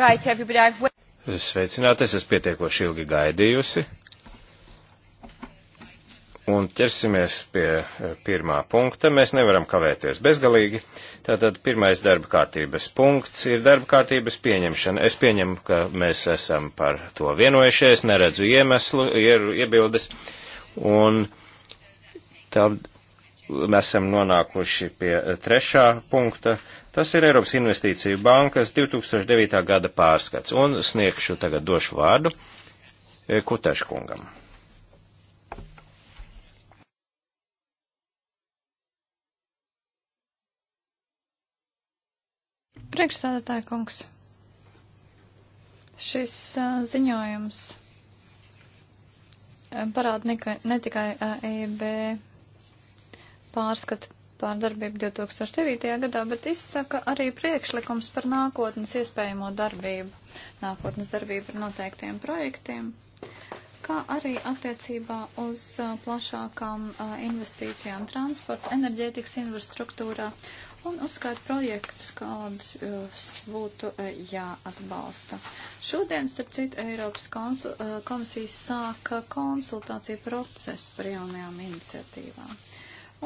Right, Sveicināti, es esmu pietiekoši ilgi gaidījusi. Un ķersimies pie eh, pirmā punkta. Mēs nevaram kavēties bezgalīgi. Tātad pirmais darba kārtības punkts ir darba kārtības pieņemšana. Es pieņemu, ka mēs esam par to vienojušies, neredzu iemeslu, ir iebildes. Un tad mēs esam nonākuši pie eh, trešā punkta. Uh, Tas ir Eiropas Investīcija bankas 2009. gada pārskats, un sniegšu tagad došu vārdu e, Kutaškungam. Priekšsēdētāja kungs, šis uh, ziņojums e, parāda ne, ne tikai EIB pārskata par darbību 2009. gadā, bet izsaka arī priekšlikums par nākotnes iespējamo darbību, nākotnes darbību ar noteiktiem projektiem, kā arī attiecībā uz plašākām investīcijām transporta, enerģētikas infrastruktūrā un uzskait projektus, kādus būtu jāatbalsta. Šodien, starp citu, Eiropas komisijas sāka konsultāciju procesu par jaunajām iniciatīvām.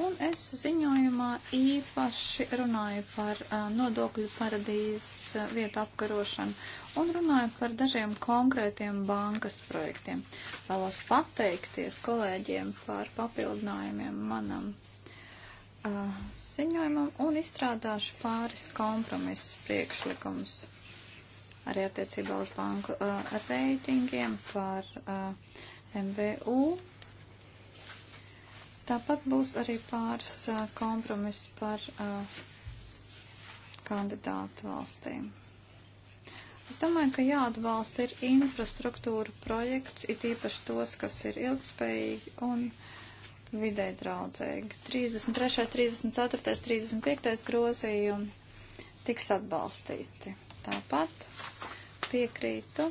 Un es ziņojumā īpaši runāju par uh, nodokļu paradīzes uh, vietu apkarošanu un runāju par dažiem konkrētiem bankas projektiem. Vēlos pateikties kolēģiem par papildinājumiem manam uh, ziņojumam un izstrādāšu pāris kompromisus priekšlikumus arī attiecībā uz banku uh, reitingiem par uh, MVU Tāpat būs arī pāris kompromiss par uh, kandidātu valstīm. Es domāju, ka jāatbalsta ir infrastruktūra projekts, it īpaši tos, kas ir ilgspējīgi un vidē draudzīgi. 33., 34., 35. grozījumi tiks atbalstīti. Tāpat piekrītu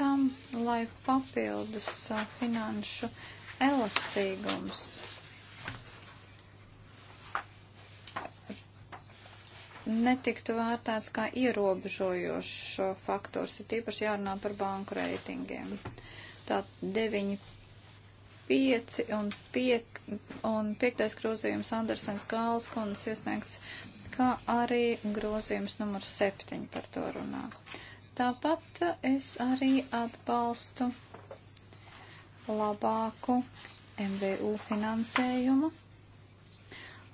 tam, lai papildus finanšu uh, Elastīgums. Netiktu vērtēts kā ierobežojošs faktors, ir tīpaši jārunā par banku reitingiem. Tā 9, 5 un 5 un 5. grozījums Andersens Gāls kundas iesniegts, kā arī grozījums numur 7 par to runā. Tāpat es arī atbalstu labāku MVU finansējumu,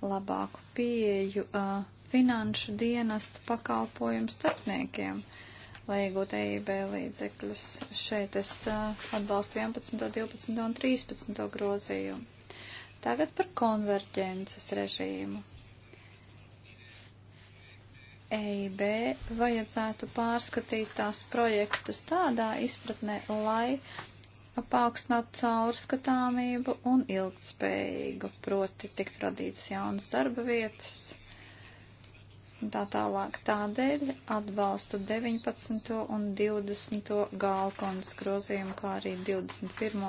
labāku pieeju uh, finanšu dienestu pakalpojumu starpniekiem, lai iegūtu EIB līdzekļus. Šeit es uh, atbalstu 11, 12 un 13 grozījumu. Tagad par konverģences režīmu. EIB vajadzētu pārskatīt tās projektus tādā izpratnē, lai paaugstināt caurskatāmību un ilgtspējīgu, proti tikt radītas jaunas darba vietas. Tā tālāk tādēļ atbalstu 19. un 20. galkondas grozījumu, kā arī 21.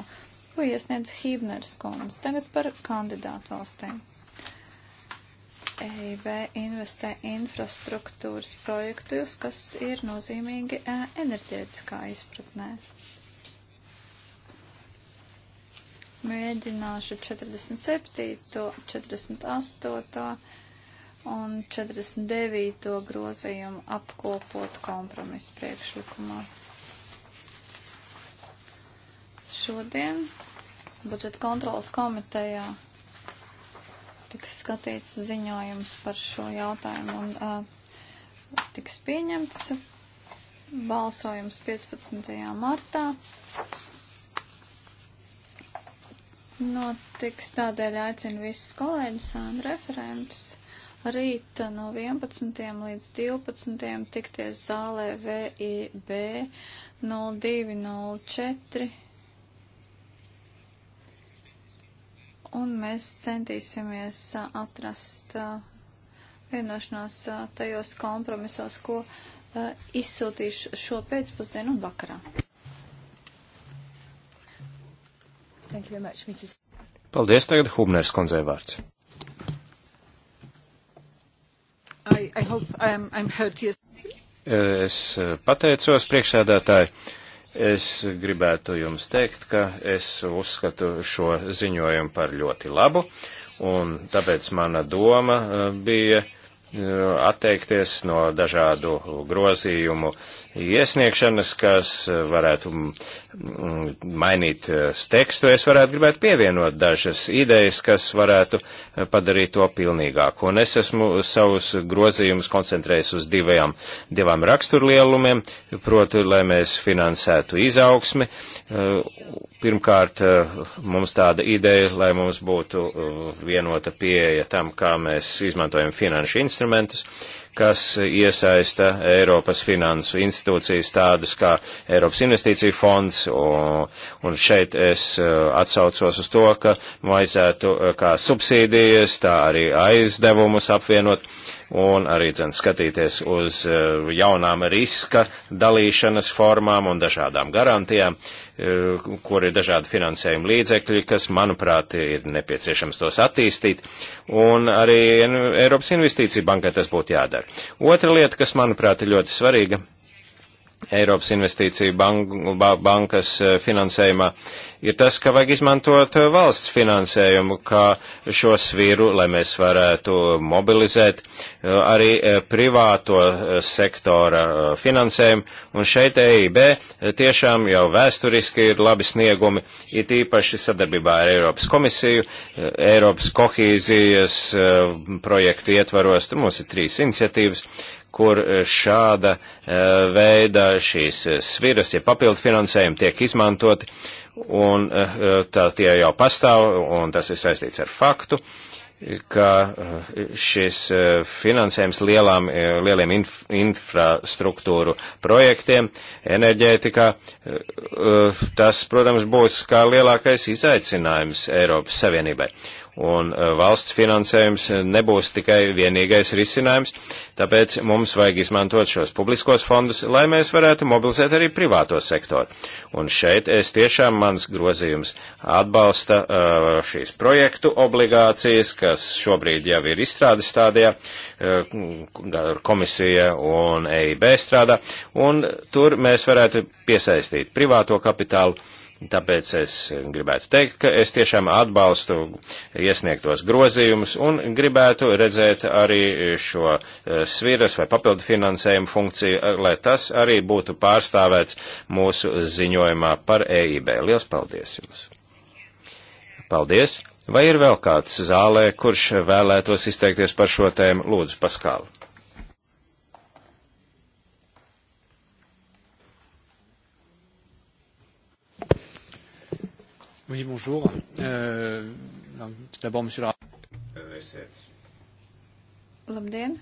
ko iesniedz Hībners kundze. Tagad par kandidātu valstīm. EIB investē infrastruktūras projektus, kas ir nozīmīgi enerģētiskā izpratnē. Mēģināšu 47., 48. un 49. grozījumu apkopot kompromisu priekšlikumā. Šodien budžeta kontrolas komitejā tiks skatīts ziņojums par šo jautājumu un uh, tiks pieņemts balsojums 15. martā notiks. Tādēļ aicinu visus kolēģus un referentus rīt no 11. līdz 12. tikties zālē VIB 0204. Un mēs centīsimies atrast vienošanos tajos kompromisos, ko izsūtīšu šo pēcpusdienu un vakarā. Thank you very much, Mrs. Paldies, tagad Hubners kundzei vārds. I, I hope I'm, um, I'm heard, yes. Es uh, pateicos priekšsēdētāji. Es gribētu jums teikt, ka es uzskatu šo ziņojumu par ļoti labu, un tāpēc mana doma uh, bija uh, atteikties no dažādu grozījumu uh, iesniegšanas, kas varētu mm, mm, mainīt eh, tekstu, es varētu gribēt pievienot dažas idejas, kas varētu eh, padarīt to pilnīgāku. Un es esmu savus grozījumus koncentrējis uz divajām, divām raksturlielumiem, proti, lai mēs finansētu izaugsmi. Eh, pirmkārt, mums tāda ideja, lai mums būtu vienota pieeja tam, kā mēs izmantojam finanšu instrumentus kas iesaista Eiropas finansu institūcijas tādus kā Eiropas investīcija fonds, un šeit es uh, atsaucos uz to, ka vajadzētu uh, kā subsīdijas, tā arī aizdevumus apvienot, un arī, dzen, skatīties uz uh, jaunām riska dalīšanas formām un dažādām garantijām. Uh, Eh, kur ir dažādi finansējuma līdzekļi, kas, manuprāt, ir nepieciešams tos attīstīt, un arī Eiropas investīcija bankai tas būtu jādara. Otra lieta, kas, manuprāt, ir ļoti svarīga, Eiropas investīciju banku, bankas e, finansējumā, ir tas, ka vajag izmantot e, valsts finansējumu, kā šo svīru, lai mēs varētu mobilizēt e, arī privāto sektora finansējumu. Un šeit EIB tiešām jau vēsturiski ir labi sniegumi, it īpaši sadarbībā ar Eiropas komisiju, Eiropas kohīzijas projektu ietvaros. Tur mums ir trīs iniciatīvas, kur eh, šāda eh, veida šīs eh, sviras, ja papildu finansējumi tiek izmantoti, un tā tie jau pastāv, un tas ir saistīts ar faktu ka šis finansējums lielām, lieliem inf, infrastruktūru projektiem enerģētikā, tas, protams, būs kā lielākais izaicinājums Eiropas Savienībai un eh, valsts finansējums eh, nebūs tikai vienīgais risinājums, tāpēc mums vajag izmantot šos publiskos fondus, lai mēs varētu mobilizēt arī privāto sektoru. Un šeit es tiešām mans grozījums atbalsta eh, šīs projektu obligācijas, kas šobrīd jau ir izstrādes stādījā, komisija un EIB strādā, un tur mēs varētu piesaistīt privāto kapitālu Tāpēc es gribētu teikt, ka es tiešām atbalstu iesniegtos grozījumus un gribētu redzēt arī šo eh, sviras vai papildu finansējumu funkciju, eh, lai tas arī būtu pārstāvēts mūsu ziņojumā par EIB. Lielas paldies jums! Paldies! Vai ir vēl kāds zālē, kurš vēlētos izteikties par šo tēmu? Lūdzu, paskālu! Oui, bonjour. Euh, D'abord, monsieur le rapporteur. Labdien!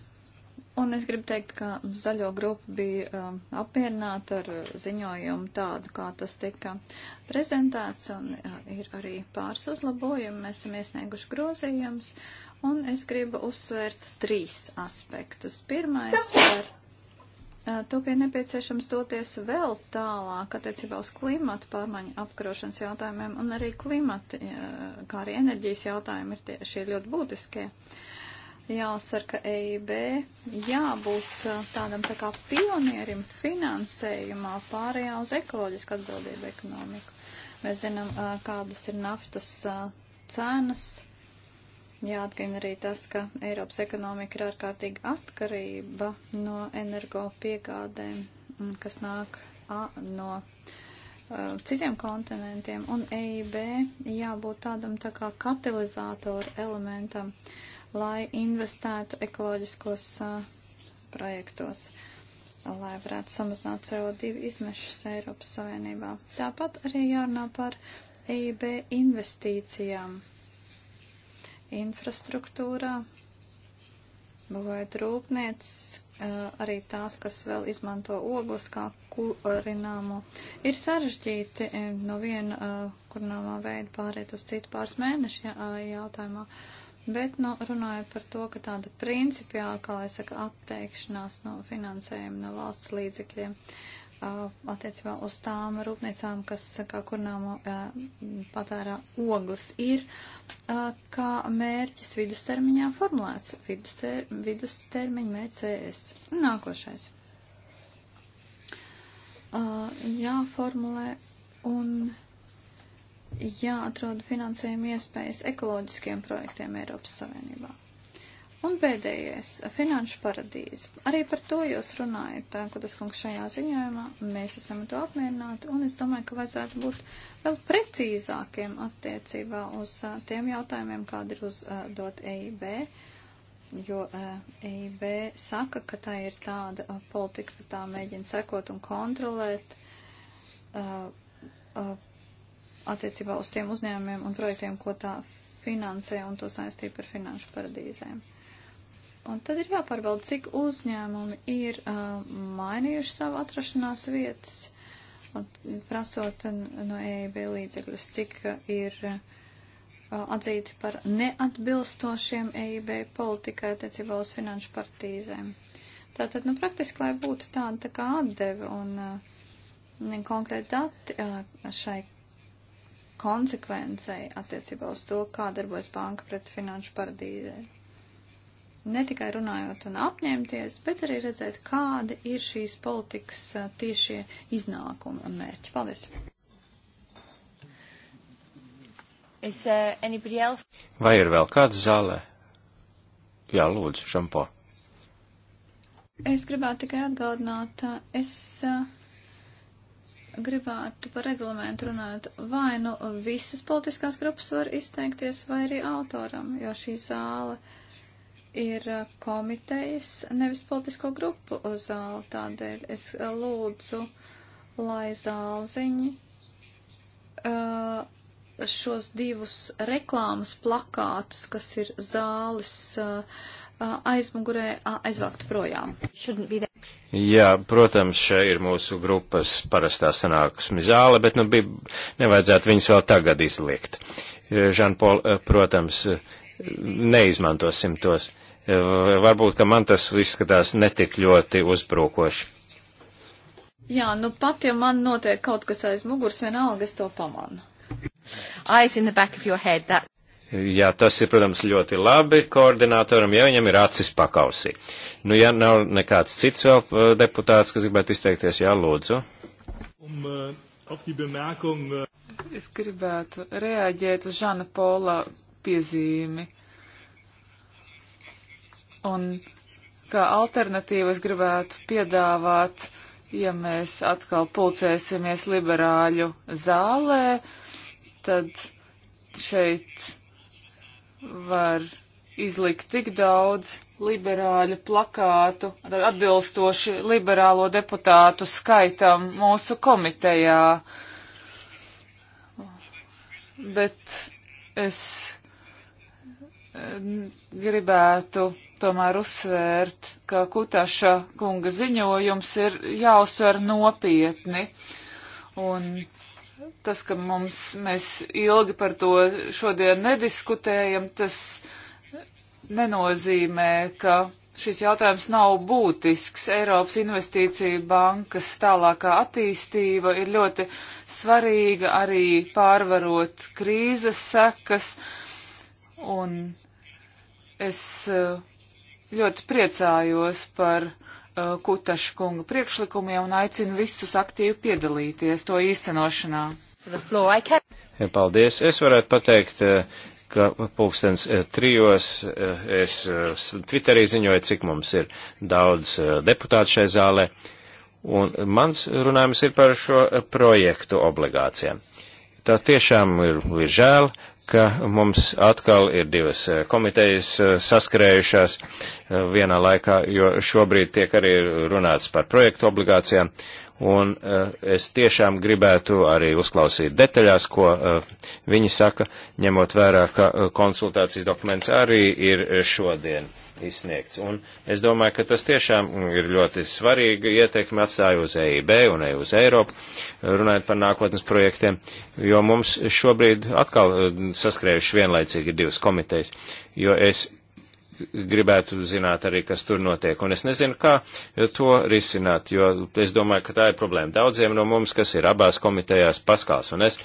Un es gribu teikt, ka zaļo grupa bija um, apmierināta ar uh, ziņojumu tādu, kā tas tika prezentēts, un uh, ir arī pāris uzlabojumi. Mēs esam iesnieguši grozījumus, un es gribu uzsvērt trīs aspektus. Pirmais par To, ka ir nepieciešams doties vēl tālāk attiecībā uz klimatu pārmaiņu apkarošanas jautājumiem un arī klimata, kā arī enerģijas jautājumi ir tie, šie ļoti būtiskie. Jāsaka, ka e EIB jābūt tādam tā kā pionierim finansējumā pārējā uz ekoloģisku atbildību ekonomiku. Mēs zinām, kādas ir naftas cenas Jāatgina arī tas, ka Eiropas ekonomika ir ārkārtīgi atkarība no energopiegādēm, kas nāk a, no uh, citiem kontinentiem, un EIB jābūt tādam tā kā katalizātoru elementam, lai investētu ekoloģiskos uh, projektos, lai varētu samazināt CO2 izmešus Eiropas Savienībā. Tāpat arī jārunā par EIB investīcijām infrastruktūrā, būvēt rūpniec, arī tās, kas vēl izmanto ogles kā kurināmo. Ir sarežģīti no viena kurināmā veida pāriet uz citu pāris mēnešu jautājumā. Bet, nu, runājot par to, ka tāda principiāla, kā lai saka, atteikšanās no finansējuma, no valsts līdzekļiem, attiecībā uz tām rūpniecām, kas, kā kurnām patērā ogles, ir. Uh, kā mērķis vidustermiņā formulēts. Viduster, vidustermiņa mērķis ES. Nākošais. Jāformulē un jāatrod finansējuma iespējas ekoloģiskiem projektiem Eiropas Savienībā. Un pēdējais - finanšu paradīze. Arī par to jūs runājat, ka tas kungs šajā ziņojumā, mēs esam to apmierināti, un es domāju, ka vajadzētu būt vēl precīzākiem attiecībā uz uh, tiem jautājumiem, kādi ir uzdot uh, e EIB, jo uh, EIB saka, ka tā ir tāda uh, politika, ka tā mēģina sekot un kontrolēt. Uh, uh, attiecībā uz tiem uzņēmumiem un projektiem, ko tā finansē un to saistīja par finanšu paradīzēm. Uh, Un tad ir jāpārbauda, cik uzņēmumi ir uh, mainījuši savu atrašanās vietas, un prasot no EIB līdzekļus, cik uh, ir uh, atzīti par neatbilstošiem EIB politikai attiecībā uz finanšu partīzēm. Tātad, nu, praktiski, lai būtu tāda tā kā atdeve un uh, konkrēti dati uh, šai konsekvencei attiecībā uz to, kā darbojas banka pret finanšu paradīzēm ne tikai runājot un apņemties, bet arī redzēt, kādi ir šīs politikas tiešie iznākumi un mērķi. Paldies! Is, uh, Vai ir vēl kāds zālē? Jā, lūdzu, šampo. Es gribētu tikai atgādināt, es uh, gribētu par reglamentu runāt, vai nu visas politiskās grupas var izteikties, vai arī autoram, jo šī zāle uh, ir uh, komitejas, nevis politisko grupu zāli. Tādēļ es uh, lūdzu, lai zālziņi uh, šos divus reklāmas plakātus, kas ir zāles aizmugurē, aizvākt projām. Jā, protams, šeit ir mūsu grupas parastā sanāksmi zāle, bet nu bija, nevajadzētu viņus vēl tagad izliekt. Žanpol, protams, neizmantosim tos varbūt, ka man tas izskatās netik ļoti uzbrukoši. Jā, nu pat, ja man notiek kaut kas aiz muguras, vienalga es to pamanu. Eyes in the back of your head. That... Jā, tas ir, protams, ļoti labi koordinatoram, ja viņam ir acis pakausī. Nu, ja nav nekāds cits vēl eh, deputāts, kas gribētu izteikties, jā, lūdzu. Um, uh, es gribētu reaģēt uz Žana Pola piezīmi. Uh, Un kā alternatīvas gribētu piedāvāt, ja mēs atkal pulcēsimies liberāļu zālē, tad šeit var izlikt tik daudz liberāļu plakātu, atbilstoši liberālo deputātu skaitam mūsu komitejā. Bet es eh, gribētu tomēr uzsvērt, ka Kutaša kunga ziņojums ir jāuzsver nopietni. Un tas, ka mums, mēs ilgi par to šodien nediskutējam, tas nenozīmē, ka šis jautājums nav būtisks. Eiropas investīcija bankas tālākā attīstība ir ļoti svarīga arī pārvarot krīzes sekas. Un es uh, ļoti priecājos par uh, Kutaša kunga priekšlikumiem un aicinu visus aktīvi piedalīties to īstenošanā. Paldies. Es varētu pateikt, uh, ka pulkstens uh, trijos uh, es Twitterī ziņoju, cik mums ir daudz deputātu šai zālē. Un mans runājums ir par šo projektu obligācijām. Tā tiešām ir, ir žēl, ka mums atkal ir divas eh, komitejas eh, saskarējušās eh, vienā laikā, jo šobrīd tiek arī runāts par projektu obligācijām. Un es tiešām gribētu arī uzklausīt detaļās, ko viņi saka, ņemot vērā, ka konsultācijas dokuments arī ir šodien izsniegts. Un es domāju, ka tas tiešām ir ļoti svarīgi ietekmi atstāju uz EIB un EI uz Eiropu, runājot par nākotnes projektiem, jo mums šobrīd atkal eh, saskrējuši vienlaicīgi divas komitejas, jo es gribētu zināt arī, kas tur notiek. Un es nezinu, kā to risināt, jo es domāju, ka tā ir problēma daudziem no mums, kas ir abās komitejās Paskals un es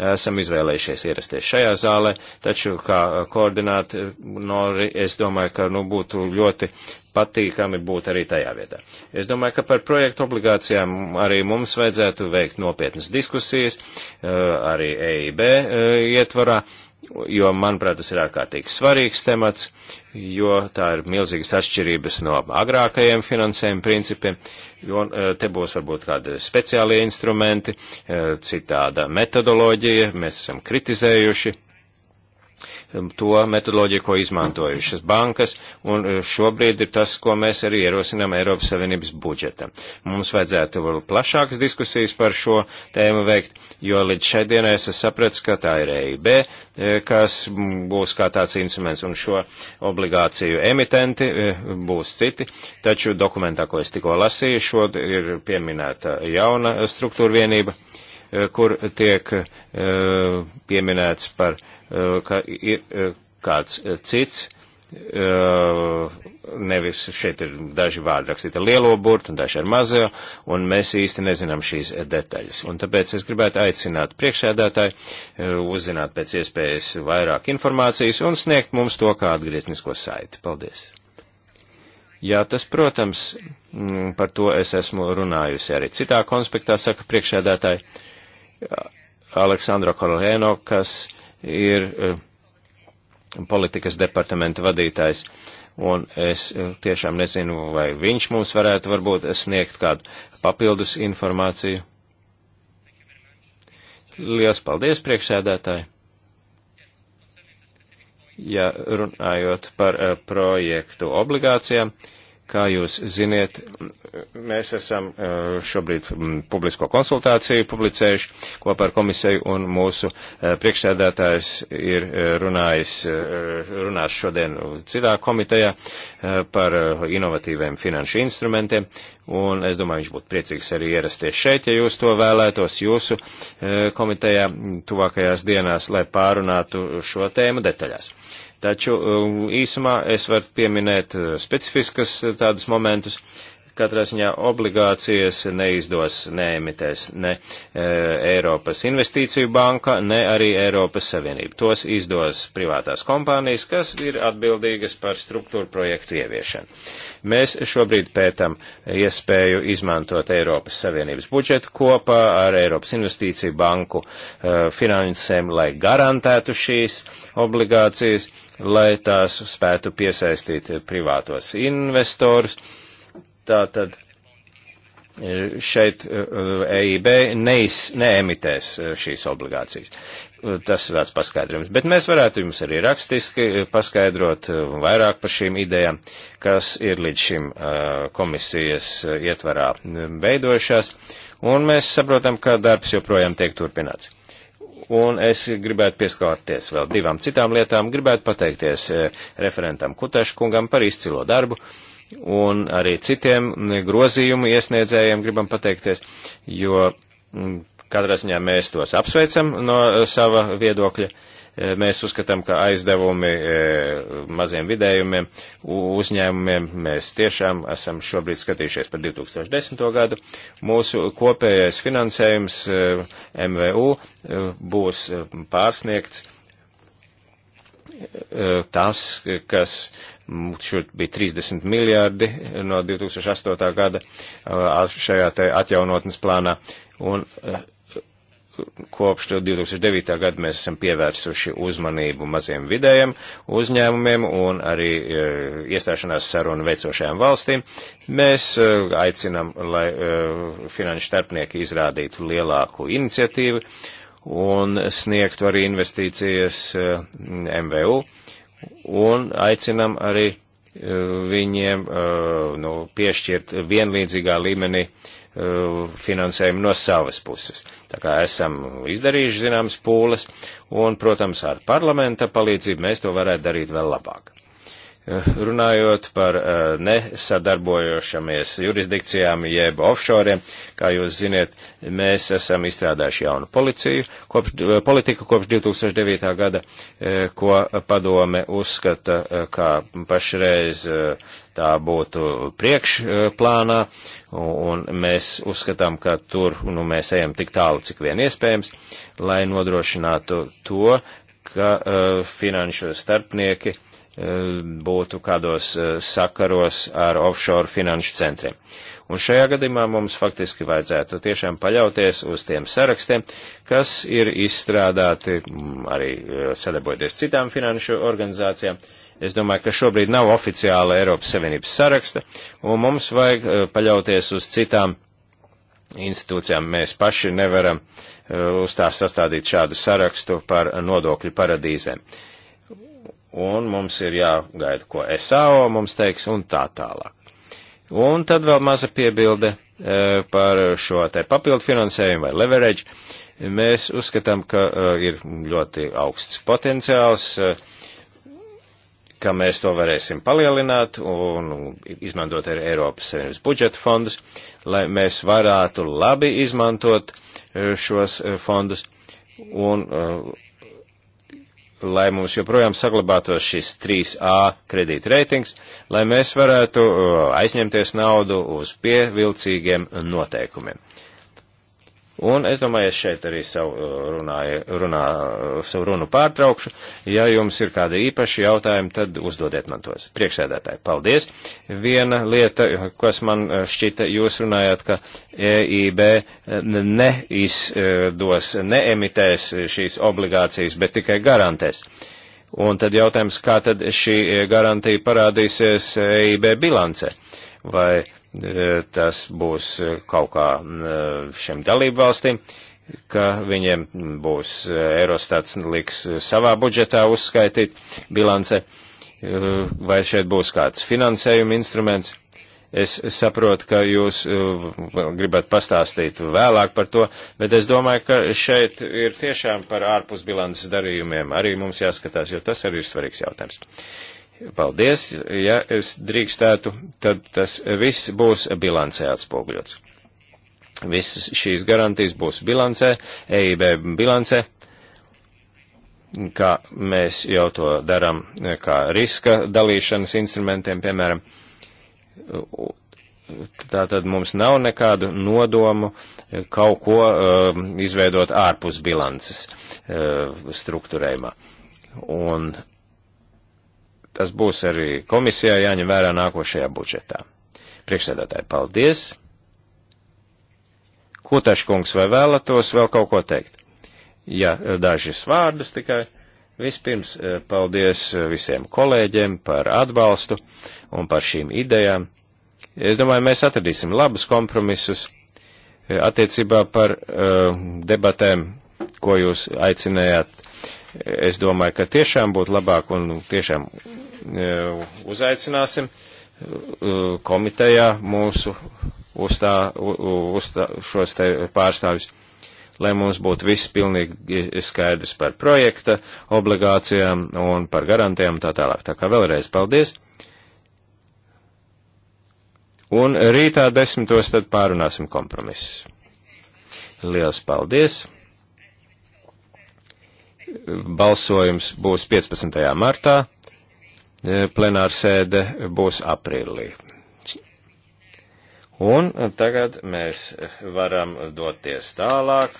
esam izvēlējušies ierasties šajā zālē, taču kā koordināt, nori, es domāju, ka nu, būtu ļoti patīkami būt arī tajā vietā. Es domāju, ka par projektu obligācijām arī mums vajadzētu veikt nopietnas diskusijas, eh, arī EIB eh, ietvarā, jo, manuprāt, tas ir ārkārtīgi svarīgs temats, jo tā ir milzīgas atšķirības no agrākajiem finansējuma principiem, jo e, te būs varbūt kādi speciālie instrumenti, e, citāda metodoloģija, mēs esam kritizējuši Um, to metodoloģiju, ko izmantojušas bankas, un uh, šobrīd ir tas, ko mēs arī ierosinām Eiropas Savienības budžetam. Mums vajadzētu vēl plašākas diskusijas par šo tēmu veikt, jo līdz šai dienai es sapratu, ka tā ir EIB, uh, kas būs kā tāds instruments, un šo obligāciju emitenti uh, būs citi, taču dokumentā, ko es tikko lasīju, šo ir pieminēta jauna struktūra vienība kur tiek pieminēts par Eh, ka ir eh, kāds eh, cits, nevis šeit ir daži vārdi rakstīti ar lielo burtu un daži ar mazo, un mēs īsti nezinām šīs detaļas. Un tāpēc es gribētu aicināt priekšēdētāju uzzināt pēc iespējas vairāk informācijas un sniegt mums to kā atgrieznisko saiti. Paldies! Jā, tas, protams, mm, par to es esmu runājusi arī citā konspektā, saka priekšēdētāji. Aleksandro Korolēno, kas ir eh, politikas departamenta vadītājs. Un es eh, tiešām nezinu, vai viņš mums varētu varbūt sniegt kādu papildus informāciju. Lielas paldies, priekšsēdētāji! Ja runājot par eh, projektu obligācijām, uh, Kā jūs ziniet, mēs esam eh, šobrīd mm, publisko konsultāciju publicējuši kopā ar komisiju un mūsu eh, priekšsēdētājs ir eh, runājis, runās šodien citā komitejā par inovatīviem finanšu instrumentiem. Un es domāju, viņš būtu priecīgs arī ierasties šeit, ja jūs to vēlētos jūsu komitejā tuvākajās dienās, lai pārunātu šo tēmu detaļās. Taču um, īsumā es varu pieminēt uh, specifiskas uh, tādas momentus. Katrā ziņā obligācijas neizdos neemitēs ne e, Eiropas Investīciju banka, ne arī Eiropas Savienība. Tos izdos privātās kompānijas, kas ir atbildīgas par struktūru projektu ieviešanu. Mēs šobrīd pētam iespēju izmantot Eiropas Savienības budžetu kopā ar Eiropas Investīciju banku e, finansēm, lai garantētu šīs obligācijas, lai tās spētu piesaistīt privātos investorus Tātad e, šeit EIB e, e neiz, neemitēs šīs obligācijas. Tas ir tāds paskaidrojums. Bet mēs varētu jums arī rakstiski paskaidrot vairāk par šīm idejām, kas ir līdz šim komisijas ietvarā veidojušās. Un mēs saprotam, ka darbs joprojām tiek turpināts. Un es gribētu pieskārties vēl divām citām lietām. Gribētu pateikties referentam Kutaškungam par izcilo darbu. Uh, un arī citiem grozījumu iesniedzējiem gribam pateikties, jo mm, katrā ziņā mēs tos apsveicam no sava viedokļa. E, mēs uzskatām, ka aizdevumi e, maziem vidējumiem uzņēmumiem mēs tiešām esam šobrīd skatījušies par 2010. gadu. Mūsu kopējais finansējums e, MVU būs pārsniegts tas, kas Mm, šur bija 30 miljardi no 2008. gada šajā te atjaunotnes plānā. Un kopš 2009. gada mēs esam pievērsuši uzmanību maziem vidējiem uzņēmumiem un arī e, iestāšanās sarunu veicošajām valstīm. Mēs e, aicinam, lai e, finanšu starpnieki izrādītu lielāku iniciatīvu un sniegtu arī investīcijas MVU un aicinam arī e, viņiem e, nu, piešķirt vienlīdzīgā līmenī e, finansējumu no savas puses. Tā kā esam izdarījuši zināmas pūles, un, protams, ar parlamenta palīdzību mēs to varētu darīt vēl labāk. Runājot par eh, nesadarbojošamies jurisdikcijām jeb offshoriem, kā jūs ziniet, mēs esam izstrādājuši jaunu policiju, kopš, eh, politiku kopš 2009. gada, eh, ko padome uzskata, kā pašreiz tā būtu priekšplānā, un mēs uzskatām, ka tur nu, mēs ejam tik tālu, cik vien iespējams, lai nodrošinātu to, ka uh, finanšu starpnieki uh, E, būtu kādos e, sakaros ar offshore finanšu centriem. Un šajā gadījumā mums faktiski vajadzētu tiešām paļauties uz tiem sarakstiem, kas ir izstrādāti arī e, sadarbojoties citām finanšu organizācijām. Es domāju, ka šobrīd nav oficiāla Eiropas Savienības saraksta, un mums vajag paļauties uz citām institūcijām. Mēs paši nevaram uz tās sastādīt šādu sarakstu par nodokļu paradīzēm. Uh, un mums ir jāgaida, ko SAO mums teiks, un tā tālāk. Un tad vēl maza piebilde e, par šo te papildu finansējumu vai leverage. Mēs uzskatām, ka e, ir ļoti augsts potenciāls, e, ka mēs to varēsim palielināt un izmantot arī Eiropas Savienības budžeta fondus, lai mēs varētu labi izmantot šos fondus un lai mums joprojām saglabātos šis 3A kredīta reitings, lai mēs varētu uh, aizņemties naudu uz pievilcīgiem noteikumiem. Uh, Un es domāju, es šeit arī savu, uh, runāju, runā, savu runu pārtraukšu. Ja jums ir kādi īpaši jautājumi, tad uzdodiet man tos. Priekšsēdētāji, paldies. Viena lieta, kas man uh, šķita, jūs runājāt, ka EIB uh, neizdos, neemitēs šīs obligācijas, bet tikai garantēs. Un tad jautājums, kā tad šī garantija parādīsies EIB bilancē? Vai E, tas būs kaut kā šiem dalībvalstīm, ka viņiem būs e, Eurostats liks savā budžetā uzskaitīt bilance, e, vai šeit būs kāds finansējuma instruments. Es saprotu, ka jūs gribat pastāstīt vēlāk par to, bet es domāju, ka šeit ir tiešām par ārpusbilances darījumiem arī mums jāskatās, jo tas arī ir svarīgs jautājums. Paldies, ja es drīkstētu, tad tas viss būs bilancē atspoguļots. Visas šīs garantijas būs bilancē, EIB bilancē, kā mēs jau to darām, kā riska dalīšanas instrumentiem, piemēram. Tātad mums nav nekādu nodomu kaut ko uh, izveidot ārpus bilances uh, struktūrējumā. Un Tas būs arī komisijā jāņem vērā nākošajā budžetā. Priekšsēdētāji, paldies! Kutaškungs, vai vēlatos vēl kaut ko teikt? Ja dažas vārdas tikai. Vispirms eh, paldies eh, visiem kolēģiem par atbalstu un par šīm idejām. Es domāju, mēs atradīsim labus kompromisus eh, attiecībā par uh, debatēm, ko jūs aicinējāt. Es domāju, ka tiešām būtu labāk un tiešām uzaicināsim komitejā mūsu uzstā, uzstā šos te pārstāvis, lai mums būtu viss pilnīgi skaidrs par projekta obligācijām un par garantijām tā tālāk. Tā kā vēlreiz paldies. Un rītā desmitos tad pārunāsim kompromisu. Liels paldies! balsojums būs 15. martā. E, plenārsēde būs aprīlī. Un tagad mēs varam doties tālāk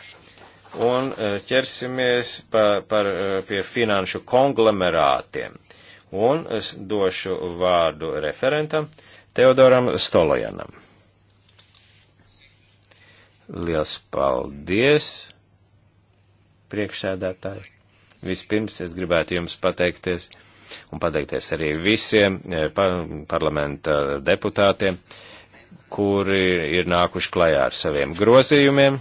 un e, ķersimies par, par, e, pie finanšu konglomerātiem. Un es došu vārdu referentam Teodoram Stolojanam. Liels paldies, priekšsēdētāji! Vispirms es gribētu jums pateikties un pateikties arī visiem e, parlamenta deputātiem, kuri ir nākuši klajā ar saviem grozījumiem.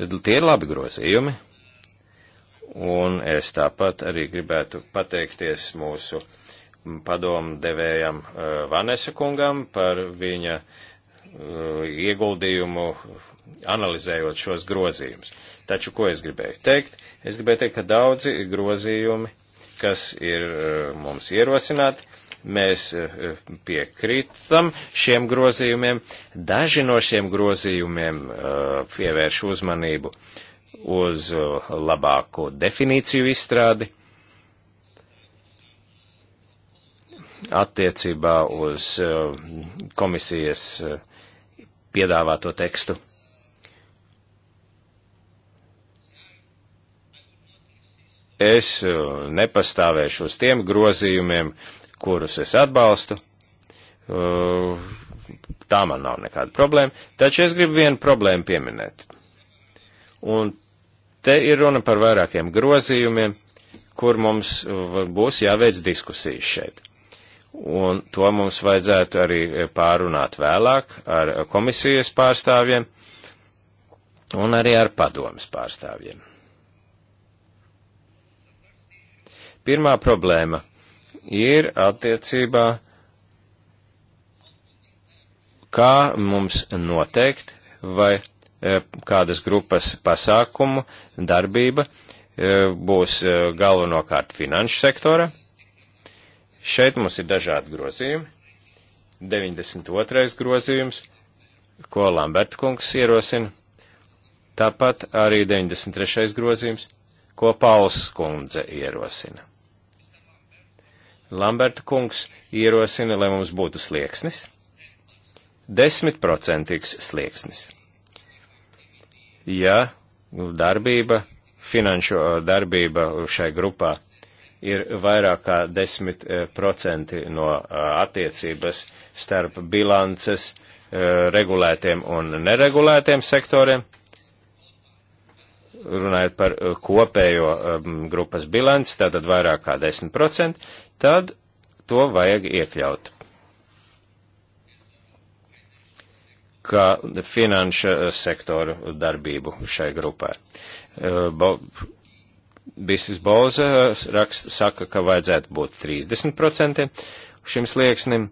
Tie ir labi grozījumi. Un es tāpat arī gribētu pateikties mūsu padomu devējam e, Vanesa kungam par viņa e, ieguldījumu analizējot šos grozījumus. Taču, ko es gribēju teikt? Es gribēju teikt, ka daudzi grozījumi, kas ir eh, mums ierosināti, mēs eh, piekrītam šiem grozījumiem. Daži no šiem grozījumiem eh, pievērš uzmanību uz labāku definīciju izstrādi attiecībā uz komisijas piedāvāto tekstu. es uh, nepastāvēšu uz tiem grozījumiem, kurus es atbalstu. Uh, tā man nav nekāda problēma, taču es gribu vienu problēmu pieminēt. Un te ir runa par vairākiem grozījumiem, kur mums uh, būs jāveic diskusijas šeit. Un to mums vajadzētu arī pārunāt vēlāk ar komisijas pārstāvjiem un arī ar padomas pārstāvjiem. Pirmā problēma ir attiecībā, kā mums noteikt, vai e, kādas grupas pasākumu darbība e, būs e, galvenokārt finanšu sektora. Šeit mums ir dažādi grozījumi. 92. grozījums, ko Lamberta kungs ierosina, tāpat arī 93. grozījums, ko Pauls kundze ierosina. Lamberta kungs ierosina, lai mums būtu slieksnis, desmitprocentīgs slieksnis. Ja darbība, finanšu darbība šai grupā ir vairāk kā 10% no attiecības starp bilances regulētiem un neregulētiem sektoriem. Runājot par kopējo grupas bilanci, tātad vairāk kā 10%, tad to vajag iekļaut. Kā finanšu sektoru darbību šai grupā. Eh, Bo, Bisis Boza eh, rakst, saka, ka vajadzētu būt 30% šim slieksnim,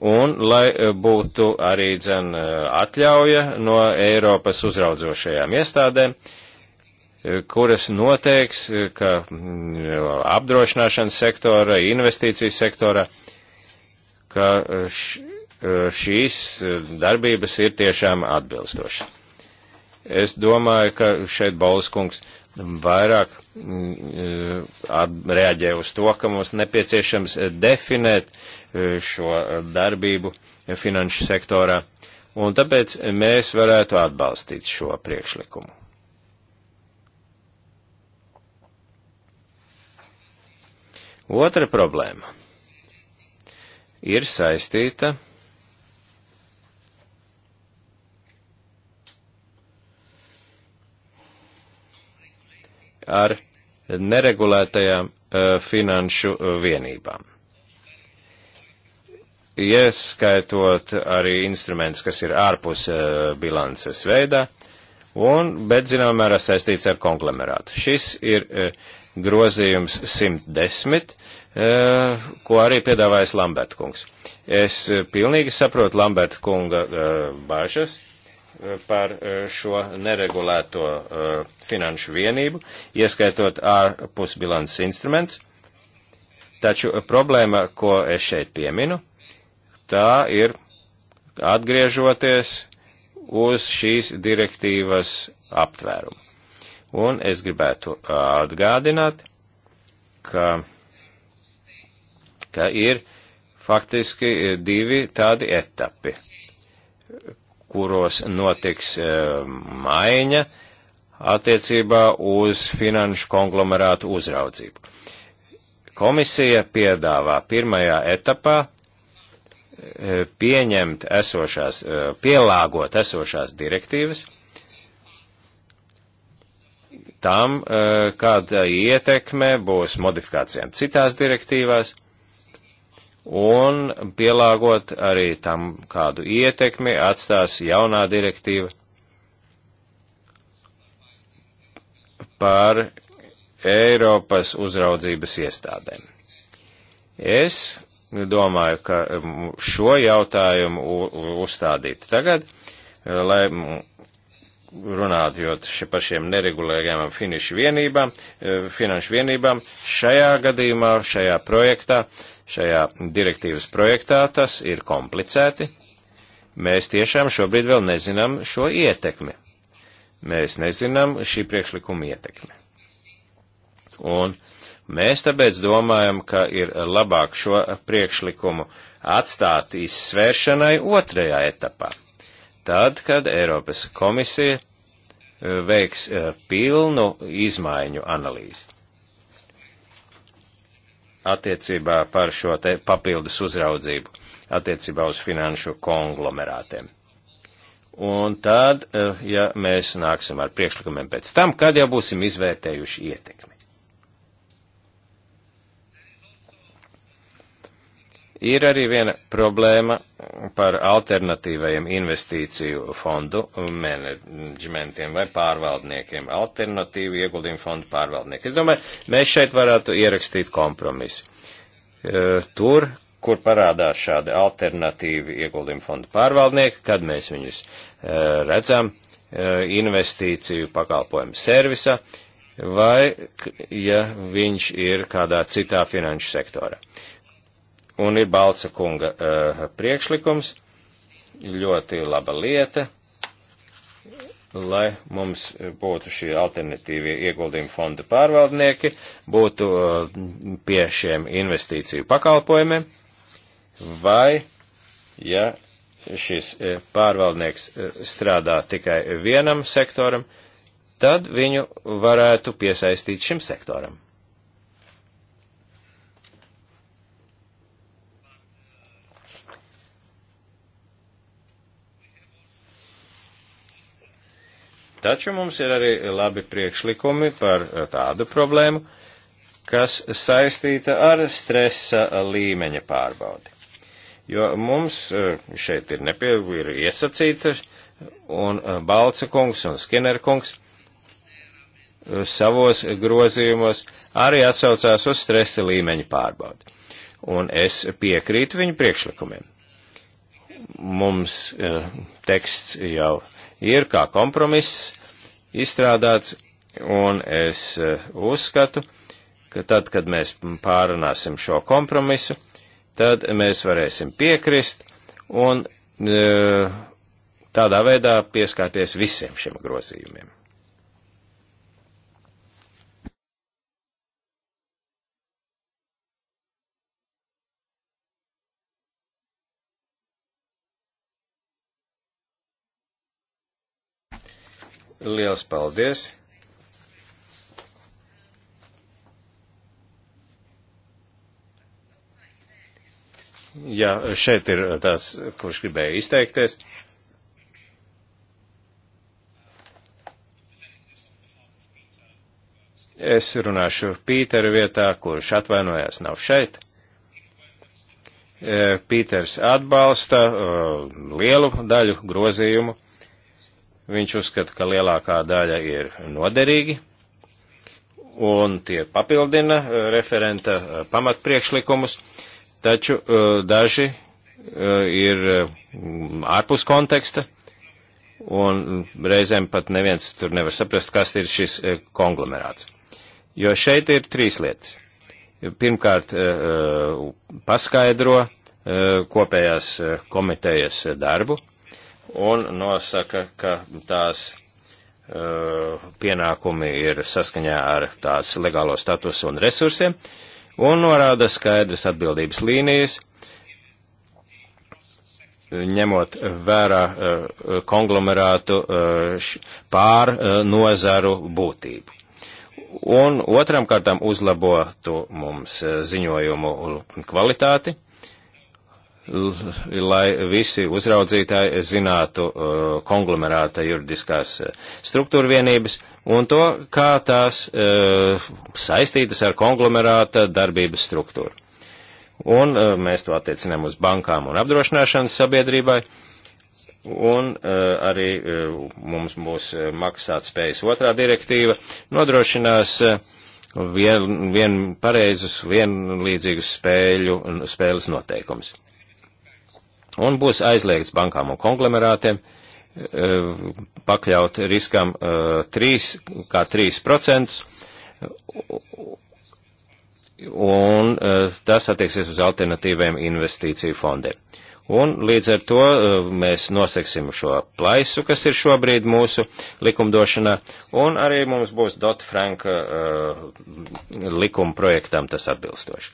un lai eh, būtu arī dzen atļauja no Eiropas uzraudzošajām iestādēm, uh, kuras noteiks, ka mm, apdrošināšanas sektora, investīciju sektora, ka šīs darbības ir tiešām atbilstošas. Es domāju, ka šeit Bauliskungs vairāk mm, reaģē uz to, ka mums nepieciešams definēt e, šo darbību finanšu sektorā, un tāpēc mēs varētu atbalstīt šo priekšlikumu. Otra problēma ir saistīta ar neregulētajām uh, finanšu eh, vienībām. Ieskaitot arī instruments, kas ir ārpus uh, bilances veidā, un, bet zināmā mērā saistīts ar konglomerātu. Šis ir uh, grozījums 110, eh, ko arī piedāvājas Lamberta kungs. Es eh, pilnīgi saprotu Lamberta kunga eh, bažas par šo neregulēto finanšu vienību, ieskaitot ārpus bilances instrumentus. Taču problēma, ko es šeit pieminu, tā ir atgriežoties uz šīs direktīvas aptvērumu. Un es gribētu atgādināt, ka, ka ir faktiski divi tādi etapi, kuros notiks e, maiņa attiecībā uz finanšu konglomerātu uzraudzību. Komisija piedāvā pirmajā etapā e, pieņemt esošās, e, pielāgot esošās direktīvas, tam, eh, kāda ietekme būs modifikācijām citās direktīvās, un pielāgot arī tam, kādu ietekmi atstās jaunā direktīva par Eiropas uzraudzības iestādēm. Es domāju, ka mm, šo jautājumu uzstādīt tagad, eh, lai runāt, jo še par šiem neregulējām finišu vienībām, eh, finanšu vienībām šajā gadījumā, šajā projektā, šajā direktīvas projektā tas ir komplicēti. Mēs tiešām šobrīd vēl nezinām šo ietekmi. Mēs nezinām šī priekšlikuma ietekmi. Un mēs tāpēc domājam, ka ir labāk šo priekšlikumu atstāt izsvēršanai otrajā etapā tad, kad Eiropas komisija e, veiks e, pilnu izmaiņu analīzi. Attiecībā par šo te papildus uzraudzību, attiecībā uz finanšu konglomerātiem. Un tad, e, ja mēs nāksim ar priekšlikumiem pēc tam, kad jau būsim izvērtējuši ietekmi. Ir arī viena problēma par alternatīvajiem investīciju fondu menedžmentiem vai pārvaldniekiem, alternatīvu ieguldījumu fondu pārvaldniekiem. Es domāju, mēs šeit varētu ierakstīt kompromisu. E, tur, kur parādās šādi alternatīvi ieguldījumu fondu pārvaldnieki, kad mēs viņus e, redzam e, investīciju pakalpojumu servisa, vai ja viņš ir kādā citā finanšu sektorā. Un ir Balca kunga uh, priekšlikums, ļoti laba lieta, lai mums būtu šie alternatīvie ieguldījumu fonda pārvaldnieki, būtu uh, pie šiem investīciju pakalpojumiem, vai, ja šis eh, pārvaldnieks strādā tikai vienam sektoram, tad viņu varētu piesaistīt šim sektoram. Taču mums ir arī labi priekšlikumi par eh, tādu problēmu, kas saistīta ar stresa līmeņa pārbaudi. Jo mums eh, šeit ir, nepie, ir iesacīta un eh, Balca kungs un Skinner kungs savos grozījumos arī atsaucās uz stresa līmeņa pārbaudi. Un es piekrītu viņu priekšlikumiem. Mums teksts jau ir kā kompromiss izstrādāts, un es eh, uzskatu, ka tad, kad mēs pārunāsim šo kompromisu, tad mēs varēsim piekrist un e, tādā veidā pieskārties visiem šiem grozījumiem. Liels paldies! Jā, šeit ir tās, kurš gribēja izteikties. Es runāšu Pīteru vietā, kurš atvainojās nav šeit. Eh, Pīters atbalsta eh, lielu daļu grozījumu, Viņš uzskata, ka lielākā daļa ir noderīgi un tie papildina e, referenta e, pamatpriekšlikumus, taču e, daži ir ārpus konteksta un reizēm pat neviens tur nevar saprast, kas ir šis konglomerāts. Jo šeit ir trīs lietas. Pirmkārt, paskaidro kopējās komitejas darbu un nosaka, ka tās uh, pienākumi ir saskaņā ar tās legālo statusu un resursiem, un norāda skaidras atbildības līnijas, ņemot vērā uh, konglomerātu uh, pār nozaru būtību. Un otram kārtām uzlabotu mums ziņojumu kvalitāti, lai visi uzraudzītāji zinātu uh, konglomerāta juridiskās uh, struktūra vienības un to, kā tās uh, saistītas ar konglomerāta darbības struktūru. Un mēs to attiecinām uz bankām un apdrošināšanas sabiedrībai. Un uh, arī uh, mums būs maksāt spējas otrā direktīva, nodrošinās uh, vien, vien pareizus, vienlīdzīgus spēļu un spēles noteikumus un būs aizliegts bankām un konglomerātiem eh, pakļaut riskam 3, eh, kā 3%, un eh, tas attieksies uz alternatīviem investīciju fondiem. Un līdz ar to mēs noseksim šo plaisu, kas ir šobrīd mūsu likumdošanā, un arī mums būs Dot Franka uh, likuma projektam tas atbilstoši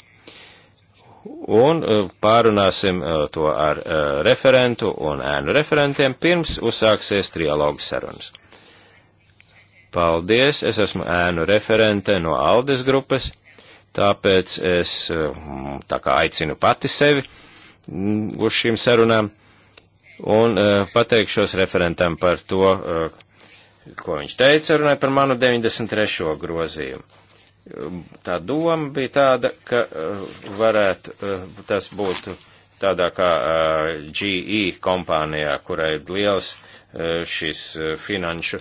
un e, pārunāsim e, to ar e, referentu un ēnu referentiem, pirms uzsāksies trialogu sarunas. Paldies, es esmu ēnu referente no Aldes grupas, tāpēc es tā kā aicinu pati sevi mm, uz šīm sarunām un pateikšos referentam par to, ko viņš teica, runāja par manu 93. grozījumu Um, tā doma bija tāda, ka uh, varētu uh, tas būt tādā kā uh, GE kompānijā, kurai ir liels šis finanšu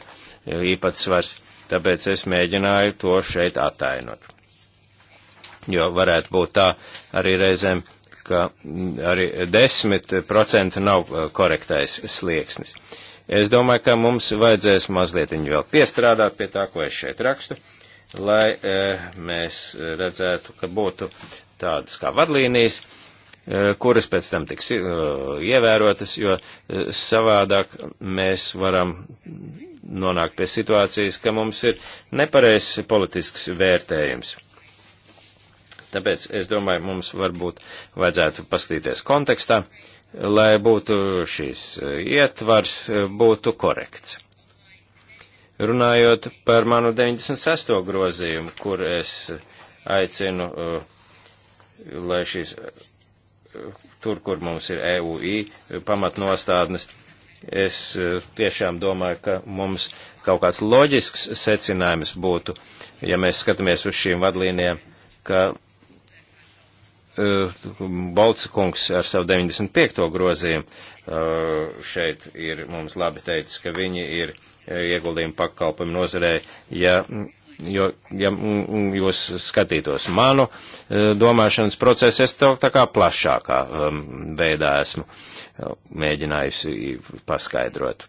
īpatsvars, tāpēc es mēģināju to šeit attainot. Jo varētu būt tā arī reizēm, ka mm, arī 10% nav korektais slieksnis. Es domāju, ka mums vajadzēs mazliet viņu vēl piestrādāt pie tā, ko es šeit rakstu. Uh, lai e, mēs redzētu, ka būtu tādas kā vadlīnijas, e, kuras pēc tam tiks e, ievērotas, jo savādāk mēs varam nonākt pie situācijas, ka mums ir nepareizs politisks vērtējums. Tāpēc es domāju, mums varbūt vajadzētu paskatīties kontekstā, lai būtu šīs ietvars būtu korekts. Runājot par manu 96. grozījumu, kur es aicinu, uh, lai šīs, uh, tur, kur mums ir EUI uh, pamatnostādnes, es tiešām domāju, ka mums kaut kāds loģisks secinājums būtu, ja mēs skatāmies uz šīm vadlīnijām, ka Balcikungs ar savu 95. grozījumu šeit ir mums labi teicis, ka viņi ir ieguldījumu pakalpojumu nozarē, ja, jo, ja jūs skatītos manu eh, domāšanas procesu, es to tā kā plašākā um, veidā esmu uh, mēģinājusi paskaidrot.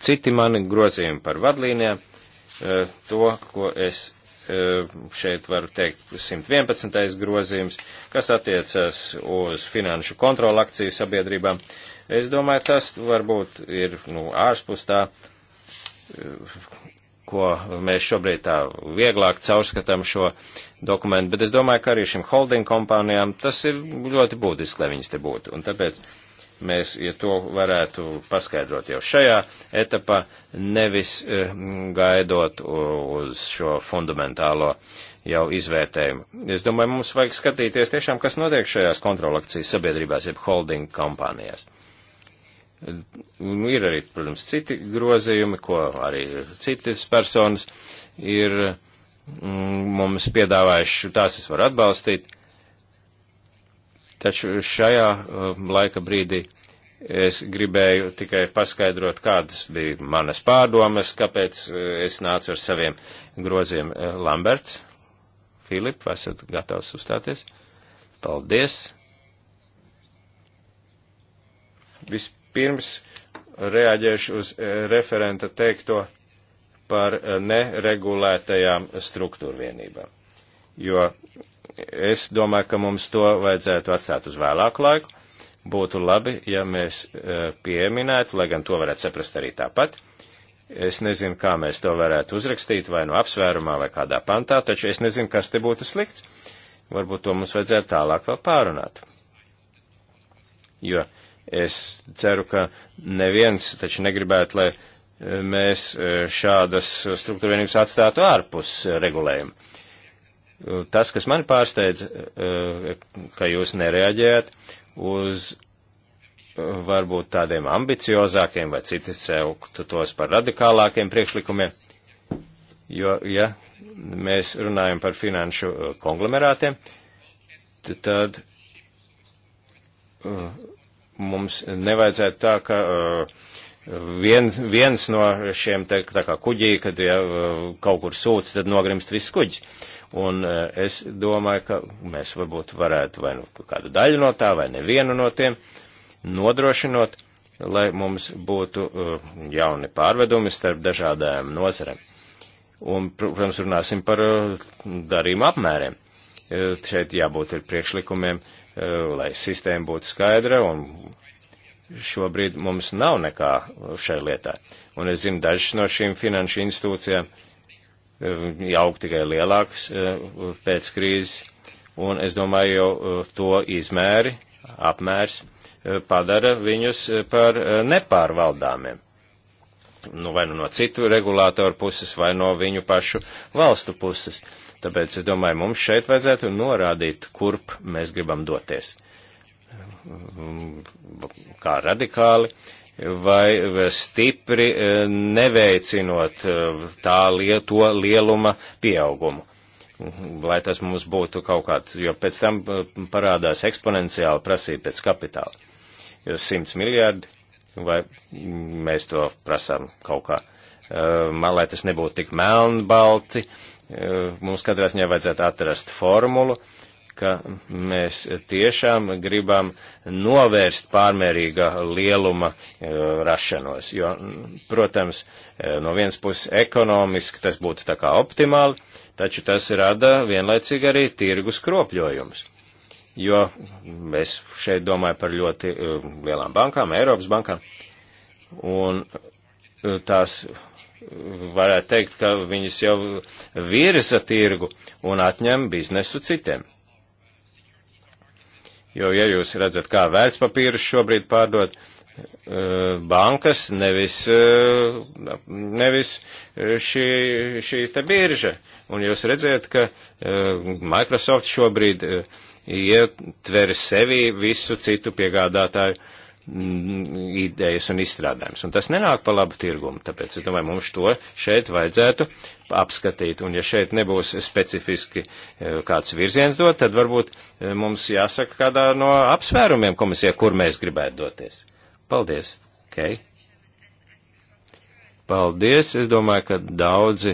Citi mani grozījumi par vadlīnijām, eh, to, ko es eh, šeit varu teikt 111. grozījums, kas attiecas uz finanšu kontrola akciju sabiedrībām. Uh, Es domāju, tas varbūt ir nu, ārpus tā, ko mēs šobrīd tā vieglāk caurskatām šo dokumentu, bet es domāju, ka arī šim holding kompānijām tas ir ļoti būtiski, lai viņas te būtu. Un tāpēc mēs, ja to varētu paskaidrot jau šajā etapā, nevis eh, gaidot uz šo fundamentālo jau izvērtējumu. Es domāju, mums vajag skatīties tiešām, kas notiek šajās kontrolakcijas sabiedrībās, jeb holding kompānijās. Uh, Un ir arī, protams, citi grozījumi, ko arī citas personas ir mm, mums piedāvājuši, tās es varu atbalstīt. Taču šajā um, laika brīdī es gribēju tikai paskaidrot, kādas bija manas pārdomas, kāpēc uh, es nācu ar saviem groziem uh, Lamberts. Filip, vai esat gatavs uzstāties? Paldies! Vispār Pirms reaģēšu uz eh, referenta teikto par eh, neregulētajām struktūrvienībām, jo es domāju, ka mums to vajadzētu atstāt uz vēlāku laiku. Būtu labi, ja mēs eh, pieminētu, lai gan to varētu saprast arī tāpat. Es nezinu, kā mēs to varētu uzrakstīt, vai no apsvērumā, vai kādā pantā, taču es nezinu, kas te būtu slikts. Varbūt to mums vajadzētu tālāk vēl pārunāt. Jo uh, Es ceru, ka neviens taču negribētu, lai e, mēs e, šādas struktūra vienības atstātu ārpus regulējuma. E, tas, kas mani pārsteidz, ka jūs nereaģējat uz varbūt tādiem ambiciozākiem vai citi sauktu tos par radikālākiem priekšlikumiem, jo, ja mēs runājam par finanšu konglomerātiem, tad uh, mums nevajadzētu tā, ka uh, vien, viens no šiem te, tā kā kuģī, kad ja, uh, kaut kur sūc, tad nogrimst viss kuģis. Un uh, es domāju, ka mēs varbūt varētu vai nu kādu daļu no tā, vai nevienu no tiem nodrošinot, lai mums būtu jauni pārvedumi starp dažādām nozarēm. Un, protams, runāsim par darījuma apmēriem. Šeit jābūt ir priekšlikumiem, uh, Eh, lai sistēma būtu skaidra, un šobrīd mums nav nekā šai lietai. Un es zinu, dažas no šīm finanšu institūcijām eh, jauk tikai lielākas eh, pēc krīzes, un es domāju, jau to izmēri, apmērs padara viņus par nepārvaldāmiem. Nu, vai nu no citu regulātoru puses, vai no viņu pašu valstu puses. Uh, Tāpēc es domāju, mums šeit vajadzētu norādīt, kurp mēs gribam doties. Kā radikāli vai stipri e, neveicinot e, tā lieto lieluma pieaugumu lai tas mums būtu kaut kāds, jo pēc tam e, parādās eksponenciāli prasība pēc kapitāla. Jo 100 miljārdi, vai mēs to prasām kaut kā, man lai tas nebūtu tik melnbalti, mums katrā ziņā vajadzētu atrast formulu, ka mēs tiešām gribam novērst pārmērīga lieluma e, rašanos. Jo, protams, e, no vienas puses ekonomiski tas būtu tā kā optimāli, taču tas rada vienlaicīgi arī tirgus kropļojumus. Jo es šeit domāju par ļoti e, lielām bankām, Eiropas bankām, un tās varētu teikt, ka viņas jau virza tirgu un atņem biznesu citiem. Jo, ja jūs redzat, kā vērtspapīrus šobrīd pārdod, eh, bankas, nevis, eh, nevis eh, šī, šī te birža. Un jūs redzat, ka Microsoft šobrīd ietver sevi visu citu piegādātāju Mm, idejas un izstrādājums. Un tas nenāk pa labu tirgumu, tāpēc es domāju, mums to šeit vajadzētu apskatīt. Un ja šeit nebūs specifiski e, kāds virziens dot, tad varbūt e, mums jāsaka kādā no apsvērumiem komisijā, kur mēs gribētu doties. Paldies, Kei. Okay. Paldies, es domāju, ka daudzi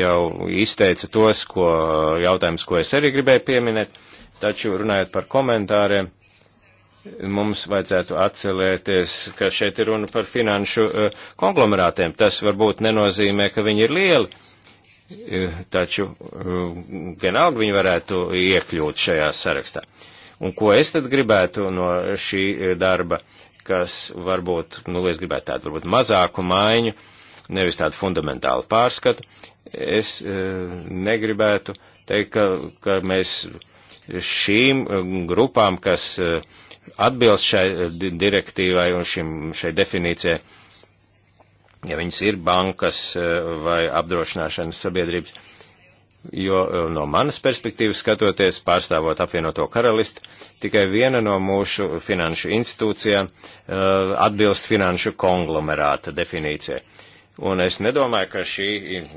jau izteica tos, ko, jautājums, ko es arī gribēju pieminēt, taču runājot par komentāriem mums vajadzētu atcelēties, ka šeit ir runa par finanšu eh, konglomerātiem. Tas varbūt nenozīmē, ka viņi ir lieli, eh, taču eh, vienalga viņi varētu iekļūt šajā sarakstā. Un ko es tad gribētu no šī darba, kas varbūt, nu, es gribētu tādu varbūt mazāku maiņu, nevis tādu fundamentālu pārskatu. Es negribētu teikt, ka, ka mēs šīm grupām, kas uh, atbilst šai eh, direktīvai un šim, šai definīcijai, ja viņas ir bankas eh, vai apdrošināšanas sabiedrības, jo eh, no manas perspektīvas skatoties, pārstāvot apvienoto karalisti, tikai viena no mūsu finanšu institūcijām atbilst finanšu konglomerāta definīcijai. Un es nedomāju, ka šī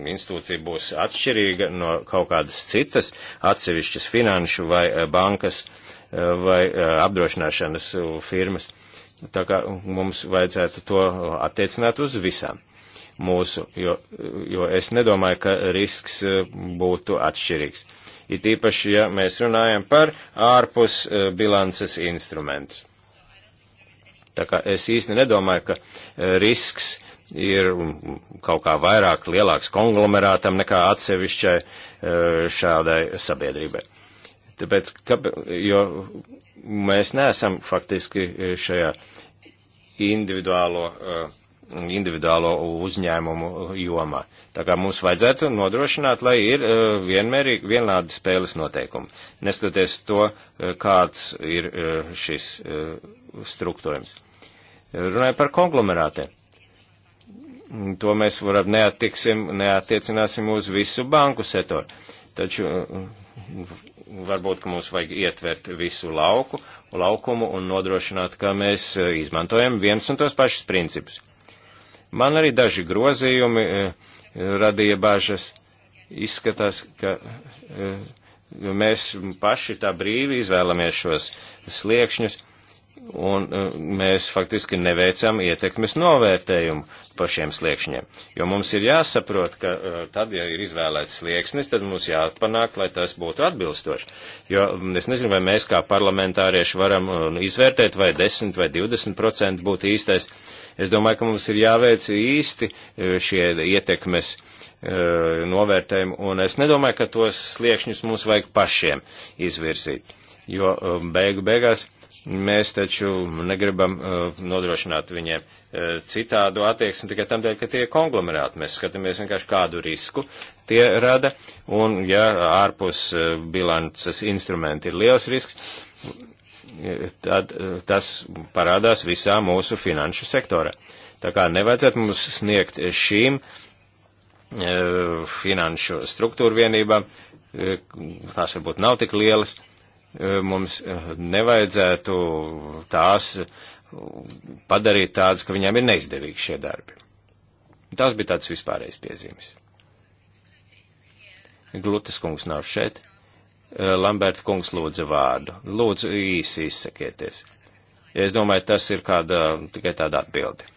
institūcija būs atšķirīga no kaut kādas citas atsevišķas finanšu vai bankas vai apdrošināšanas firmas. Tā kā mums vajadzētu to attiecināt uz visām mūsu, jo, jo es nedomāju, ka risks būtu atšķirīgs. It īpaši, ja mēs runājam par ārpus bilances instrumentus. Tā kā es īsti nedomāju, ka risks ir kaut kā vairāk lielāks konglomerātam nekā atsevišķai šādai sabiedrībai. Tāpēc, ka, jo mēs neesam faktiski e, šajā individuālo, e, individuālo uzņēmumu e, jomā. Tā kā mums vajadzētu nodrošināt, lai ir vienmērīgi vienlādi spēles noteikumi, neskatoties to, kāds ir šis struktojums. Runāju par konglomerātiem. To mēs varam neattieksim, neattiecināsim uz visu banku sektoru. Taču varbūt, ka mums vajag ietvert visu lauku, laukumu un nodrošināt, ka mēs e, izmantojam viens un tos pašus principus. Man arī daži grozījumi e, radīja bažas. Izskatās, ka e, mēs paši tā brīvi izvēlamies šos sliekšņus un uh, mēs faktiski neveicam ietekmes novērtējumu par šiem sliekšņiem. Jo mums ir jāsaprot, ka uh, tad, ja ir izvēlēts slieksnis, tad mums jāpanāk, lai tas būtu atbilstoši. Jo mm, es nezinu, vai mēs kā parlamentārieši varam uh, nu, izvērtēt, vai 10 vai 20 procenti būtu īstais. Es domāju, ka mums ir jāveic īsti šie ietekmes novērtējumi, un es nedomāju, ka tos sliekšņus mums vajag pašiem izvirzīt. Jo um, beigu beigās Mēs taču negribam uh, nodrošināt viņiem uh, citādu attieksmi tikai tam dēļ, ka tie ir konglomerāti. Mēs skatāmies vienkārši kādu risku tie rada, un ja ārpus uh, bilances instrumenti ir liels risks, tad uh, tas parādās visā mūsu finanšu sektorā. Tā kā nevajadzētu mums sniegt šīm uh, finanšu struktūru vienībām, uh, tās varbūt nav tik lielas. Uh, mums nevajadzētu tās padarīt tādas, ka viņām ir neizdevīgi šie darbi. Tas bija tāds vispārējais piezīmes. Glutas kungs nav šeit. Lamberta kungs lūdza vārdu. Lūdzu īsi izsakieties. Ja es domāju, tas ir kāda tikai tāda atbildi.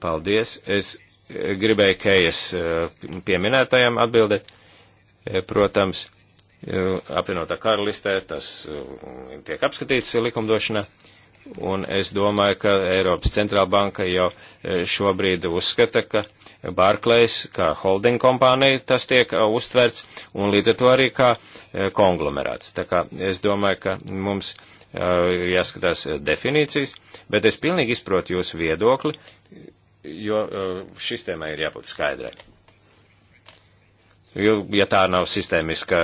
Paldies. Es gribēju Kejas pieminētajam atbildēt. Protams, Eh, apvienotā karalistē, tas eh, tiek apskatīts likumdošanā. Un es domāju, ka Eiropas centrāla banka jau eh, šobrīd uzskata, ka Barclays kā holding kompānija tas tiek uztverts un līdz ar to arī kā konglomerāts. Tā kā es domāju, ka mums jāskatās definīcijas, bet es pilnīgi izprotu jūsu viedokli, jo šis tēmai ir jābūt skaidrai jo, ja tā nav sistēmiska,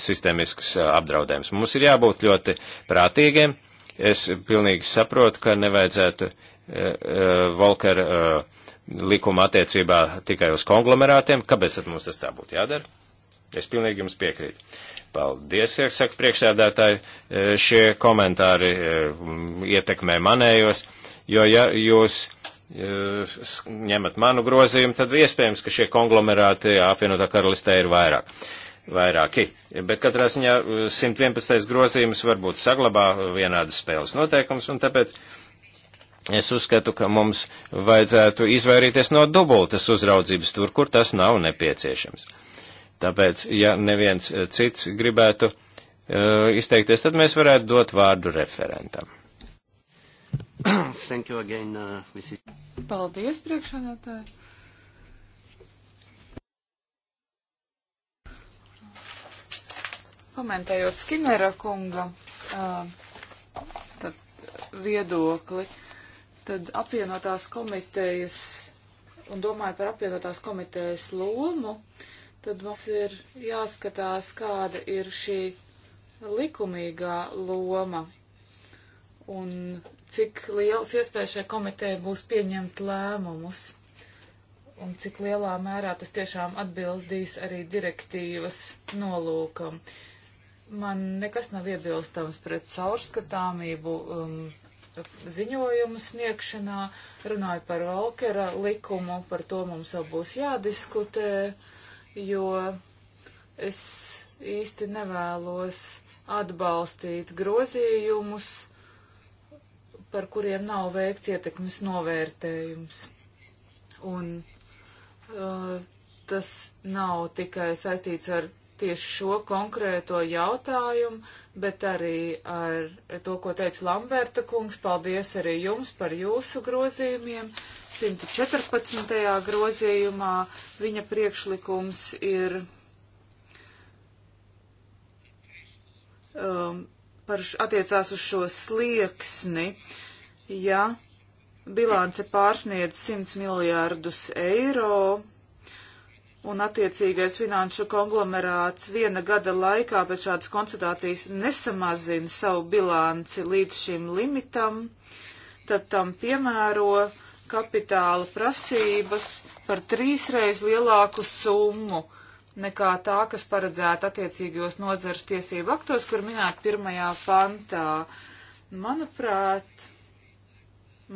sistēmisks apdraudējums. Mums ir jābūt ļoti prātīgiem. Es pilnīgi saprotu, ka nevajadzētu uh, Volker uh, likuma attiecībā tikai uz konglomerātiem. Kāpēc tad mums tas tā būtu jādara? Es pilnīgi jums piekrītu. Paldies, ja saka priekšsēdētāji, šie komentāri ietekmē manējos, jo ja jūs. Uh, ņemat manu grozījumu, tad iespējams, ka šie konglomerāti apvienotā karalistē ir vairāk. Vairāki. Bet katrā ziņā 111. Uh, grozījums varbūt saglabā vienādas spēles noteikums, un tāpēc es uzskatu, ka mums vajadzētu izvairīties no dubultas uzraudzības tur, kur tas nav nepieciešams. Tāpēc, ja neviens uh, cits gribētu uh, izteikties, tad mēs varētu dot vārdu referentam. Thank you again, uh, Mrs. Paldies, priekšsādātāji. Komentējot Skinera kunga uh, tad viedokli, tad apvienotās komitejas un domāju par apvienotās komitejas lomu, tad mums ir jāskatās, kāda ir šī likumīgā loma. Un cik liels iespējas šai komitejai būs pieņemt lēmumus un cik lielā mērā tas tiešām atbildīs arī direktīvas nolūkam. Man nekas nav iebilstams pret caurskatāmību um, ziņojumu sniegšanā. Runāju par Valkera likumu, par to mums vēl būs jādiskutē, jo es īsti nevēlos atbalstīt grozījumus par kuriem nav veikts ietekmes novērtējums. Un uh, tas nav tikai saistīts ar tieši šo konkrēto jautājumu, bet arī ar to, ko teica Lamberta kungs. Paldies arī jums par jūsu grozījumiem. 114. grozījumā viņa priekšlikums ir um, par, attiecās uz šo slieksni, ja bilance pārsniedz 100 miljārdus eiro un attiecīgais finanšu konglomerāts viena gada laikā pēc šādas konstatācijas nesamazina savu bilanci līdz šim limitam, tad tam piemēro kapitāla prasības par trīsreiz lielāku summu nekā tā, kas paredzēta attiecīgajos nozars tiesību aktos, kur minēt pirmajā pantā. Manuprāt,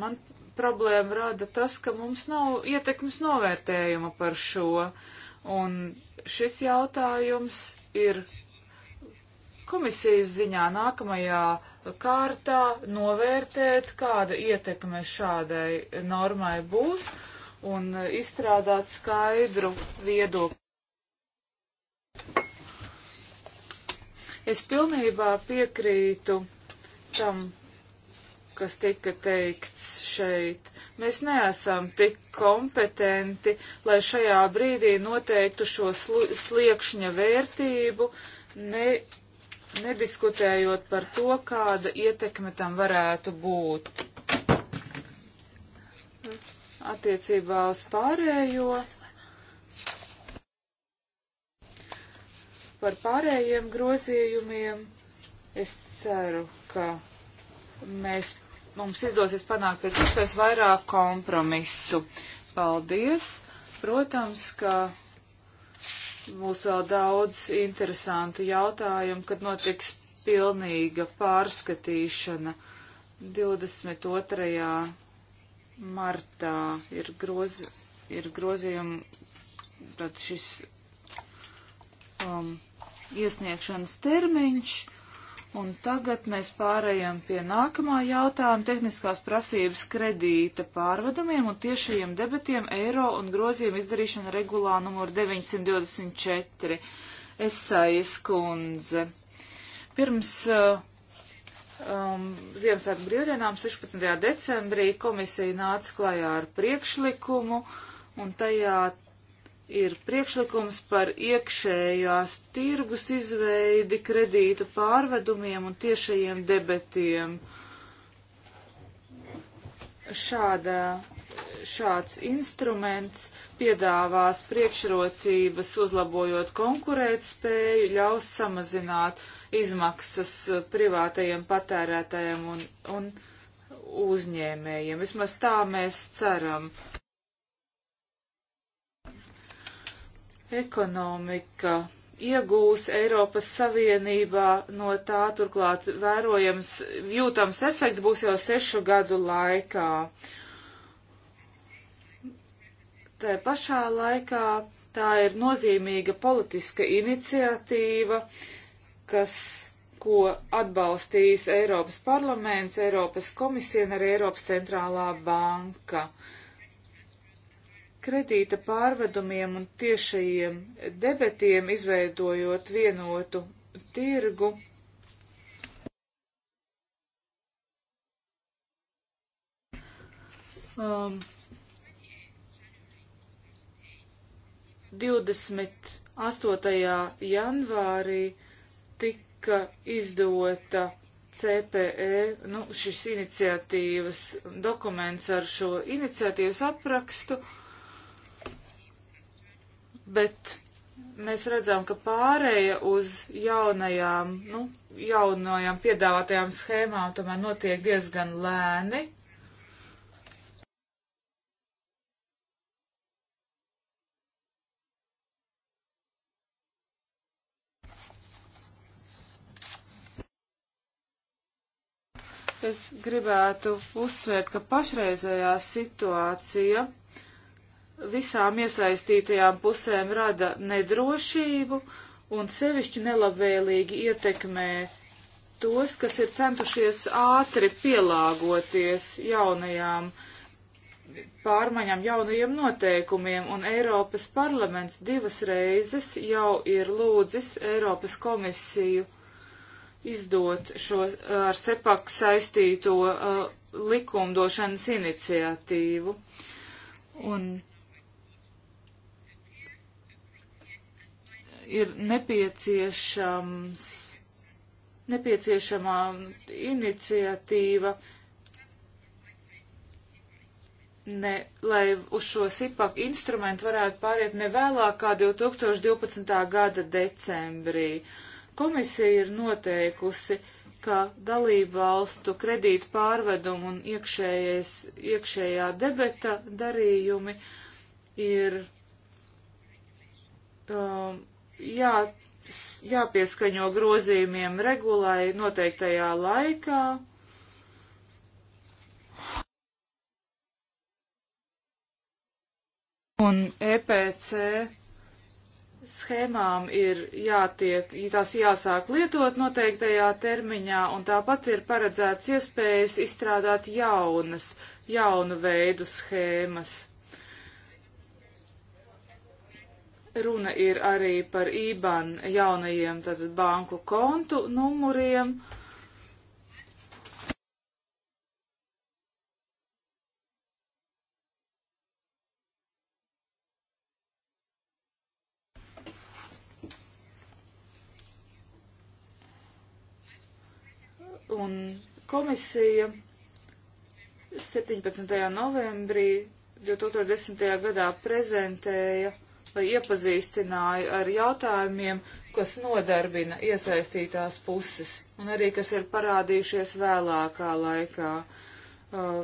man problēma rada tas, ka mums nav ietekmes novērtējuma par šo, un šis jautājums ir komisijas ziņā nākamajā kārtā novērtēt, kāda ietekme šādai normai būs, un izstrādāt skaidru viedokli. Es pilnībā piekrītu tam, kas tika teikts šeit. Mēs neesam tik kompetenti, lai šajā brīdī noteiktu šo sliekšņa vērtību, ne, nediskutējot par to, kāda ietekme tam varētu būt. Attiecībā uz pārējo Par pārējiem grozījumiem es ceru, ka mēs, mums izdosies panākt pēc iespējas vairāk kompromisu. Paldies! Protams, ka būs vēl daudz interesantu jautājumu, kad notiks pilnīga pārskatīšana 22. martā ir, groz, ir grozījumi, tad šis um, iesniegšanas termiņš. Un tagad mēs pārējām pie nākamā jautājuma - tehniskās prasības kredīta pārvedumiem un tiešajiem debetiem eiro un grozījumu izdarīšana regulā numur 924. Esaijas kundze. Pirms uh, um, Ziemassvētku brīvdienām 16. decembrī komisija nāca klajā ar priekšlikumu, un tajā ir priekšlikums par iekšējās tirgus izveidi kredītu pārvedumiem un tiešajiem debetiem. Šāda, šāds instruments piedāvās priekšrocības, uzlabojot konkurētspēju, ļaus samazināt izmaksas privātajiem patērētājiem un, un uzņēmējiem. Vismaz tā mēs ceram. ekonomika iegūs Eiropas Savienībā no tā, turklāt vērojams, jūtams efekts būs jau sešu gadu laikā. Tā pašā laikā tā ir nozīmīga politiska iniciatīva, kas, ko atbalstīs Eiropas parlaments, Eiropas komisija un arī Eiropas centrālā banka kredīta pārvedumiem un tiešajiem debetiem, izveidojot vienotu tirgu. Um, 28. janvārī tika izdota CPE, nu, šis iniciatīvas dokuments ar šo iniciatīvas aprakstu. Uh, bet mēs redzam, ka pārēja uz jaunajām, nu, jaunajām piedāvātajām schēmām tomēr notiek diezgan lēni. Es gribētu uzsvērt, ka pašreizējā situācija visām iesaistītajām pusēm rada nedrošību un sevišķi nelabvēlīgi ietekmē tos, kas ir centušies ātri pielāgoties jaunajām pārmaiņām, jaunajiem noteikumiem, un Eiropas parlaments divas reizes jau ir lūdzis Eiropas komisiju izdot šo uh, ar sepak saistīto uh, likumdošanas iniciatīvu. Un ir nepieciešams, nepieciešamā iniciatīva, ne, lai uz šo SIPAK instrumentu varētu pāriet ne vēlāk kā 2012. gada decembrī. Komisija ir noteikusi, ka dalību valstu kredītu pārvedumu un iekšējais, iekšējā debeta darījumi ir um, jā, jāpieskaņo grozījumiem regulai noteiktajā laikā. Un EPC schēmām ir jātiek, tās jāsāk lietot noteiktajā termiņā, un tāpat ir paredzēts iespējas izstrādāt jaunas, jaunu veidu schēmas. Runa ir arī par IBAN jaunajiem tātad banku kontu numuriem. Un komisija 17. novembrī 2010. gadā prezentēja vai iepazīstināju ar jautājumiem, kas nodarbina iesaistītās puses un arī kas ir parādījušies vēlākā laikā. Uh,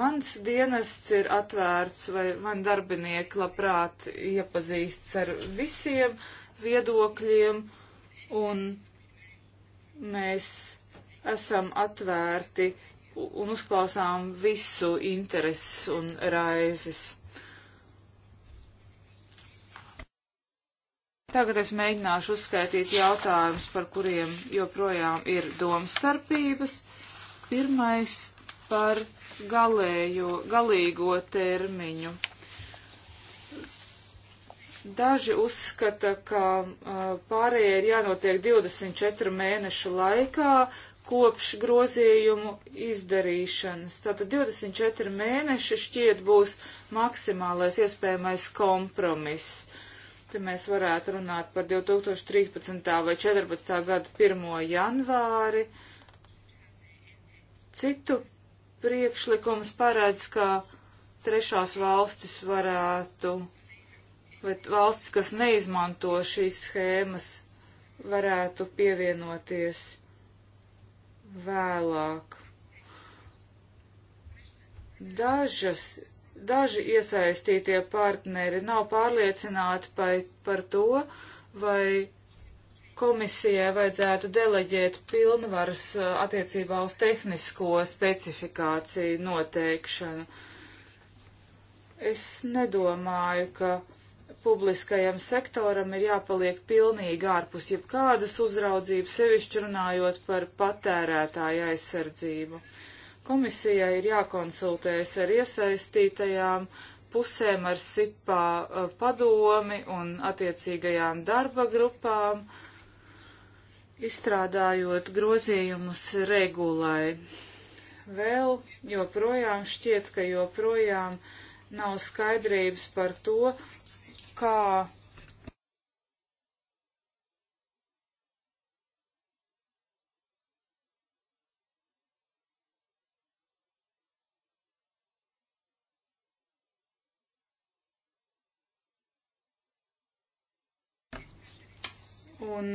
mans dienests ir atvērts vai man darbinieki labprāt iepazīsts ar visiem viedokļiem un mēs esam atvērti un uzklausām visu intereses un raizes. Tagad es mēģināšu uzskaitīt jautājumus, par kuriem joprojām ir domstarpības. Pirmais par galējo, galīgo termiņu. Daži uzskata, ka uh, pārējie ir jānotiek 24 mēnešu laikā kopš grozījumu izdarīšanas. Tātad 24 mēneši šķiet būs maksimālais iespējamais kompromiss Te mēs varētu runāt par 2013. vai 2014. gada 1. janvāri. Citu priekšlikums paredz, ka trešās valstis varētu, vai valstis, kas neizmanto šīs schēmas, varētu pievienoties vēlāk. Dažas daži iesaistītie partneri nav pārliecināti par, par to, vai komisijai vajadzētu deleģēt pilnvaras attiecībā uz tehnisko specifikāciju noteikšanu. Es nedomāju, ka publiskajam sektoram ir jāpaliek pilnīgi ārpus jebkādas uzraudzības, sevišķi runājot par patērētāju aizsardzību. Uh, Komisijai ir jākonsultējas ar iesaistītajām pusēm, ar SIPā eh, padomi un attiecīgajām darba grupām, izstrādājot grozījumus regulai. Vēl joprojām šķiet, ka joprojām nav skaidrības par to, kā un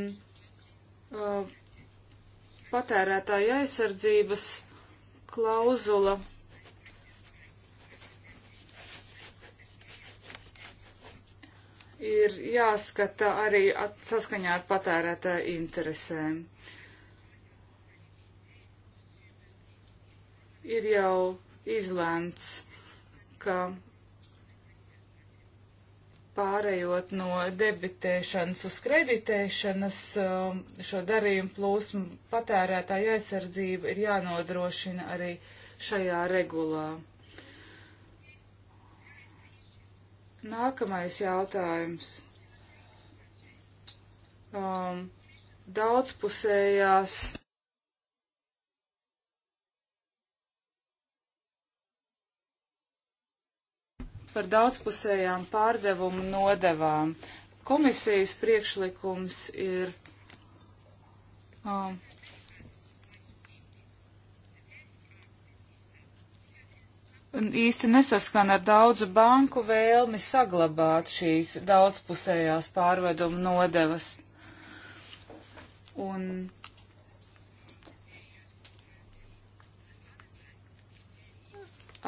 uh, patērētāja aizsardzības klauzula. Ir jāskata arī at, saskaņā ar patērētāja interesēm. Ir jau izlēmts, ka pārējot no debitēšanas uz kreditēšanas, um, šo darījumu plūsmu patērētāja aizsardzība ir jānodrošina arī šajā regulā. Nākamais jautājums. Um, daudzpusējās par daudzpusējām pārdevumu nodevām. Komisijas priekšlikums ir. Um, īsti nesaskan ar daudzu banku vēlmi saglabāt šīs daudzpusējās pārvedumu nodevas. Un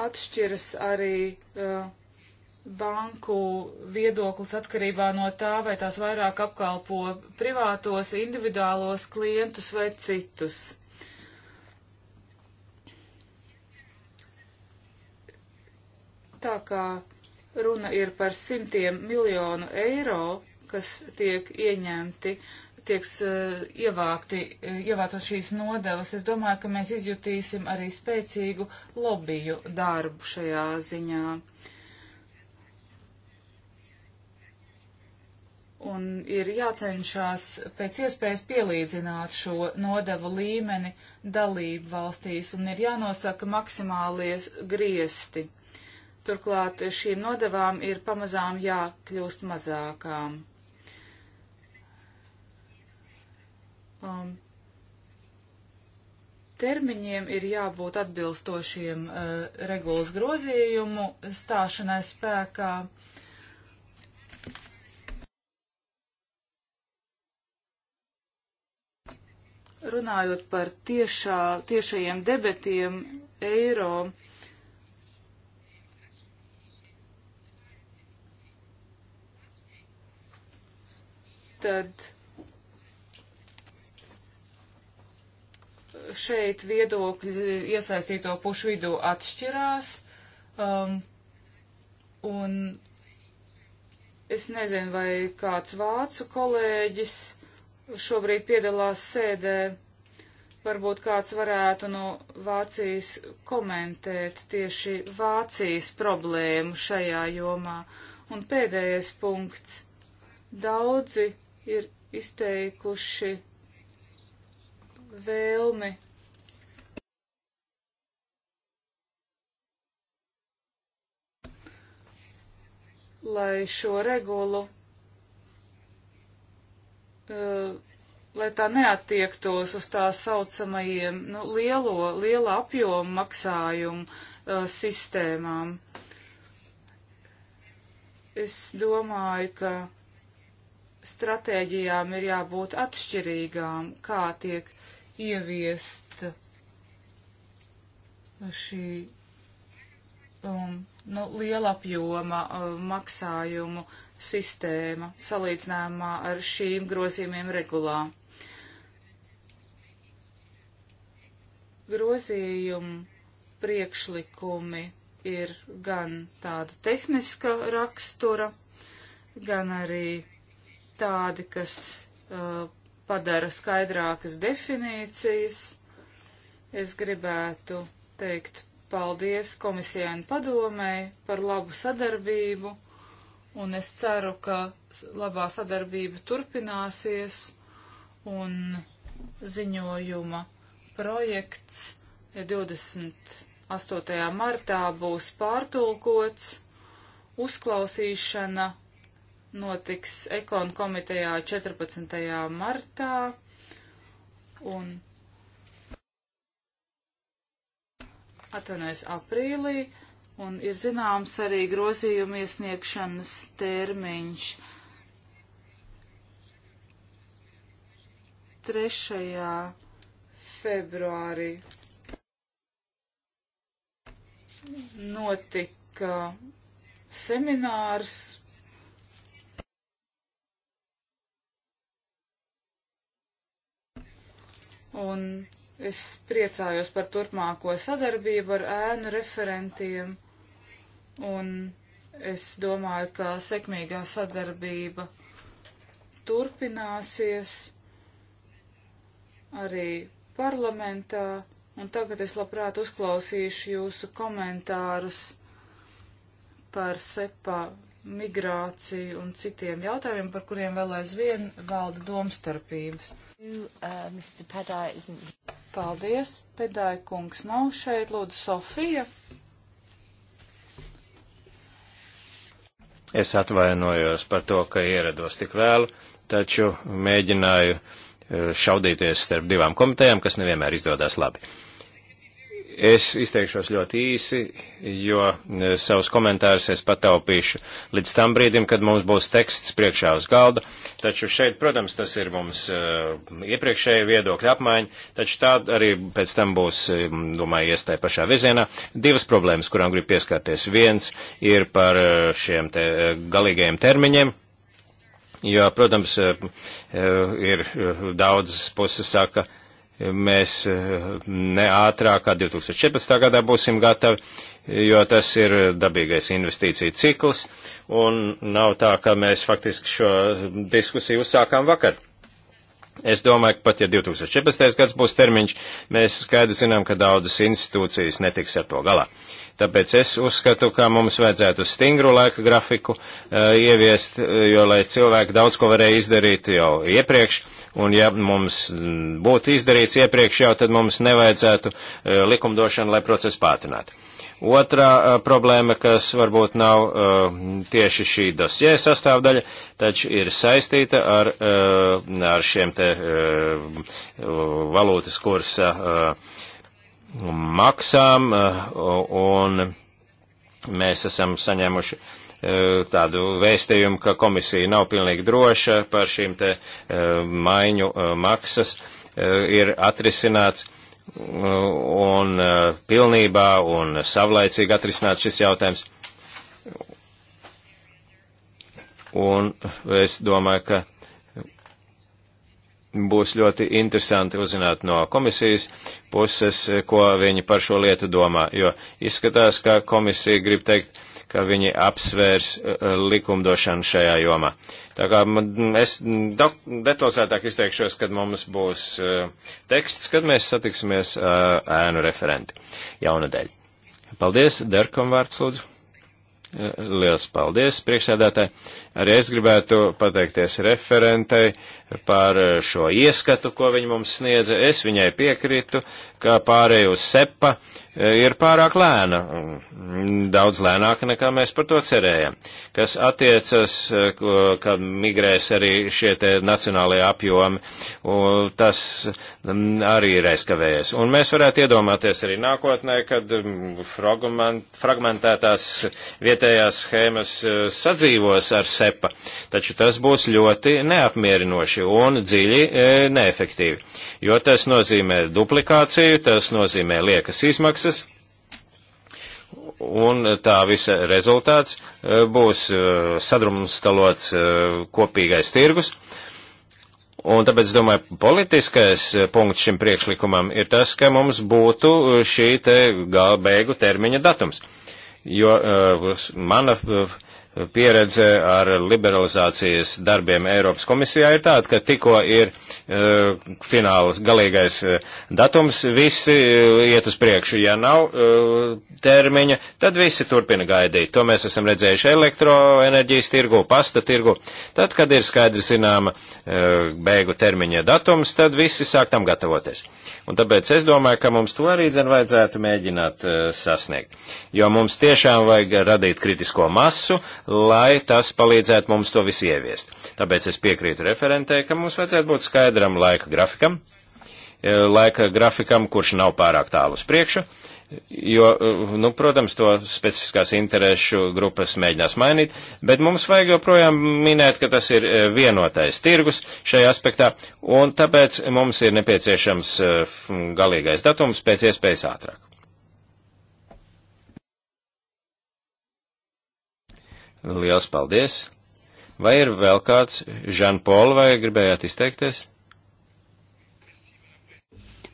atšķiras arī uh, banku viedoklis atkarībā no tā, vai tās vairāk apkalpo privātos, individuālos klientus vai citus. Tā kā runa ir par simtiem miljonu eiro, kas tiek ieņemti, tiek uh, eh, ievākti, eh, ievāktas šīs nodevas, es domāju, ka mēs izjutīsim arī spēcīgu lobiju darbu šajā ziņā. un ir jācenšas pēc iespējas pielīdzināt šo nodevu līmeni dalību valstīs un ir jānosaka maksimālie griesti. Turklāt šīm nodevām ir pamazām jākļūst mazākām. Um, termiņiem ir jābūt atbilstošiem uh, regulas grozījumu stāšanai spēkā. Uh, runājot par tiešā, tiešajiem debetiem eiro. Tad šeit viedokļi iesaistīto pušu vidū atšķirās. Um, un es nezinu, vai kāds vācu kolēģis šobrīd piedalās sēdē. Varbūt kāds varētu no Vācijas komentēt tieši Vācijas problēmu šajā jomā. Un pēdējais punkts. Daudzi ir izteikuši vēlmi lai šo regulu lai tā neatiektos uz tā saucamajiem nu, lielo, liela apjomu maksājumu uh, sistēmām. Es domāju, ka stratēģijām ir jābūt atšķirīgām, kā tiek ieviest šī um, nu, liela apjoma uh, maksājumu uh, sistēma salīdzinājumā ar šīm grozījumiem regulā. Grozījumu priekšlikumi ir gan tāda tehniska rakstura, gan arī tādi, kas uh, padara skaidrākas definīcijas. Es gribētu teikt paldies komisijai un padomēji par labu sadarbību un es ceru, ka labā sadarbība turpināsies un ziņojuma projekts 28. martā būs pārtulkots, uzklausīšana notiks Ekon komitejā 14. martā un atvainojas aprīlī un ir zināms arī grozījuma iesniegšanas termiņš. Trešajā februārī notika seminārs un es priecājos par turpmāko sadarbību ar ēnu referentiem Un es domāju, ka sekmīgā sadarbība turpināsies arī parlamentā. Un tagad es labprāt uzklausīšu jūsu komentārus par sepa migrāciju un citiem jautājumiem, par kuriem vēl aizvien valda domstarpības. Uh, Paldies, Pedāja kungs nav šeit, lūdzu, Sofija. Es atvainojos par to, ka ierados tik vēlu, taču mēģināju eh, šaudīties starp divām komitejām, kas nevienmēr izdodas labi. Es izteikšos ļoti īsi, jo e, savus komentārus es pataupīšu līdz tam brīdim, kad mums būs teksts priekšā uz galda. Taču šeit, protams, tas ir mums e, iepriekšēja viedokļa apmaiņa, taču tā arī pēc tam būs, e, domāju, iestāja pašā virzienā. Divas problēmas, kurām grib pieskārties. Viens ir par šiem te galīgajiem termiņiem, jo, protams, ir daudzas puses saka, mēs eh, ne ātrāk kā 2014. gadā būsim gatavi, jo tas ir dabīgais investīcija cikls, un nav tā, ka mēs faktiski šo diskusiju uzsākām vakar. Es domāju, ka pat ja 2014. gads būs termiņš, mēs skaidri zinām, ka daudzas institūcijas netiks ar to galā. Tāpēc es uzskatu, ka mums vajadzētu stingru laika grafiku uh, ieviest, eh, jo lai cilvēki daudz ko varēja izdarīt jau iepriekš, un ja mums mm, būtu izdarīts iepriekš jau, tad mums nevajadzētu uh, likumdošanu, lai procesu pātrinātu. Otrā problēma, kas varbūt nav tieši šī dosie sastāvdaļa, taču ir saistīta ar, ar šiem te valūtas kursa maksām, un mēs esam saņēmuši tādu vēstījumu, ka komisija nav pilnīgi droša par šīm te maiņu maksas ir atrisināts un uh, pilnībā un savlaicīgi atrisināt šis jautājums. Un es domāju, ka būs ļoti interesanti uzzināt no komisijas puses, ko viņi par šo lietu domā, jo izskatās, ka komisija grib teikt, ka viņi apsvērs eh, eh, likumdošanu šajā jomā. Tā kā es detalizētāk izteikšos, kad mums būs eh, teksts, kad mēs satiksimies ēnu referenti jaunadēļ. Paldies, Derkom vārds lūdzu. Liels paldies, priekšsēdētāji. Arī es gribētu pateikties referentei par eh, šo ieskatu, ko viņi mums sniedza. Es viņai piekrītu, ka pārēj uz sepa eh, ir pārāk lēna, mm, daudz lēnāka nekā mēs par to cerējam. Kas attiecas, eh, ka migrēs arī šie te nacionālajie apjomi, tas mm, arī ir aizkavējies. Un mēs varētu iedomāties arī nākotnē, kad mm, fragmentētās vietējās schēmas sadzīvos ar sepa, taču tas būs ļoti neapmierinoši vienkārši un dziļi e, neefektīvi, jo tas nozīmē duplikāciju, tas nozīmē liekas izmaksas, un tā visa rezultāts e, būs e, sadrumstalots e, kopīgais tirgus. Un tāpēc, domāju, politiskais punkts šim priekšlikumam ir tas, ka mums būtu šī te gala beigu termiņa datums. Jo uh, mana uh, pieredze ar liberalizācijas darbiem Eiropas komisijā ir tāda, ka tikko ir uh, fināls galīgais e, datums, visi e, iet uz priekšu. Ja nav uh, termiņa, tad visi turpina gaidīt. To mēs esam redzējuši elektroenerģijas tirgu, pasta tirgu. Tad, kad ir skaidrs zināma uh, beigu termiņa datums, tad visi sāk tam gatavoties. Un tāpēc es domāju, ka mums to arī dzen vajadzētu mēģināt uh, sasniegt. Jo mums tiešām vajag radīt kritisko masu, lai tas palīdzētu mums to visu ieviest. Tāpēc es piekrītu referentē, ka mums vajadzētu būt skaidram laika grafikam, e, laika grafikam, kurš nav pārāk tālu uz priekšu, jo, e, nu, protams, to specifiskās interesu grupas mēģinās mainīt, bet mums vajag joprojām minēt, ka tas ir e, vienotais tirgus šajā aspektā, un tāpēc mums ir nepieciešams galīgais datums pēc iespējas ātrāk. Liels paldies! Vai ir vēl kāds, Žanpola, vai gribējāt izteikties?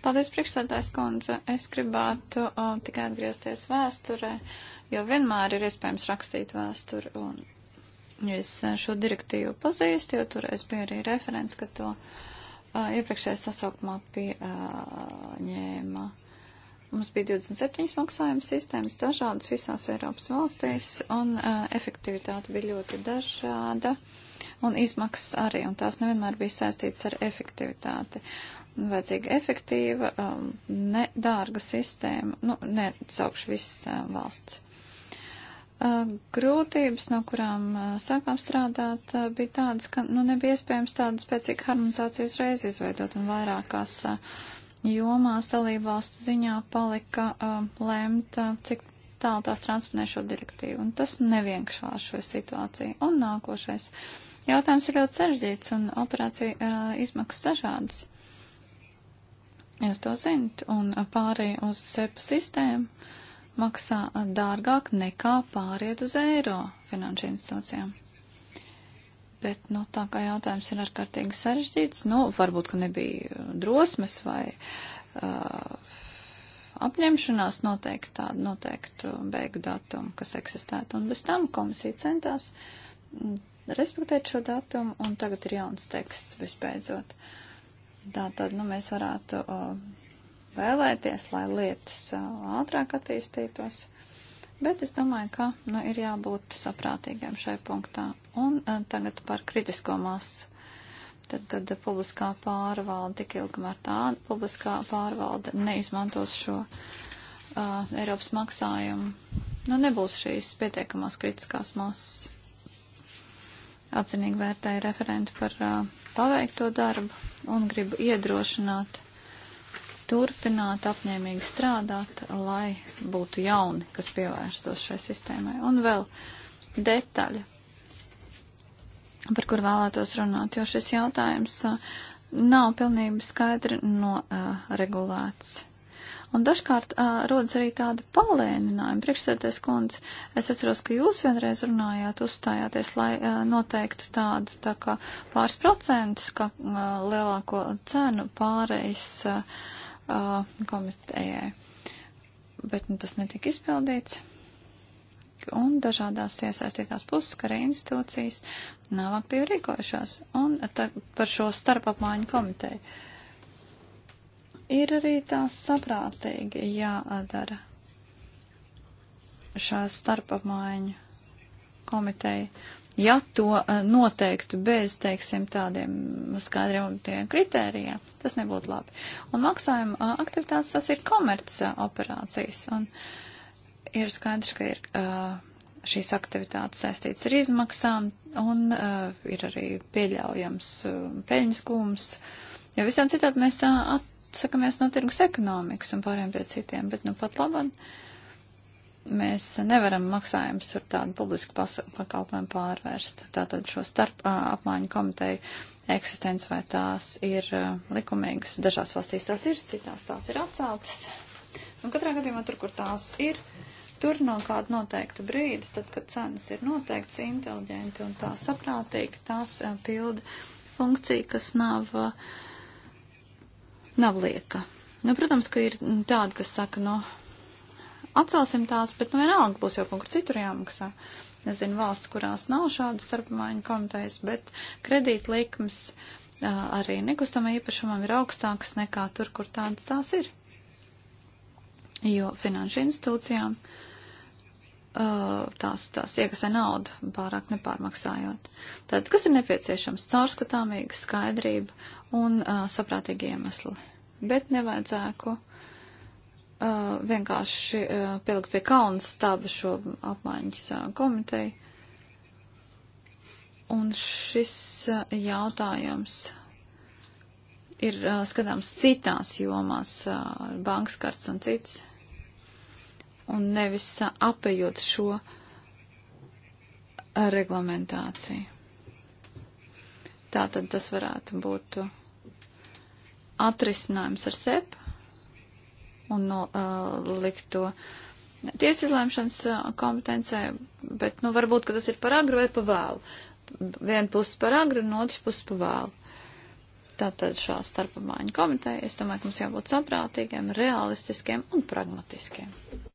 Paldies, priekšsēdājs kundze. Es gribētu o, uh, tikai atgriezties vēsturē, jo vienmēr ir iespējams rakstīt vēsturi. Un es uh, šo direktīvu pazīstu, jo toreiz bija arī referents, ka to o, uh, iepriekšējā sasaukumā pieņēma. Mums bija 27 maksājuma sistēmas dažādas visās Eiropas valstīs, un uh, efektivitāte bija ļoti dažāda, un izmaksas arī, un tās nevienmēr bija saistītas ar efektivitāti. Vajadzīga efektīva, um, nedārga sistēma, nu, necaukšu viss uh, valsts. Uh, grūtības, no kurām uh, sākām strādāt, uh, bija tādas, ka nu, nebija iespējams tādu spēcīgu harmonizāciju uzreiz izveidot un vairākās uh, jomās dalībvalstu ziņā palika uh, lēmt, uh, cik tālu tās transponē šo direktīvu. Un tas nevienkāršo situāciju. Un nākošais jautājums ir ļoti sarežģīts un operācija uh, izmaksas dažādas. Jūs to zinat. Un uh, pārēj uz SEPA sistēmu maksā uh, dārgāk nekā pāriet uz eiro finanšu institūcijām. Bet, nu, tā kā jautājums ir ārkārtīgi sarežģīts, nu, varbūt, ka nebija uh, drosmes vai uh, apņemšanās noteikt tādu noteiktu uh, beigu datumu, kas eksistētu. Un bez tam komisija centās mm, respektēt šo datumu, un tagad ir jauns teksts visbeidzot. Tā tad, nu, mēs varētu uh, vēlēties, lai lietas uh, ātrāk attīstītos. Bet es domāju, ka nu, ir jābūt saprātīgiem šai punktā. Un eh, tagad par kritisko masu. Tad, tad publiskā pārvalde, tik ilgamēr tā publiskā pārvalde neizmantos šo uh, Eiropas maksājumu, nu nebūs šīs pietiekamās kritiskās masas. Atzinīgi vērtēju referentu par uh, paveikto darbu un gribu iedrošināt turpināt apņēmīgi strādāt, lai būtu jauni, kas pievērstos šai sistēmai. Un vēl detaļa par kur vēlētos runāt, jo šis jautājums uh, nav pilnīgi skaidri noregulēts. Uh, Un dažkārt uh, rodas arī tāda palēninājuma. Priekšsēdētais kundze, es atceros, ka jūs vienreiz runājāt, uzstājāties, lai uh, noteiktu tādu tā kā pāris procentus, kā uh, lielāko cenu pārejas uh, uh, komitejai. Bet nu, tas netika izpildīts un dažādās iesaistītās puses, kā arī institūcijas, nav aktīvi rīkojušās. Un par šo starpapmaiņu komiteju ir arī tās saprātīgi jādara šā starpapmaiņu komiteja. Ja to eh, noteiktu bez, teiksim, tādiem skaidriem kritērijiem, tas nebūtu labi. Un maksājuma eh, aktivitātes tas ir komerca eh, operācijas. Un, uh, Ir skaidrs, ka ir šīs aktivitātes saistīts ar izmaksām un ir arī pieļaujams peļņas kūms, jo visām citādi mēs atsakamies no tirgus ekonomikas un pārējiem pie citiem, bet nu pat labāk mēs nevaram maksājumus ar tādu publisku pakalpojumu pārvērst. Tātad šo starp a, apmaiņu komiteju eksistence vai tās ir a, likumīgas. Dažās valstīs tās ir, citās tās ir atceltas. Un katrā gadījumā tur, kur tās ir, Tur no kāda noteikta brīda, tad, kad cenas ir noteikts inteliģenti un tā saprātīgi, tās eh, pilda funkciju, kas nav, eh, nav lieka. Nu, protams, ka ir tādi, kas saka, nu, atcelsim tās, bet nu vienalga būs jau kaut kur citur jāmaksā. Es zinu valsts, kurās nav šādas starpmaiņu komitejas, bet kredītlikmes eh, arī nekustamā īpašumam ir augstākas nekā tur, kur tādas tās ir. Jo finanšu institūcijām Uh, tās, tās iekasē naudu, pārāk nepārmaksājot. Tad, kas ir nepieciešams? Caurskatāmīga skaidrība un uh, saprātīgi iemesli. Bet nevajadzētu uh, vienkārši uh, pielikt pie kauna stāba šo apmaiņas uh, komiteju. Un šis uh, jautājums ir uh, skatāms citās jomās, uh, bankas karts un cits un nevis apējot šo reglamentāciju. Tātad tas varētu būt atrisinājums ar SEP un nolikt uh, to tiesizlēmšanas kompetencē, bet, nu, varbūt, ka tas ir par agru vai pa vēlu. Vienu pusi par agru un otru pusi pa vēlu tātad šā starpamāņu komiteja, es domāju, ka mums jābūt saprātīgiem, realistiskiem un pragmatiskiem.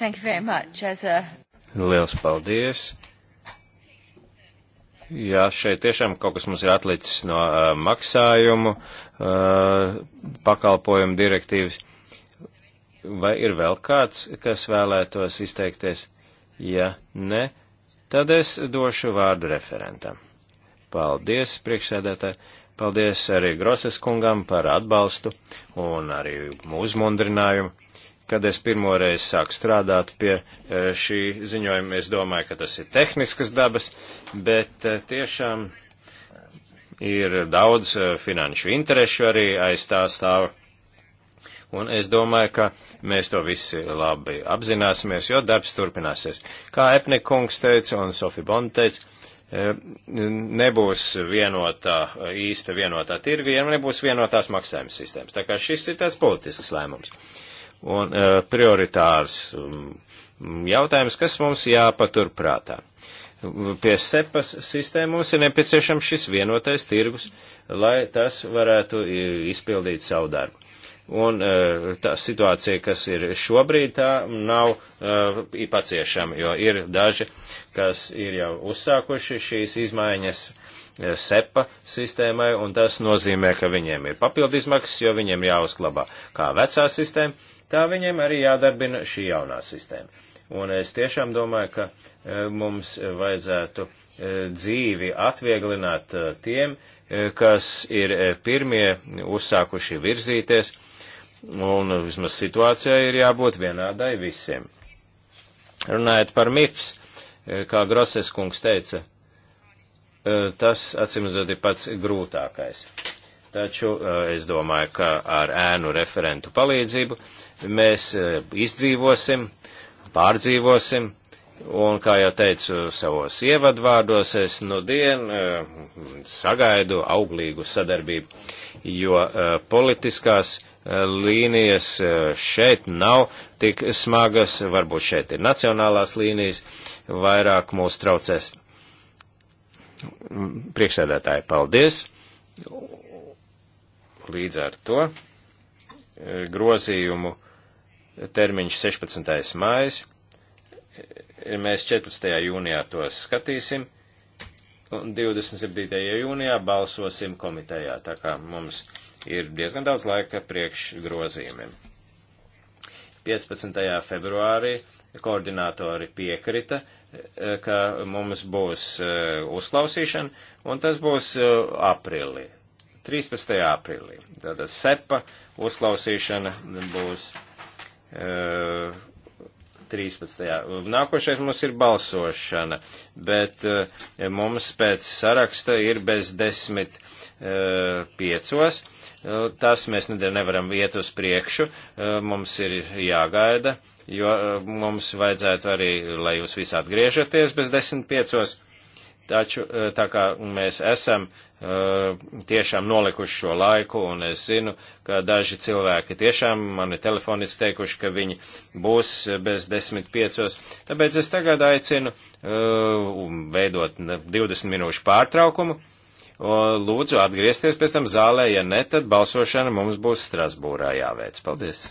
Thank you very much. As a... Liels paldies. Jā, šeit tiešām kaut kas mums ir atlicis no uh, maksājumu uh, pakalpojumu direktīvas. Vai ir vēl kāds, kas vēlētos izteikties? Ja ne, tad es došu vārdu referentam. Paldies, priekšsēdētāji. Paldies arī Groses kungam par atbalstu un arī uzmundrinājumu. Kad es pirmoreiz sāku strādāt pie e, šī ziņojuma, es domāju, ka tas ir tehniskas dabas, bet e, tiešām ir daudz e, finanšu interešu arī aiz tā stāv. Un es domāju, ka mēs to visi labi apzināsimies, jo darbs turpināsies. Kā Epnikungs teica un Sofija Bonda teica, nebūs vienotā, īsta vienotā tirgu, ja nebūs vienotās maksājuma sistēmas. Tā kā šis ir tas politisks lēmums un uh, prioritārs um, jautājums, kas mums jāpatur prātā. Pie sepas sistēmas mums ir nepieciešams šis vienotais tirgus, lai tas varētu izpildīt savu darbu. Un uh, tā situācija, kas ir šobrīd, tā nav uh, paciešama, jo ir daži, kas ir jau uzsākuši šīs izmaiņas sepa sistēmai, un tas nozīmē, ka viņiem ir papildu izmaksas, jo viņiem jāuzklabā kā vecā sistēma, tā viņiem arī jādarbina šī jaunā sistēma. Un es tiešām domāju, ka e, mums vajadzētu e, dzīvi atvieglināt e, tiem, kas ir pirmie uzsākuši virzīties, un vismaz situācijai ir jābūt vienādai visiem. Runājot par MIPS, kā Groses kungs teica, tas acīmredzot ir pats grūtākais. Taču es domāju, ka ar ēnu referentu palīdzību mēs e, izdzīvosim, pārdzīvosim. Un, kā jau teicu savos ievadvārdos, es nu dienu e, sagaidu auglīgu sadarbību, jo e, politiskās līnijas šeit nav tik smagas, varbūt šeit ir nacionālās līnijas, vairāk mūs traucēs. Priekšsēdētāji, paldies! Līdz ar to grozījumu termiņš 16. mājas, mēs 14. jūnijā tos skatīsim, un 27. jūnijā balsosim komitejā, tā kā mums ir diezgan daudz laika priekš grozījumiem. 15. februārī koordinātori piekrita, eh, ka mums būs eh, uzklausīšana, un tas būs eh, aprīlī, 13. aprīlī. Tātad sepa uzklausīšana būs 13. Nākošais mums ir balsošana, bet mums pēc saraksta ir bez 10.5. Tas mēs nevaram iet uz priekšu, mums ir jāgaida, jo mums vajadzētu arī, lai jūs visi atgriežaties bez 10.5. Taču tā kā mēs esam Eh, tiešām nolikuši šo laiku, un es zinu, ka daži cilvēki tiešām mani telefoniski teikuši, ka viņi būs bez desmit piecos. Tāpēc es tagad aicinu eh, veidot 20 minūšu pārtraukumu. Lūdzu, atgriezties pēc tam zālē, ja ne, tad balsošana mums būs Strasbūrā jāveic. Paldies!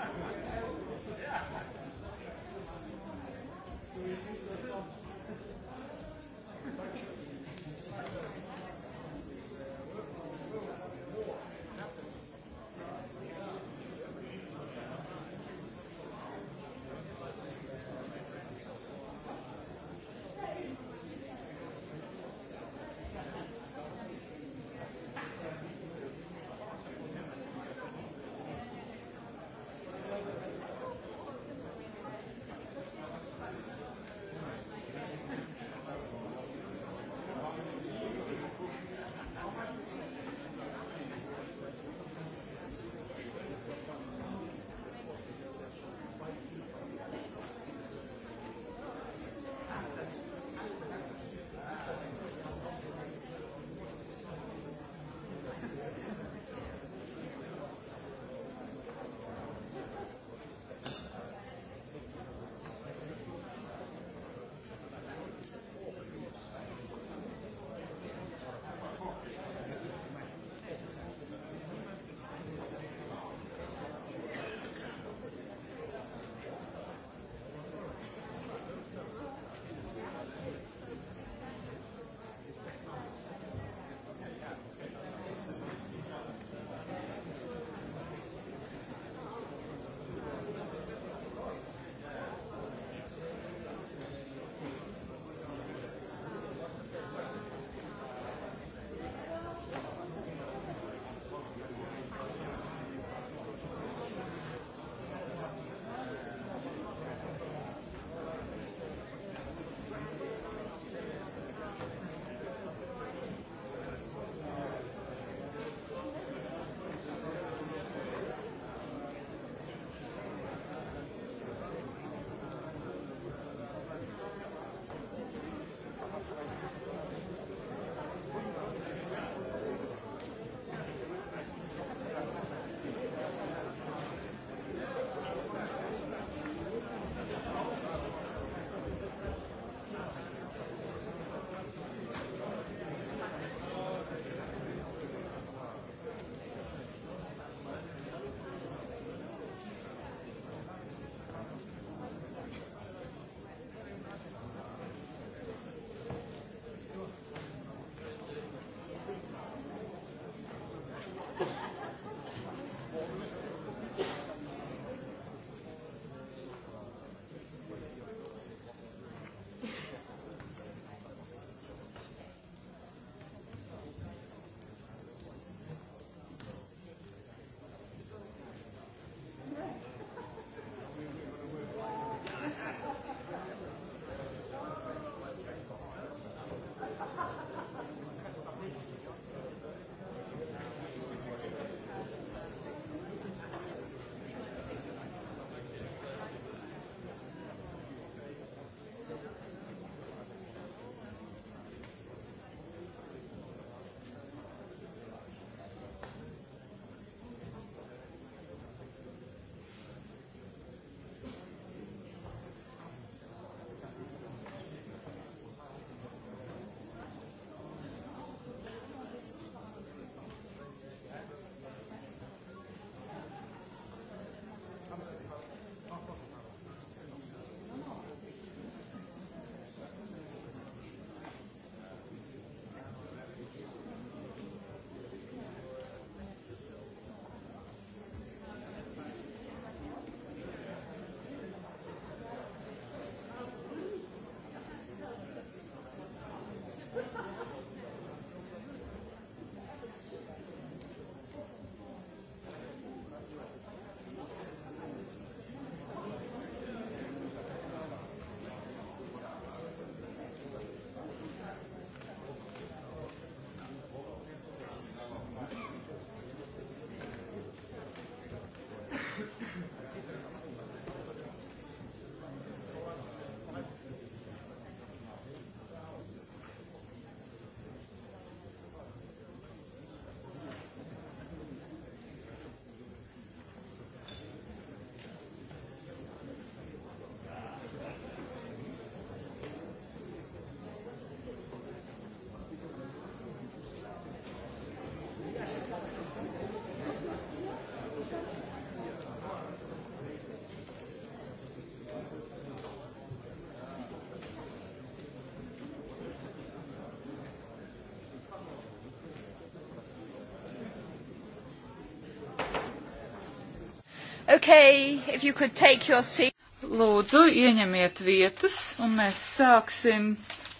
Okay, if you could take your seat. Lūdzu, ieņemiet vietas un mēs sāksim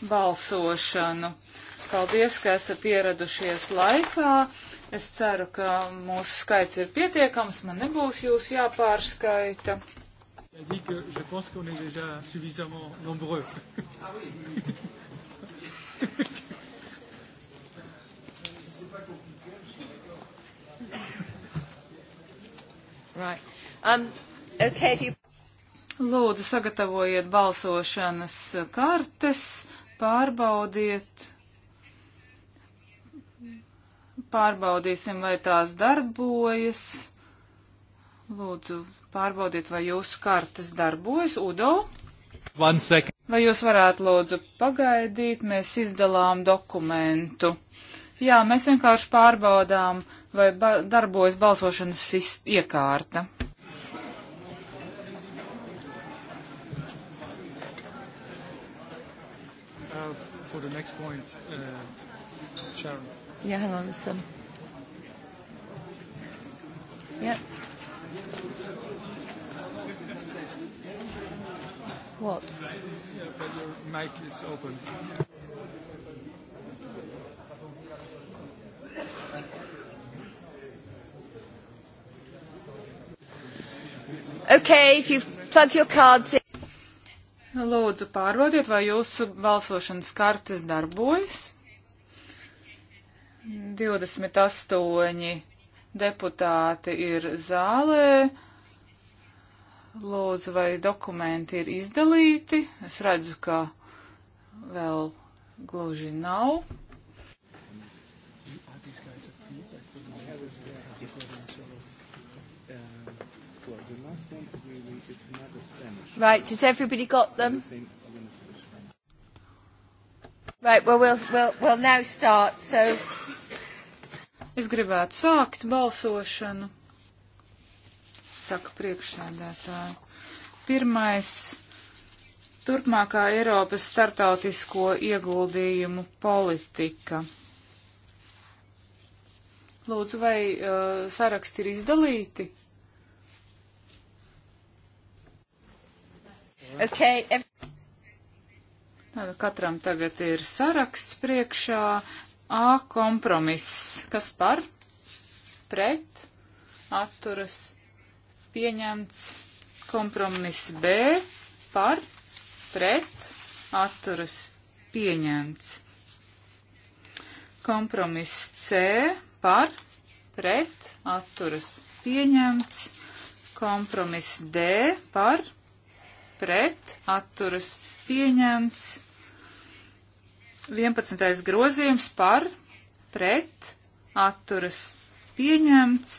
balsošanu. Paldies, ka esat ieradušies laikā. Es ceru, ka mūsu skaits ir pietiekams, man nebūs jūs jāpārskaita. sagatavojiet balsošanas kartes, pārbaudiet, pārbaudīsim, vai tās darbojas. Lūdzu, pārbaudiet, vai jūsu kartes darbojas. Udo? Vai jūs varētu lūdzu pagaidīt, mēs izdalām dokumentu. Jā, mēs vienkārši pārbaudām, vai ba darbojas balsošanas iekārta. the next point, uh, Sharon. Yeah, hang on. Some. Um... Yeah. What? Yeah, but your mic is open. Okay, if you plug your cards in. Lūdzu, pārbaudiet, vai jūsu balsošanas kartes darbojas. 28 deputāti ir zālē. Lūdzu, vai dokumenti ir izdalīti? Es redzu, ka vēl gluži nav. Right, has everybody got them? Right, well, we'll, we'll, we'll now start, so... Es gribētu sākt balsošanu, saka priekšsēdētāji. Pirmais - turpmākā Eiropas startautisko ieguldījumu politika. Lūdzu, vai uh, saraksti ir izdalīti? Okay. Tāda katram tagad ir saraksts priekšā. A kompromiss. Kas par? Pret? Atturas? Pieņemts. Kompromiss B. Par? Pret? Atturas? Pieņemts. Kompromiss C. Par? Pret? Atturas? Pieņemts. Kompromiss D. Par? pret, atturas pieņemts. 11. grozījums par, pret, atturas pieņemts.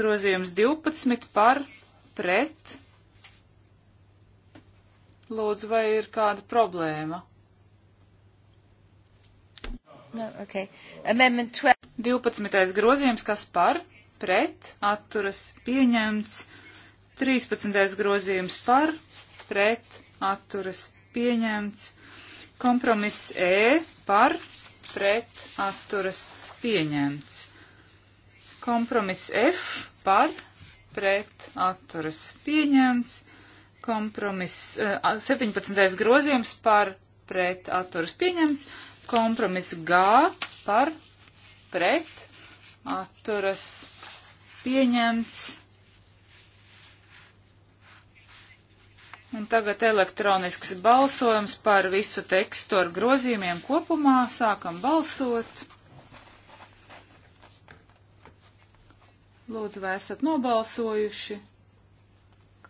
Grozījums 12 par, pret. Lūdzu, vai ir kāda problēma? No, okay. 12. grozījums, kas par, pret, atturas pieņemts. 13. grozījums par, pret, atturas pieņemts. Kompromiss E par, pret, atturas pieņemts. Kompromiss F par, pret, atturas pieņemts. Kompromiss 17. Eh, grozījums par, pret, atturas pieņemts. Kompromiss G par, pret, atturas pieņemts Un tagad elektronisks balsojums par visu tekstu ar grozījumiem kopumā. Sākam balsot. Lūdzu, vai esat nobalsojuši?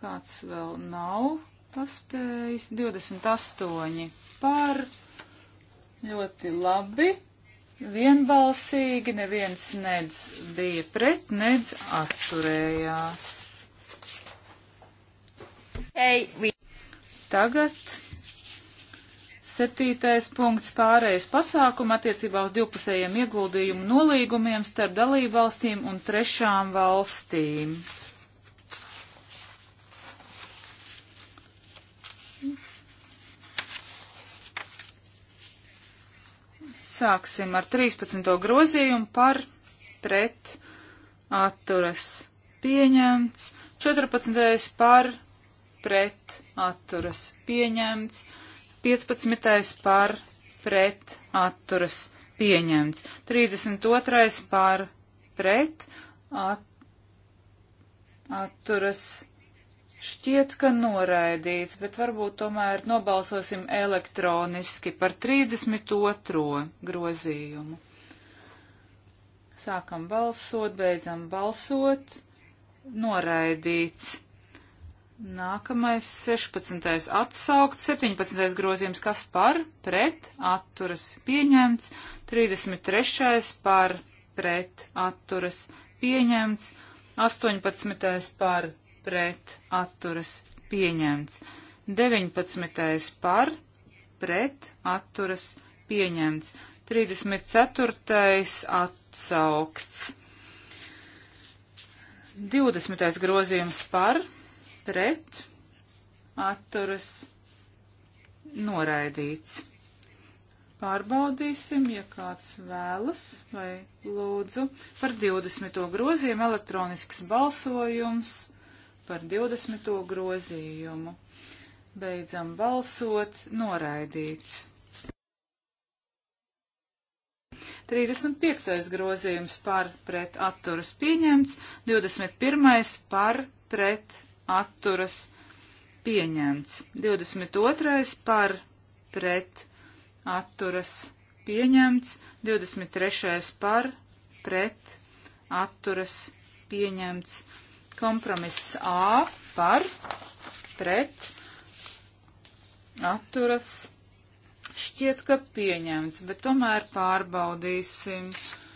Kāds vēl nav paspējis? 28 par. Ļoti labi. Vienbalsīgi neviens nedz bija pret, nedz atturējās. Hey, we... Tagad septītais punkts pārējais pasākuma attiecībā uz divpusējiem ieguldījumu nolīgumiem starp dalībvalstīm un trešām valstīm. Sāksim ar 13. grozījumu par pret atturas pieņemts, 14. par pret pret atturas pieņemts, 15. par pret atturas pieņemts, 32. par pret at, atturas šķiet, ka noraidīts, bet varbūt tomēr nobalsosim elektroniski par 32. grozījumu. Sākam balsot, beidzam balsot, noraidīts. Nākamais 16. atsaukt, 17. grozījums, kas par, pret, atturas pieņemts, 33. par, pret, atturas pieņemts, 18. par, pret, atturas pieņemts, 19. par, pret, atturas pieņemts, 34. atsaukts, 20. grozījums par, pret, pret, atturas, noraidīts. Pārbaudīsim, ja kāds vēlas vai lūdzu par 20. grozījumu elektronisks balsojums par 20. grozījumu. Beidzam balsot, noraidīts. 35. grozījums par pret atturas pieņemts, 21. par pret atturas pieņemts. 22. par pret atturas pieņemts. 23. par pret atturas pieņemts. Kompromiss A par pret atturas šķiet, ka pieņemts, bet tomēr pārbaudīsim. 23.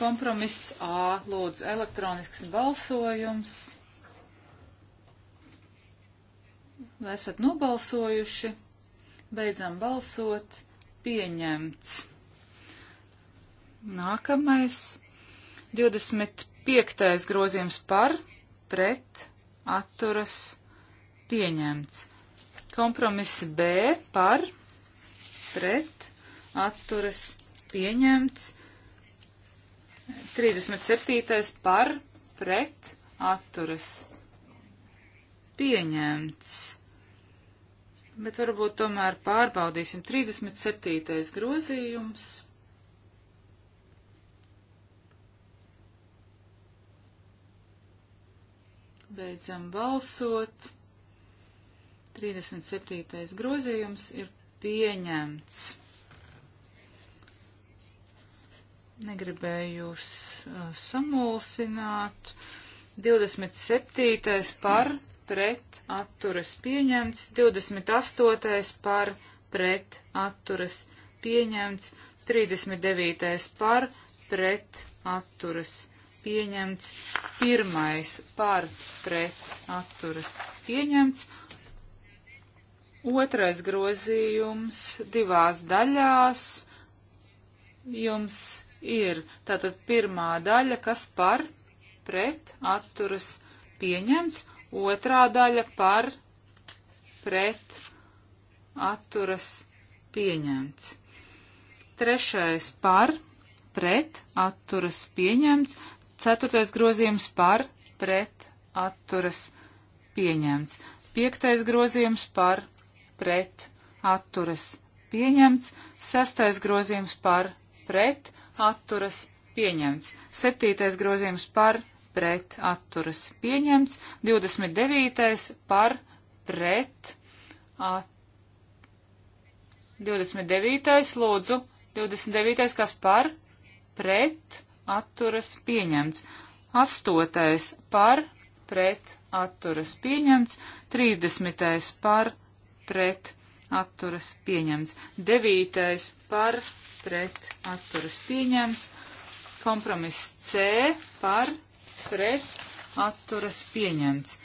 Kompromiss A. Lūdzu, elektronisks balsojums. Vai esat nobalsojuši? Beidzam balsot. Pieņemts. Nākamais. 25. grozījums par, pret, atturas, pieņemts. Kompromiss B par, pret, atturas, pieņemts. 37. par pret atturas pieņemts. Bet varbūt tomēr pārbaudīsim 37. grozījums. Beidzam balsot. 37. grozījums ir pieņemts. Negribēju jūs uh, samulsināt. 27. par pret atturas pieņemts, 28. par pret atturas pieņemts, 39. par pret atturas pieņemts, 1. par pret atturas pieņemts, 2. grozījums divās daļās jums ir tātad pirmā daļa, kas par pret atturas pieņemts, otrā daļa par pret atturas pieņemts. Trešais par pret atturas pieņemts, ceturtais grozījums par pret atturas pieņemts, piektais grozījums par pret atturas pieņemts, sestais grozījums par pret atturas pieņemts atturas pieņemts. Septītais grozījums par pret atturas pieņemts. 29. par pret atturas. 29. lūdzu, 29. kas par pret atturas pieņemts. 8. par pret atturas pieņemts. 30. par pret atturas pieņemts. Devītais par pret atturas pieņemts. Kompromiss C par pret atturas pieņemts.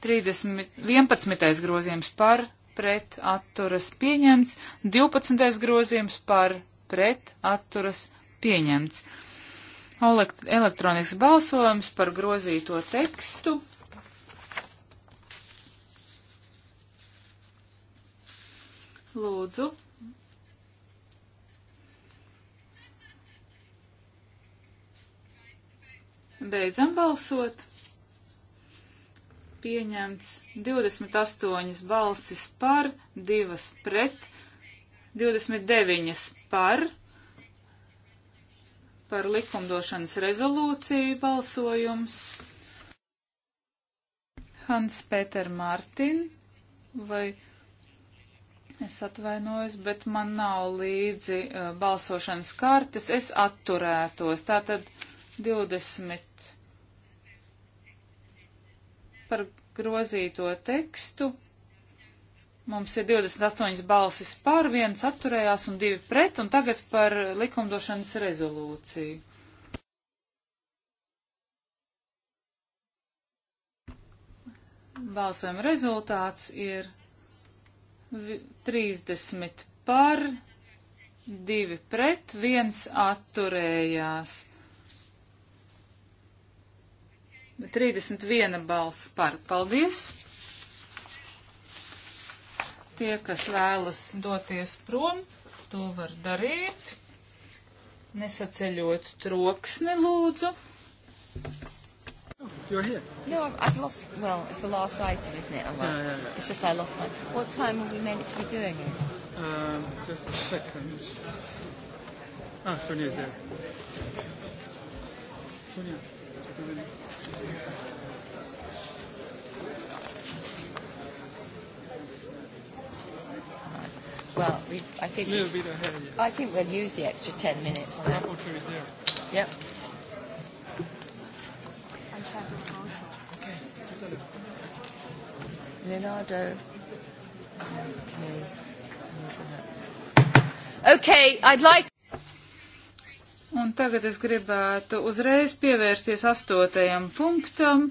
30, 11. grozījums par pret atturas pieņemts. 12. grozījums par pret atturas pieņemts. Elektronisks balsojums par grozīto tekstu. Lūdzu. Beidzam balsot. Pieņemts 28 balsis par, 2 pret, 29 par, par likumdošanas rezolūciju balsojums. Hans Peter Martin vai. Es atvainojos, bet man nav līdzi uh, balsošanas kartes. Es atturētos. Tātad 20 par grozīto tekstu. Mums ir 28 balsis par, viens atturējās un divi pret, un tagad par likumdošanas rezolūciju. Balsojuma rezultāts ir 30 par, 2 pret, 1 atturējās. 31 balss par. Paldies! Tie, kas vēlas doties prom, to var darīt. Nesaceļot troksni, lūdzu. You're here. No, I've, I've lost. Well, it's the last item, isn't it? I'm yeah, yeah, yeah. It's just I lost my. What time were we meant to be doing it? Um, just a second. Ah, Sonia's there. Sonia. Well, we, I think. A little bit ahead. Yeah. I think we'll use the extra ten minutes. Our rapporteur is there. Yep. Leonardo. Okay, I'd like. Un tagad es gribētu uzreiz pievērsties astotajam punktam.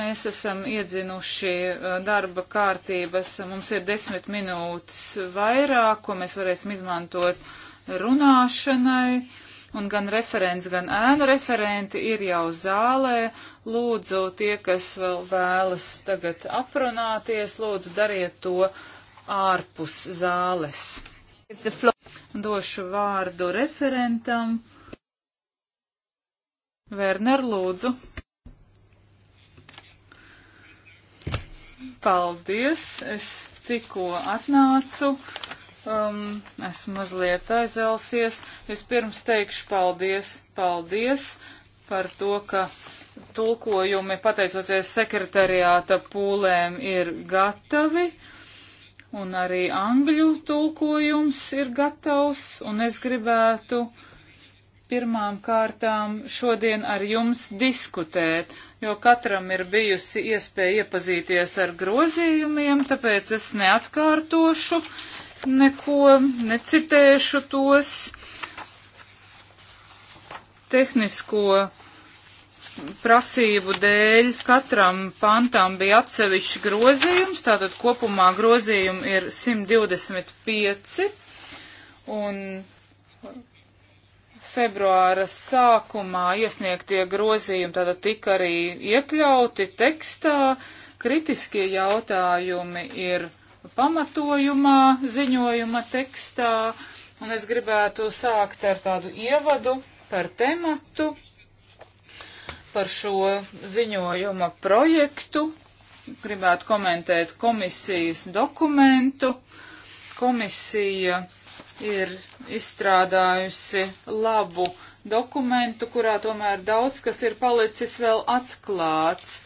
Mēs esam iedzinuši uh, darba kārtības, mums ir desmit minūtes vairāk, ko mēs varēsim izmantot runāšanai un gan referents, gan ēnu referenti ir jau zālē. Lūdzu, tie, kas vēl vēlas tagad aprunāties, lūdzu, dariet to ārpus zāles. Došu vārdu referentam. Werner, lūdzu. Paldies, es tikko atnācu Um, esmu mazliet aizelsies. Vispirms teikšu paldies, paldies par to, ka tulkojumi, pateicoties sekretariāta pūlēm, ir gatavi. Un arī angļu tulkojums ir gatavs. Un es gribētu pirmām kārtām šodien ar jums diskutēt, jo katram ir bijusi iespēja iepazīties ar grozījumiem, tāpēc es neatkārtošu neko, necitēšu tos tehnisko prasību dēļ katram pantam bija atsevišķi grozījums, tātad kopumā grozījumi ir 125 un februāra sākumā iesniegtie grozījumi tātad tika arī iekļauti tekstā. Kritiskie jautājumi ir pamatojumā, ziņojuma tekstā, un es gribētu sākt ar tādu ievadu par tematu, par šo ziņojuma projektu, gribētu komentēt komisijas dokumentu. Komisija ir izstrādājusi labu dokumentu, kurā tomēr daudz kas ir palicis vēl atklāts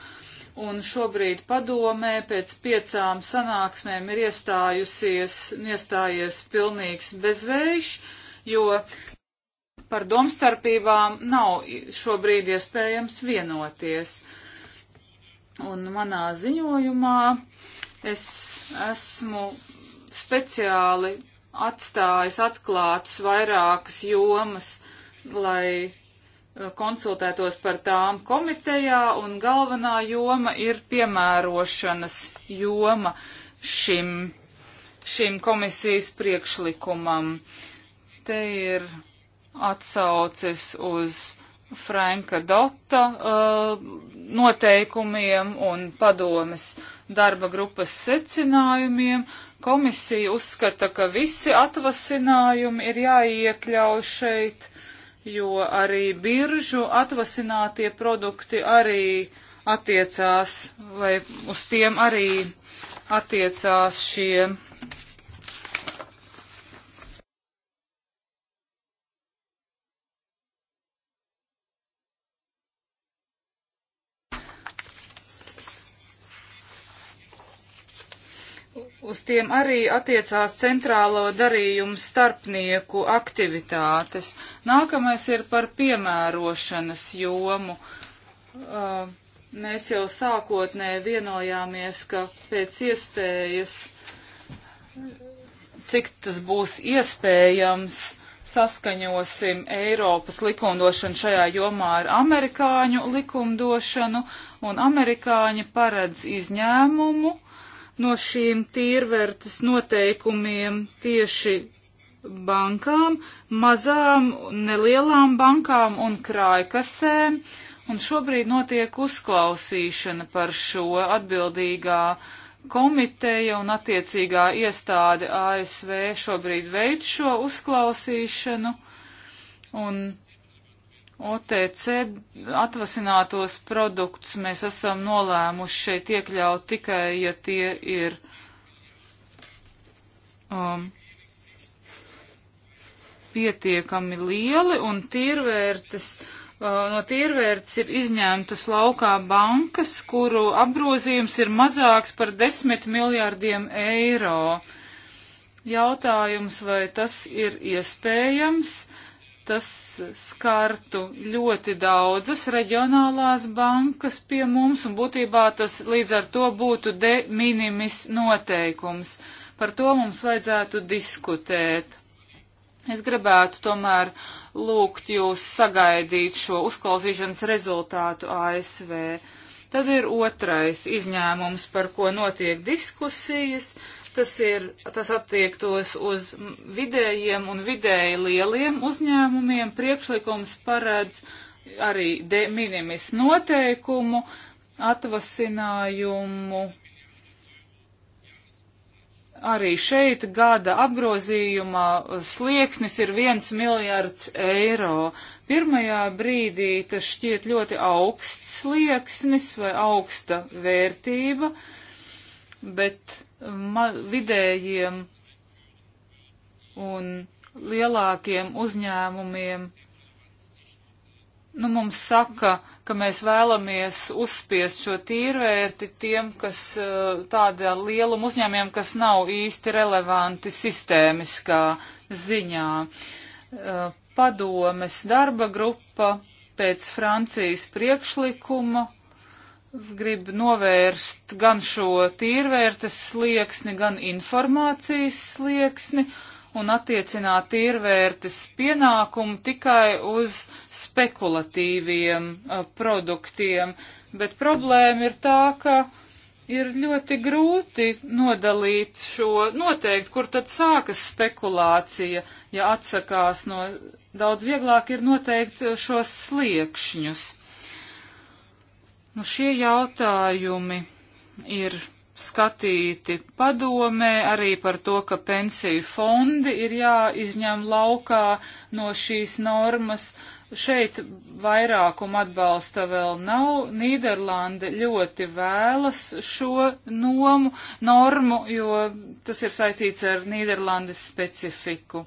un šobrīd padomē pēc piecām sanāksmēm ir iestājusies, iestājies pilnīgs bezvējš, jo par domstarpībām nav šobrīd iespējams vienoties. Un manā ziņojumā es esmu speciāli atstājis atklātus vairākas jomas, lai Eh, konsultētos par tām komitejā, un galvenā joma ir piemērošanas joma šim, šim komisijas priekšlikumam. Te ir atsaucis uz Franka Dotta uh, noteikumiem un padomes darba grupas secinājumiem. Komisija uzskata, ka visi atvasinājumi ir jāiekļauj šeit jo arī biržu atvasinātie produkti arī attiecās, vai uz tiem arī attiecās šie uz tiem arī attiecās centrālo darījumu starpnieku aktivitātes. Nākamais ir par piemērošanas jomu. Uh, mēs jau sākotnē vienojāmies, ka pēc iespējas, cik tas būs iespējams, saskaņosim Eiropas likumdošanu šajā jomā ar amerikāņu likumdošanu, un amerikāņi paredz izņēmumu no šīm tīrvērtas noteikumiem tieši bankām, mazām, nelielām bankām un krājkasēm, un šobrīd notiek uzklausīšana par šo atbildīgā komiteja un attiecīgā iestāde ASV šobrīd veic šo uzklausīšanu, un OTC atvasinātos produktus mēs esam nolēmuši šeit iekļaut tikai, ja tie ir. Um, pietiekami lieli un tīrvērtas, uh, no tīrvērtas ir izņemtas laukā bankas, kuru apgrozījums ir mazāks par desmit miljārdiem eiro. Jautājums, vai tas ir iespējams? Uh, tas skartu ļoti daudzas reģionālās bankas pie mums, un būtībā tas līdz ar to būtu de minimis noteikums. Par to mums vajadzētu diskutēt. Es gribētu tomēr lūgt jūs sagaidīt šo uzklausīšanas rezultātu ASV. Tad ir otrais izņēmums, par ko notiek diskusijas. Tas, ir, tas attiektos uz vidējiem un vidēji lieliem uzņēmumiem. Priekšlikums paredz arī de minimis noteikumu, atvasinājumu. Arī šeit gada apgrozījumā slieksnis ir viens miljards eiro. Pirmajā brīdī tas šķiet ļoti augsts slieksnis vai augsta vērtība, bet vidējiem un lielākiem uzņēmumiem nu, mums saka, ka mēs vēlamies uzspiest šo tīrvērti tiem, kas eh, tādā lieluma uzņēmiem, kas nav īsti relevanti sistēmiskā ziņā. Eh, padomes darba grupa pēc Francijas priekšlikuma grib novērst gan šo tīrvērtes slieksni, gan informācijas slieksni un attiecināt tīrvērtes pienākumu tikai uz spekulatīviem uh, produktiem. Bet problēma ir tā, ka ir ļoti grūti nodalīt šo, noteikt, kur tad sākas spekulācija, ja atsakās no, daudz vieglāk ir noteikt eh, šos sliekšņus. Nu, šie jautājumi ir skatīti padomē arī par to, ka pensiju fondi ir jāizņem laukā no šīs normas. Šeit vairākuma atbalsta vēl nav. Nīderlanda ļoti vēlas šo nomu, normu, jo tas ir saistīts ar Nīderlandes specifiku.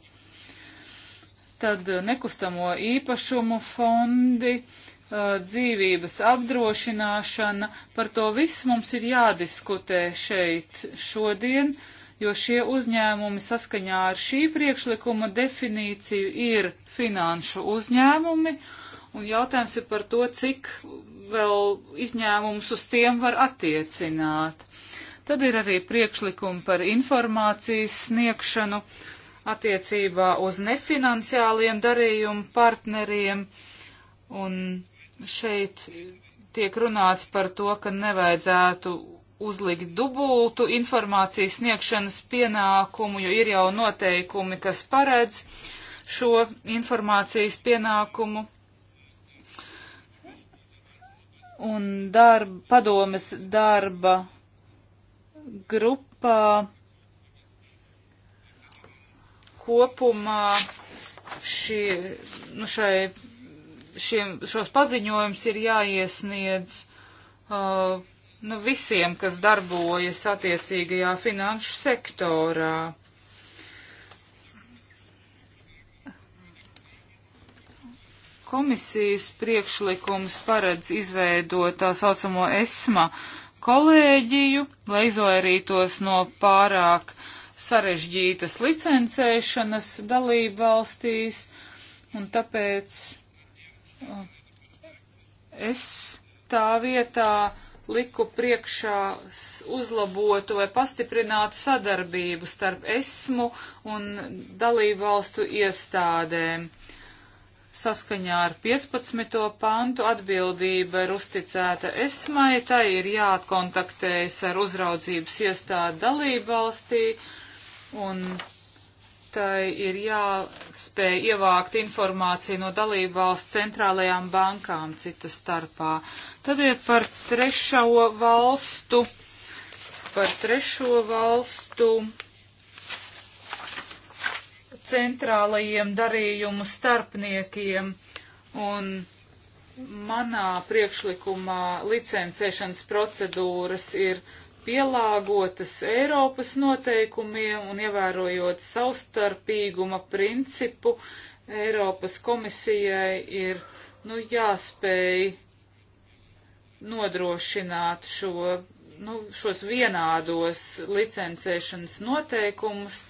Tad nekustamo īpašumu fondi. Uh, Uh, dzīvības apdrošināšana, par to viss mums ir jādiskutē šeit šodien, jo šie uzņēmumi saskaņā ar šī priekšlikuma definīciju ir finanšu uzņēmumi, un jautājums ir par to, cik vēl izņēmums uz tiem var attiecināt. Tad ir arī priekšlikumi par informācijas sniegšanu attiecībā uz nefinanciāliem darījumu partneriem un šeit tiek runāts par to, ka nevajadzētu uzlikt dubultu informācijas sniegšanas pienākumu, jo ir jau noteikumi, kas paredz šo informācijas pienākumu. Un darba, padomes darba grupā kopumā šie, nu šai šiem, šos paziņojums ir jāiesniedz uh, nu, visiem, kas darbojas attiecīgajā finanšu sektorā. Komisijas priekšlikums paredz izveidot tā saucamo esma kolēģiju, lai izvairītos no pārāk sarežģītas licencēšanas dalību valstīs, un tāpēc Es tā vietā liku priekšā uzlabotu vai pastiprinātu sadarbību starp esmu un dalību valstu iestādēm. Saskaņā ar 15. pantu atbildība ir uzticēta esmai, tai ir jākontaktējas ar uzraudzības iestādi dalību valstī un tai ir jāspēj ievākt informāciju no dalībvalsts centrālajām bankām citas starpā. Tad ir par trešo valstu, par trešo valstu centrālajiem darījumu starpniekiem un manā priekšlikumā licencēšanas procedūras ir pielāgotas Eiropas noteikumiem un ievērojot savstarpīguma principu, Eiropas komisijai ir nu, jāspēj nodrošināt šo, nu, šos vienādos licencēšanas noteikumus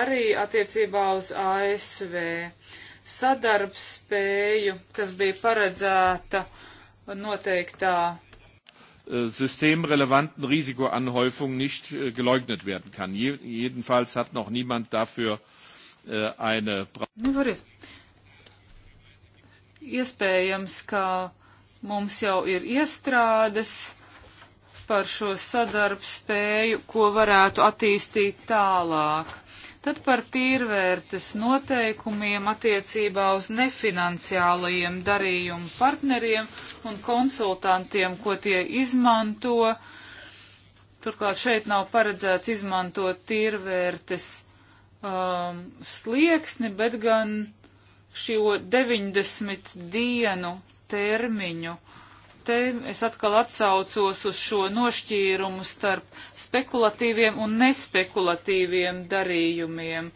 arī attiecībā uz ASV sadarbspēju, kas bija paredzēta noteiktā Äh, systemrelevanten Risikoanhäufung nicht äh, geleugnet werden kann. Je, jedenfalls hat noch niemand dafür äh, eine. Nu, varies. Iespējams, ka mums jau ir iestrādes par šo sadarbspēju, ko varētu attīstīt tālāk. Tad par tīrvērtes noteikumiem attiecībā uz nefinanciālajiem darījumu partneriem un konsultantiem, ko tie izmanto. Turklāt šeit nav paredzēts izmantot tīrvērtes um, slieksni, bet gan šo 90 dienu termiņu te es atkal atsaucos uz šo nošķīrumu starp spekulatīviem un nespekulatīviem darījumiem.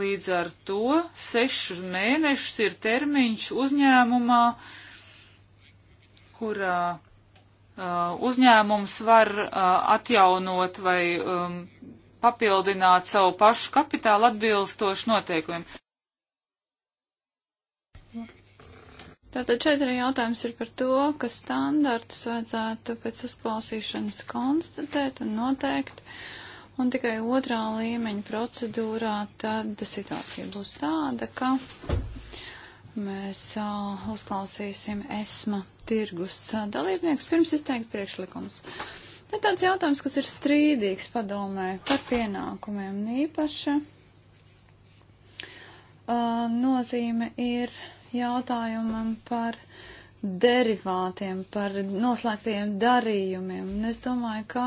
Līdz ar to sešus mēnešus ir termiņš uzņēmumā, kurā uh, uzņēmums var uh, atjaunot vai um, papildināt savu pašu kapitālu atbilstoši noteikumiem. Tātad šeit arī jautājums ir par to, ka standartus vajadzētu pēc uzklausīšanas konstatēt un noteikt, un tikai otrā līmeņa procedūrā tad situācija būs tāda, ka mēs uh, uzklausīsim esma tirgus dalībniekus pirms izteikt priekšlikumus. Te tāds jautājums, kas ir strīdīgs padomē par pienākumiem, īpaša uh, nozīme ir jautājumam par derivātiem, par noslēgtiem darījumiem. Un es domāju, ka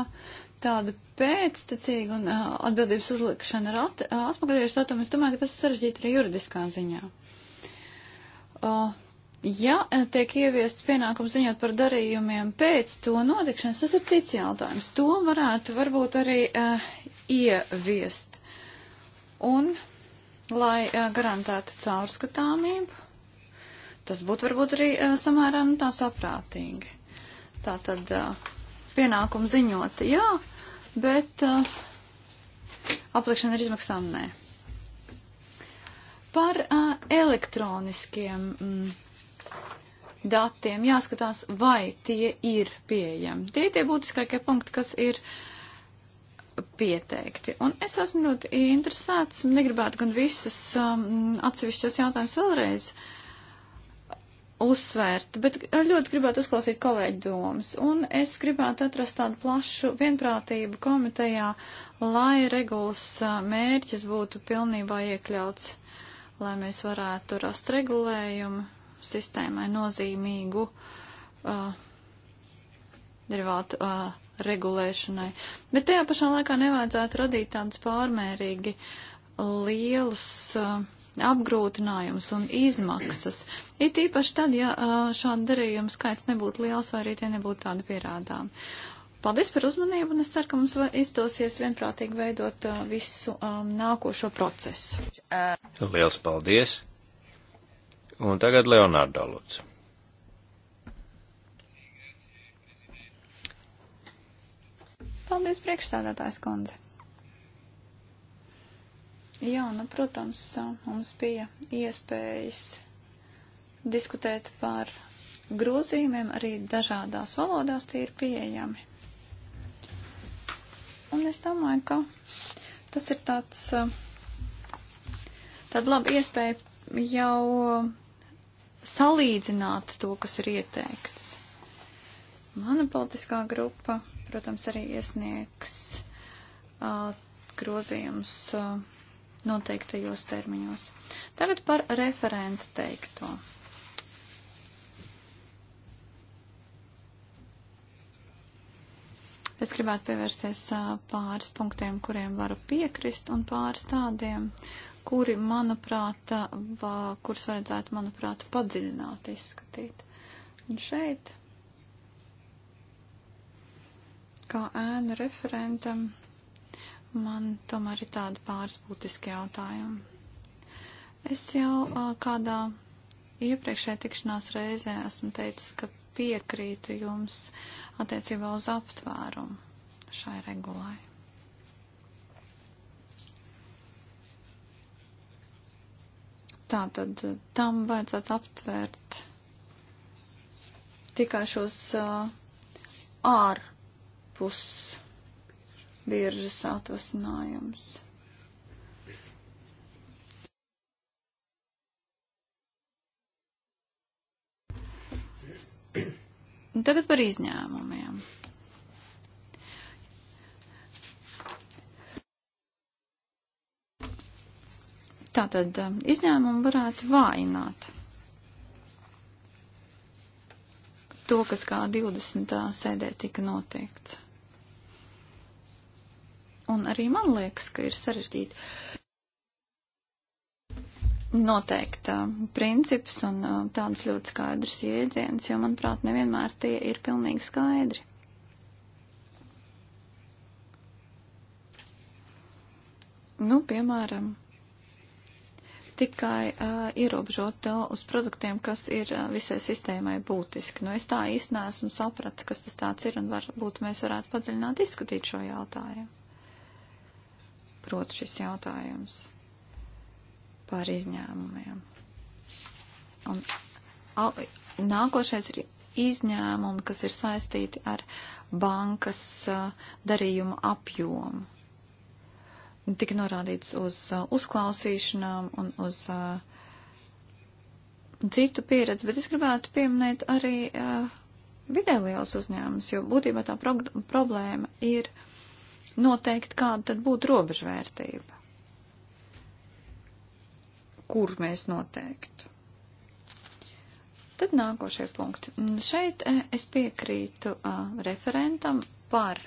tāda pēctecīga un uh, atbildības uzlikšana ar at, uh, atpakaļiešu datumu, es domāju, ka tas sarežģīt arī juridiskā ziņā. Uh, ja tiek ieviests pienākums ziņot par darījumiem pēc to notikšanas, tas ir cits jautājums. To varētu varbūt arī uh, ieviest. Un, lai uh, garantētu caurskatāmību, Tas būtu varbūt arī uh, eh, samērā nu, tā saprātīgi. Tā tad uh, pienākumu ziņot, jā, bet uh, aplikšana ar izmaksām nē. Par uh, elektroniskiem mm, datiem jāskatās, vai tie ir pieejami. Tie tie būtiskākie punkti, kas ir pieteikti. Un es esmu ļoti interesēts, negribētu gan visas um, atsevišķos jautājumus vēlreiz uh, uzsvērt, bet ļoti gribētu uzklausīt kolēģi domas. Un es gribētu atrast tādu plašu vienprātību komitejā, lai regulas mērķis būtu pilnībā iekļauts, lai mēs varētu rast regulējumu sistēmai nozīmīgu uh, derivātu uh, regulēšanai. Bet tajā pašā laikā nevajadzētu radīt tādus pārmērīgi lielus. Uh, apgrūtinājums un izmaksas. It īpaši tad, ja šādu darījumu skaits nebūtu liels vai arī tie nebūtu tādi pierādām. Paldies par uzmanību un es ceru, ka mums izdosies vienprātīgi veidot visu um, nākošo procesu. Liels paldies! Un tagad Leonardo Lūdzu. Paldies priekšstādātājs kundze. Jā, nu, protams, mums bija iespējas diskutēt par grozījumiem arī dažādās valodās, tie ir pieejami. Un es domāju, ka tas ir tāds, tāda laba iespēja jau salīdzināt to, kas ir ieteikts. Mana politiskā grupa, protams, arī iesniegs uh, grozījums. Uh, noteiktajos termiņos. Tagad par referenta teikto. Es gribētu pievērsties pāris punktiem, kuriem varu piekrist, un pāris tādiem, kuri, manuprāt, va, kurus vajadzētu, manuprāt, padziļināt, izskatīt. Un šeit, kā ēnu referentam, man tomēr ir tādi pāris būtiski jautājumi. Es jau uh, kādā iepriekšē tikšanās reizē esmu teicis, ka piekrītu jums attiecībā uz aptvērumu šai regulai. Tā tad tam vajadzētu aptvērt tikai šos uh, ārpus biržas atvasinājums. Tagad par izņēmumiem. Tātad um, izņēmumu varētu vājināt. To, kas kā 20. sēdē tika noteikts un arī man liekas, ka ir sarežģīti noteikt uh, princips un uh, tāds ļoti skaidrs jēdziens, jo, manuprāt, nevienmēr tie ir pilnīgi skaidri. Nu, piemēram, tikai uh, ierobežot to uh, uz produktiem, kas ir uh, visai sistēmai būtiski. Nu, es tā īsti neesmu sapratis, kas tas tāds ir, un varbūt mēs varētu padziļināt izskatīt šo jautājumu proti šis jautājums par izņēmumiem. Un al, nākošais ir izņēmumi, kas ir saistīti ar bankas darījumu apjomu. Tik norādīts uz uzklausīšanām un uz uh, citu pieredzi, bet es gribētu pieminēt arī uh, vidē liels uzņēmums, jo būtībā tā problēma ir uh, noteikt, kāda tad būtu robežvērtība, kur mēs noteiktu. Tad nākošie punkti. Šeit eh, es piekrītu uh, referentam par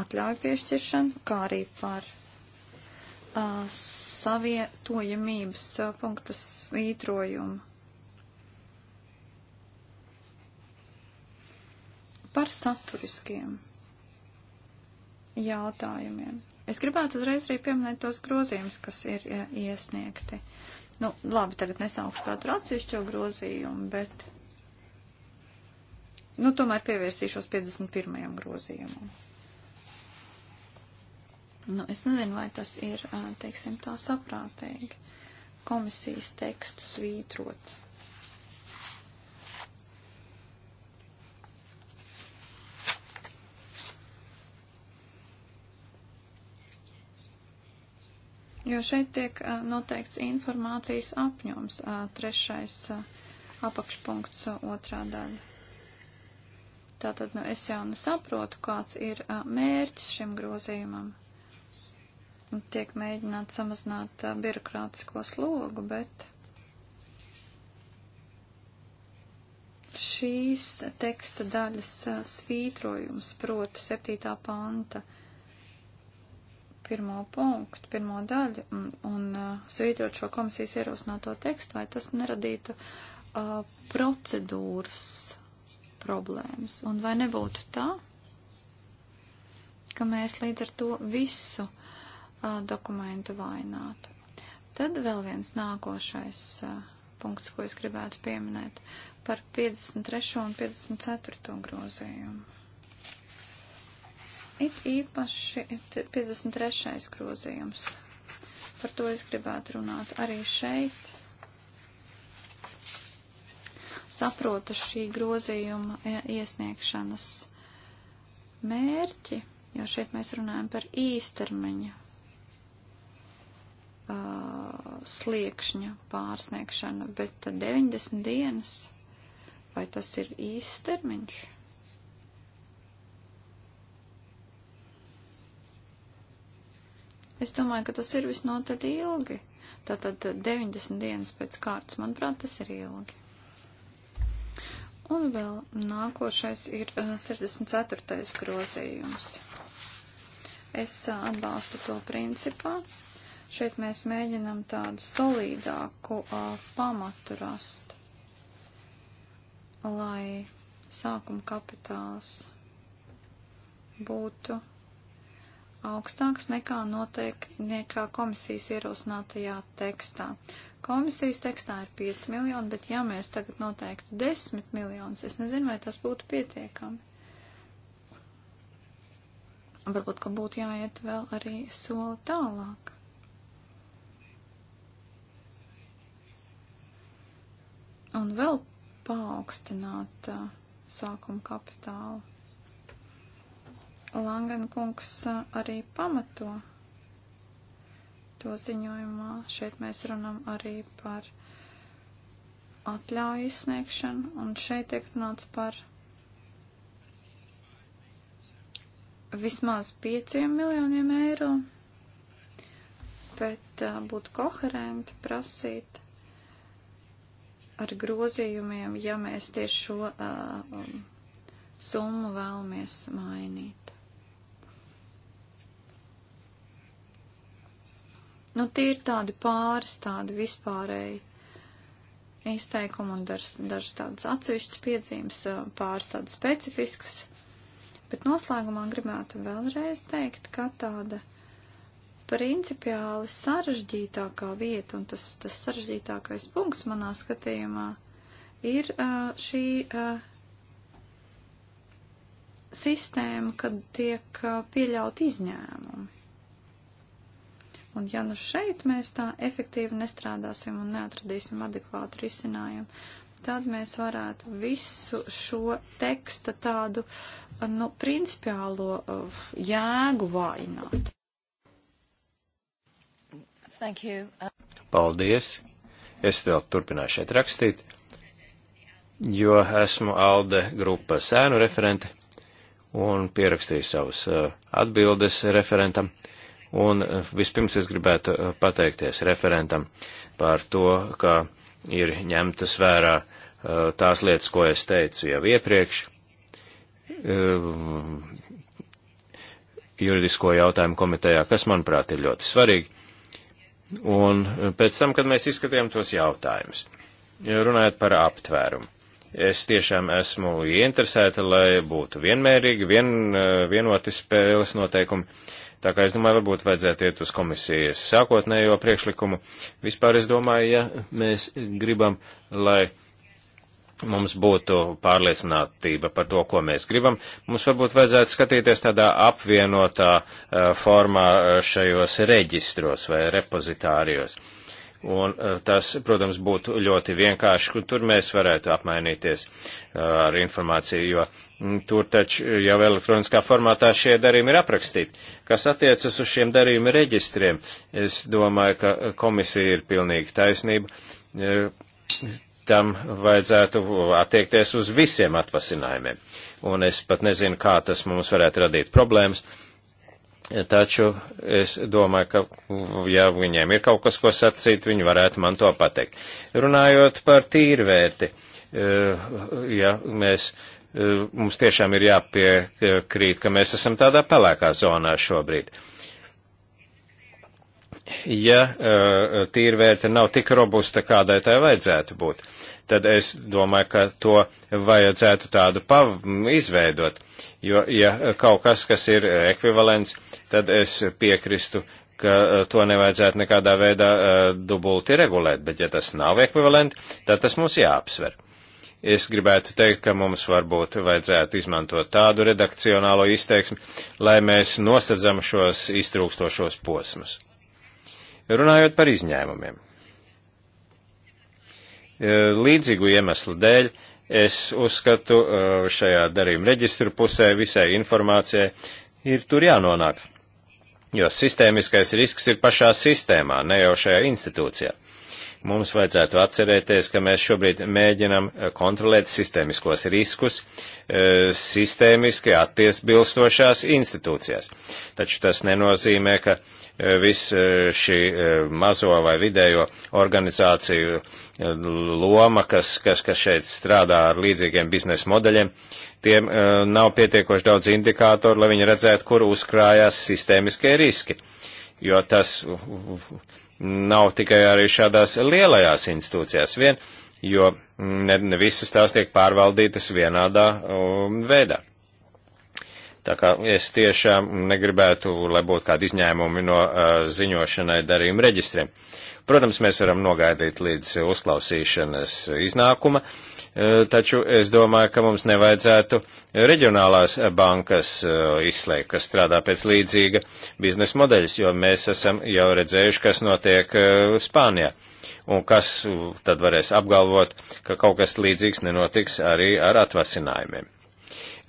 atļauju piešķiršanu, kā arī par uh, savietojamības uh, punktas vītrojumu. Par saturiskiem jautājumiem. Es gribētu uzreiz arī pieminēt tos grozījumus, kas ir ja, iesniegti. Nu, labi, tagad nesaukšu katru atsevišķo grozījumu, bet, nu, tomēr pievērsīšos 51. grozījumam. Nu, es nezinu, vai tas ir, teiksim, tā saprātīgi komisijas tekstu svītrot. Jo šeit tiek noteikts informācijas apņoms, trešais apakšpunkts, otrā daļa. Tātad, nu, es jau nu saprotu, kāds ir mērķis šim grozījumam. Tiek mēģināt samazināt birokrātisko slogu, bet šīs teksta daļas svītrojums, proti septītā panta, uh, pirmo punktu, pirmo daļu un, un uh, svītrot šo komisijas ierosināto tekstu, vai tas neradītu uh, procedūras problēmas. Un vai nebūtu tā, ka mēs līdz ar to visu uh, dokumentu vainātu? Tad vēl viens nākošais uh, punkts, ko es gribētu pieminēt par 53. un 54. grozījumu. It īpaši it 53. grozījums. Par to es gribētu runāt arī šeit. Saprotu šī grozījuma e, iesniegšanas mērķi, jo šeit mēs runājam par īstermiņa uh, sliekšņa pārsniegšanu, bet 90 dienas, vai tas ir īstermiņš? Es domāju, ka tas ir visnotaļ ilgi. Tātad 90 dienas pēc kārtas, manuprāt, tas ir ilgi. Un vēl nākošais ir 64. Eh, grozījums. Es eh, atbalstu to principā. Šeit mēs mēģinam tādu solīdāku uh, pamatu rast, lai sākuma kapitāls būtu augstāks nekā noteikti nekā komisijas ierosinātajā tekstā. Komisijas tekstā ir 5 miljoni, bet ja mēs tagad noteiktu 10 miljonus, es nezinu, vai tas būtu pietiekami. Varbūt, ka būtu jāiet vēl arī soli tālāk. Un vēl paaugstināt uh, sākuma kapitālu. Langenkungs arī pamato to ziņojumā. Šeit mēs runam arī par atļauju izsniegšanu, un šeit tiek runāts par vismaz 5 miljoniem eiro, bet uh, būtu koherenti prasīt ar grozījumiem, ja mēs tieši šo uh, summu vēlamies mainīt. Nu, tie ir tādi pāris, tādi vispārēji izteikumi un dažas, dažas tādas atsevišķas piedzīmes, pāris tādas specifiskas. Bet noslēgumā gribētu vēlreiz teikt, ka tāda principiāli sarežģītākā vieta un tas, tas sarežģītākais punkts manā skatījumā ir uh, šī uh, sistēma, kad tiek uh, pieļaut izņēmumi. Un ja nu šeit mēs tā efektīvi nestrādāsim un neatradīsim adekvātu risinājumu, tad mēs varētu visu šo teksta tādu, nu, principiālo uh, jēgu vājināt. Thank you. Paldies. Es vēl turpināšu šeit rakstīt, jo esmu Alde grupas sēnu referente un pierakstīju savus uh, atbildes referentam. Un eh, vispirms es gribētu eh, pateikties referentam par to, ka ir ņemtas vērā eh, tās lietas, ko es teicu jau iepriekš, juridisko jautājumu komitejā, kas, manuprāt, ir ļoti svarīgi. Un pēc tam, kad mēs izskatījām tos jautājumus, runājot par aptvērumu, es tiešām esmu ieinteresēta, lai būtu vienmērīgi, vien, vienoti spēles noteikumi Tā kā es domāju, varbūt vajadzētu iet uz komisijas sākotnējo priekšlikumu. Vispār es domāju, ja mēs gribam, lai mums būtu pārliecinātība par to, ko mēs gribam, mums varbūt vajadzētu skatīties tādā apvienotā eh, formā eh, šajos reģistros vai repozitārijos. Uh, Un eh, tas, protams, būtu ļoti vienkārši, un tur mēs varētu apmainīties eh, ar informāciju, jo mm, tur taču jau elektroniskā formātā šie darījumi ir aprakstīti. Kas attiecas uz šiem darījumi reģistriem, es domāju, ka eh, komisija ir pilnīgi taisnība. Tam vajadzētu attiekties uz visiem atvasinājumiem. Un es pat nezinu, kā tas mums varētu radīt problēmas. Uh, Taču es domāju, ka, ja viņiem ir kaut kas, ko sacīt, viņi varētu man to pateikt. Runājot par tīrvērti, eh, ja mēs, eh, mums tiešām ir jāpiekrīt, ka mēs esam tādā pelēkā zonā šobrīd. Uh, ja uh, eh, tīrvērta nav tik robusta, kādai tai vajadzētu būt, tad es domāju, ka to vajadzētu tādu pav izveidot, jo ja kaut kas, kas ir ekvivalents, tad es piekristu, ka uh, to nevajadzētu nekādā veidā uh, dubulti regulēt, bet ja tas nav ekvivalenti, tad tas mums jāapsver. Es gribētu teikt, ka mums varbūt vajadzētu izmantot tādu redakcionālo izteiksmi, lai mēs nosedzam šos iztrūkstošos posmus. Runājot par izņēmumiem. E, līdzīgu iemeslu dēļ es uzskatu e, šajā darījuma reģistru pusē visai informācijai ir tur jānonāk, jo sistēmiskais risks ir pašā sistēmā, ne jau šajā institūcijā. Uh, Mums vajadzētu atcerēties, ka mēs šobrīd mēģinam eh, kontrolēt sistēmiskos riskus eh, sistēmiski attiesbilstošās institūcijās. Taču tas nenozīmē, ka eh, viss šī mazo vai vidējo organizāciju loma, kas, kas, kas šeit strādā ar līdzīgiem biznesa modeļiem, tiem nav pietiekoši daudz indikātoru, lai viņi redzētu, kur uzkrājās sistēmiskie riski jo tas nav tikai arī šādās lielajās institūcijās vien, jo ne, ne visas tās tiek pārvaldītas vienādā um, veidā. Tā kā es tiešām negribētu, lai būtu kādi izņēmumi no uh, ziņošanai darījuma reģistriem. Protams, mēs varam nogaidīt līdz uzklausīšanas iznākuma, uh, taču es domāju, ka mums nevajadzētu reģionālās bankas uh, izslēgt, kas strādā pēc līdzīga biznesa modeļas, jo mēs esam jau redzējuši, kas notiek uh, Spānijā. Un kas tad varēs apgalvot, ka kaut kas līdzīgs nenotiks arī ar atvasinājumiem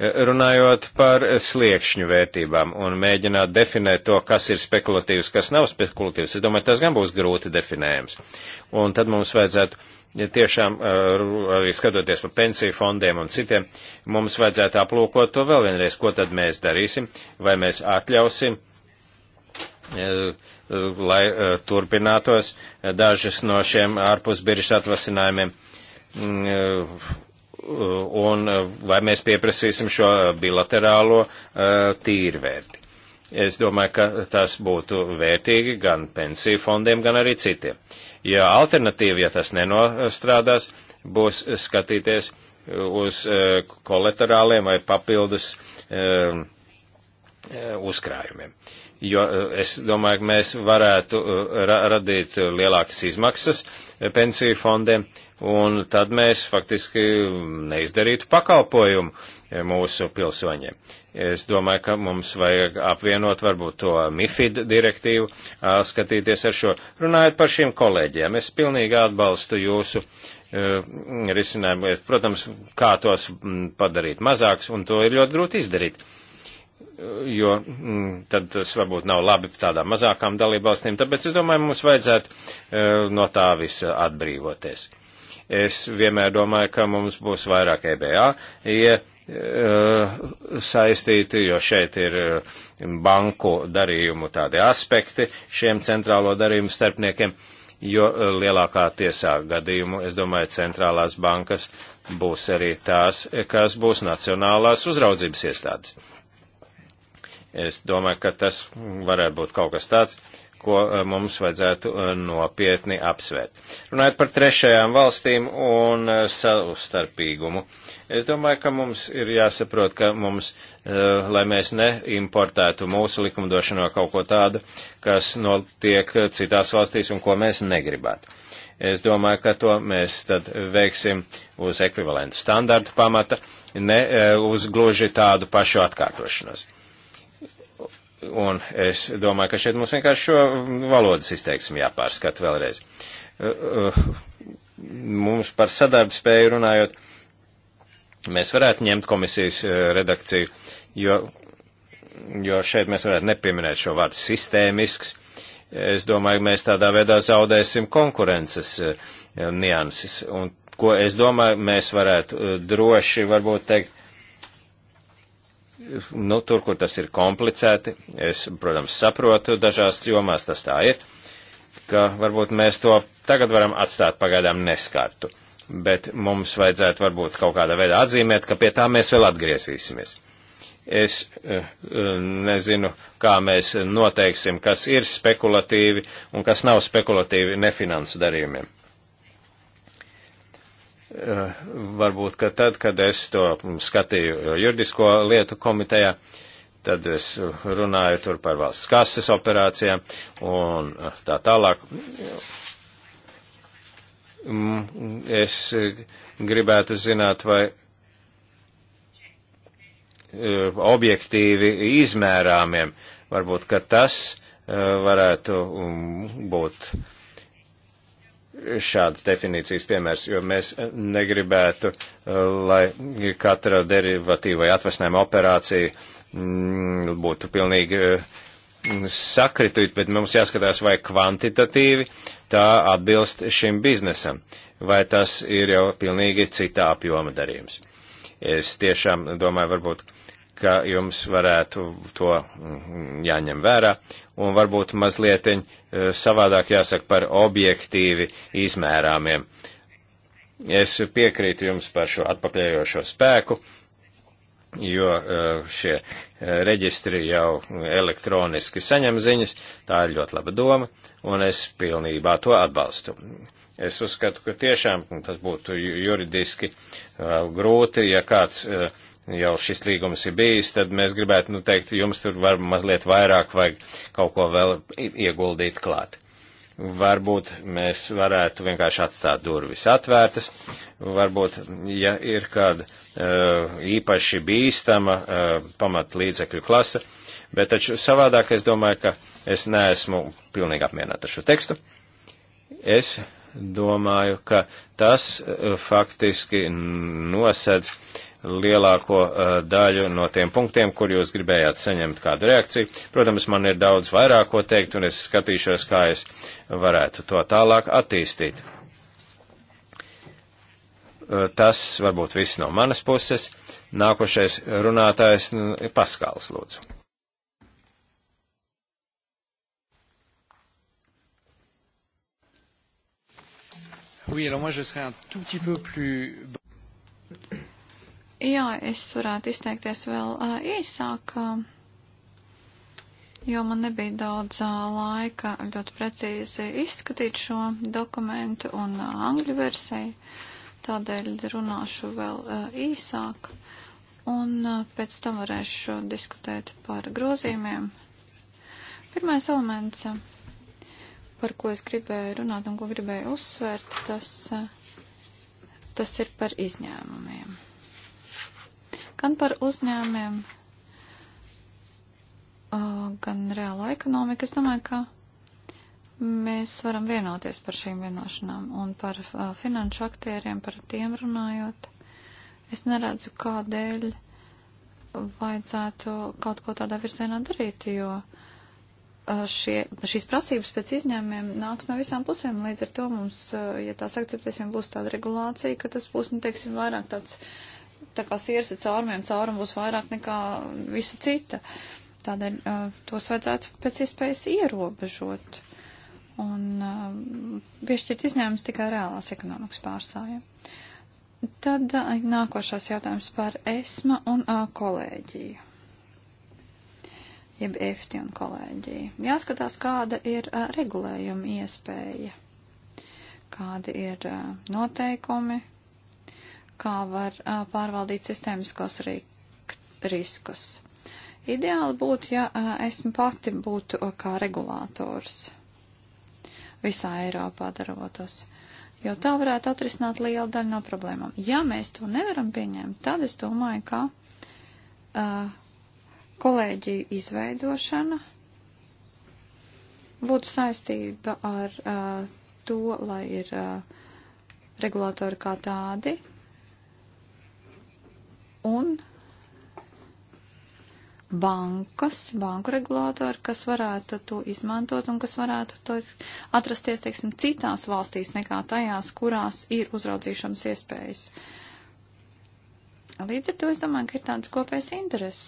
runājot par sliekšņu vērtībām un mēģināt definēt to, kas ir spekulatīvs, kas nav spekulatīvs. Es domāju, tas gan būs grūti definējams. Un tad mums vajadzētu ja tiešām arī skatoties par pensiju fondiem un citiem, mums vajadzētu aplūkot to vēl vienreiz, ko tad mēs darīsim, vai mēs atļausim, lai turpinātos dažas no šiem ārpusbiržas atvasinājumiem Uh, un uh, vai mēs pieprasīsim šo bilaterālo uh, tīrvērti. Es domāju, ka tas būtu vērtīgi gan pensiju fondiem, gan arī citiem. Ja alternatīva, ja tas nenostrādās, būs skatīties uz kolaterāliem vai papildus um, uzkrājumiem. Jo es domāju, ka mēs varētu radīt lielākas izmaksas pensiju fondiem, un tad mēs faktiski neizdarītu pakalpojumu mūsu pilsoņiem. Es domāju, ka mums vajag apvienot varbūt to MIFID direktīvu, skatīties ar šo. Runājot par šiem kolēģiem, es pilnīgi atbalstu jūsu risinājumu. Protams, kā tos padarīt mazāks, un to ir ļoti grūti izdarīt jo tad tas varbūt nav labi tādām mazākām dalībvalstīm, tāpēc es domāju, mums vajadzētu no tā visa atbrīvoties. Es vienmēr domāju, ka mums būs vairāk EBA ja, eh, saistīti, jo šeit ir eh, banku darījumu tādi aspekti šiem centrālo darījumu starpniekiem, jo eh, lielākā tiesā gadījumu, es domāju, centrālās bankas būs arī tās, kas būs nacionālās uzraudzības iestādes. Es domāju, ka tas varētu būt kaut kas tāds, ko eh, mums vajadzētu eh, nopietni apsvērt. Runājot par trešajām valstīm un eh, savstarpīgumu, es domāju, ka mums ir jāsaprot, ka mums, lai mēs neimportētu mūsu likumdošanā kaut ko tādu, kas notiek citās valstīs un ko mēs negribētu. Es domāju, ka to mēs tad veiksim uz ekvivalentu standartu pamata, ne uz gluži tādu pašu atkārtošanos. Un es domāju, ka šeit mums vienkārši šo valodas izteiksmi jāpārskata vēlreiz. Uh, uh, mums par sadarbu spēju runājot, mēs varētu ņemt komisijas uh, redakciju, jo, jo šeit mēs varētu nepieminēt šo vārdu sistēmisks. Es domāju, mēs tādā veidā zaudēsim konkurences nianses. Un ko es domāju, mēs varētu droši varbūt teikt, nu, tur, kur tas ir komplicēti, es, protams, saprotu dažās jomās tas tā ir, ka varbūt mēs to tagad varam atstāt pagaidām neskartu, bet mums vajadzētu varbūt kaut kādā veidā atzīmēt, ka pie tā mēs vēl atgriezīsimies. Es eh, nezinu, kā mēs noteiksim, kas ir spekulatīvi un kas nav spekulatīvi nefinansu darījumiem Eh, varbūt, ka tad, kad es to skatīju juridisko lietu komitejā, tad es runāju tur par valsts kases operācijām un tā tālāk. Mm, es gribētu zināt, vai eh, objektīvi izmērāmiem, varbūt, ka tas eh, varētu mm, būt šādas definīcijas piemērs, jo mēs negribētu, eh, lai katra derivatīva vai atvesinājuma operācija mm, būtu pilnīgi eh, sakritīt, bet mums jāskatās, vai kvantitatīvi tā atbilst šim biznesam, vai tas ir jau pilnīgi citā apjoma darījums. Es tiešām domāju, varbūt, ka jums varētu to mm, jāņem vērā un varbūt mazlietiņi savādāk jāsaka par objektīvi izmērāmiem. Es piekrītu jums par šo atpakaļojošo spēku, jo e, šie e, reģistri jau elektroniski saņem ziņas, tā ir ļoti laba doma, un es pilnībā to atbalstu. Es uzskatu, ka tiešām tas būtu juridiski e, grūti, ja kāds jau šis līgums ir bijis, tad mēs gribētu, nu, teikt, jums tur var mazliet vairāk vai kaut ko vēl ieguldīt klāt. Varbūt mēs varētu vienkārši atstāt durvis atvērtas, varbūt, ja ir kāda īpaši bīstama pamat līdzekļu klasa, bet taču savādāk es domāju, ka es neesmu pilnīgi apmierināta ar šo tekstu. Es domāju, ka tas faktiski nosedz uh, lielāko uh, daļu no tiem punktiem, kur jūs gribējāt saņemt kādu reakciju. Protams, man ir daudz vairāk ko teikt, un es skatīšos, kā es varētu to tālāk attīstīt. Uh, tas varbūt viss no manas puses. Nākošais runātājs nu, ir Paskāls, lūdzu. Oui, alors moi je serai un tout petit peu plus Jā, es varētu izteikties vēl uh, īsāk, uh, jo man nebija daudz uh, laika ļoti precīzi izskatīt šo dokumentu un uh, angļu versiju, tādēļ runāšu vēl uh, īsāk un uh, pēc tam varēšu diskutēt par grozījumiem. Pirmais elements, par ko es gribēju runāt un ko gribēju uzsvērt, tas, tas ir par izņēmumiem gan par uzņēmiem, gan reālo ekonomiku. Es domāju, ka mēs varam vienoties par šīm vienošanām un par finanšu aktieriem, par tiem runājot. Es neredzu, kādēļ vajadzētu kaut ko tādā virzienā darīt, jo šie, šīs prasības pēc izņēmumiem nāks no visām pusēm. Līdz ar to mums, ja tās akceptēsim, būs tāda regulācija, ka tas būs, nu, teiksim, vairāk tāds uh, tā kā sirds ir caurumiem, un caurumu būs vairāk nekā visa cita. Tādēļ uh, tos vajadzētu pēc iespējas ierobežot un uh, piešķirt izņēmums tikai reālās ekonomikas pārstāvjiem. Tad uh, nākošais jautājums par ESMA un uh, kolēģiju jeb efti un kolēģiju. Jāskatās, kāda ir a, uh, regulējuma iespēja, kādi ir a, uh, noteikumi, kā var uh, pārvaldīt sistēmiskos riskus. Ideāli būtu, ja uh, esmu pati būtu uh, kā regulators visā Eiropā darbotos, jo tā varētu atrisināt lielu daļu no problēmām. Ja mēs to nevaram pieņemt, tad es domāju, ka uh, kolēģiju izveidošana būtu saistība ar uh, to, lai ir uh, regulātori kā tādi, un bankas, banku regulātori, kas varētu to izmantot un kas varētu to atrasties, teiksim, citās valstīs nekā tajās, kurās ir uzraudzīšanas iespējas. Līdz ar to es domāju, ka ir tāds kopējs intereses.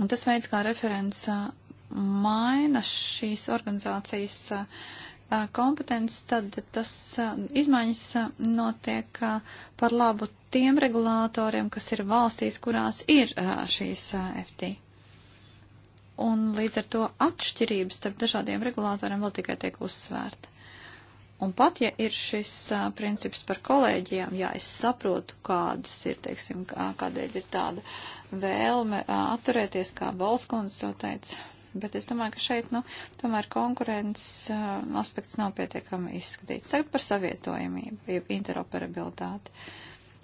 Un tas veids, kā referents uh, maina šīs organizācijas uh, kompetences, tad tas izmaiņas notiek par labu tiem regulātoriem, kas ir valstīs, kurās ir šīs FT. Un līdz ar to atšķirības starp dažādiem regulātoriem vēl tikai tiek uzsvērta. Un pat ja ir šis uh, princips par kolēģiem, ja es saprotu, kādas ir, teiksim, kā, kādēļ ir tāda vēlme uh, atturēties, kā Balskons to teica, bet es domāju, ka šeit, nu, tomēr konkurences uh, aspekts nav pietiekami izskatīts. Tagad par savietojamību, jeb interoperabilitāti.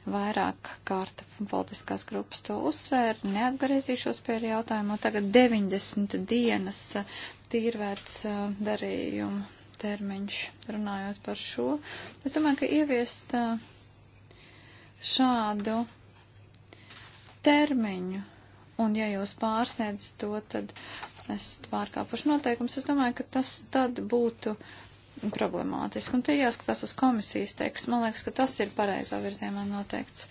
Vairāk kārta politiskās grupas to uzsvēra, neatgriezīšos pie jautājuma, tagad 90 dienas uh, tīrvērts uh, darījumu termiņš, runājot par šo. Es domāju, ka ieviest uh, šādu termiņu, un ja jūs pārsniedz to, tad esat pārkāpuši noteikums, es domāju, ka tas tad būtu problemātiski. Un te jāskatās uz komisijas tekstu. Man liekas, ka tas ir pareizā virzienā noteikts.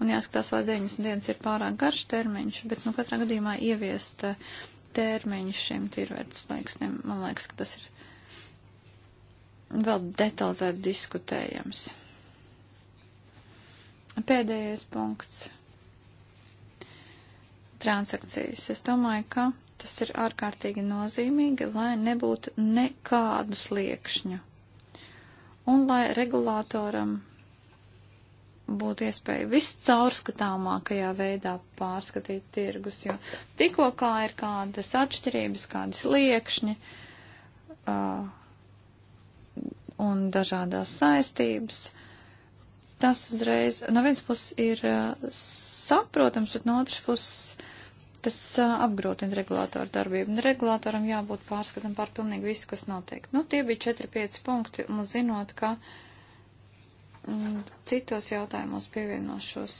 Un jāskatās, vai 90 dienas ir pārāk garš termiņš, bet, nu, katrā gadījumā ieviest eh, termiņu šiem tirvērts slēgsniem, man liekas, ka tas ir vēl detalizēti diskutējams. Pēdējais punkts - transakcijas. Es domāju, ka Tas ir ārkārtīgi nozīmīgi, lai nebūtu nekādu sliekšņu. Un lai regulātoram būtu iespēja viscaurskatāmākajā veidā pārskatīt tirgus, jo tikko kā ir kādas atšķirības, kādas liekšņi uh, un dažādās saistības, tas uzreiz no vienas puses ir uh, saprotams, bet no otras puses Tas apgrūtina regulātoru darbību. Un regulātoram jābūt pārskatam pār pilnīgi visu, kas notiek. Nu, tie bija 4-5 punkti, un zinot, ka m, mm, citos jautājumos pievienošos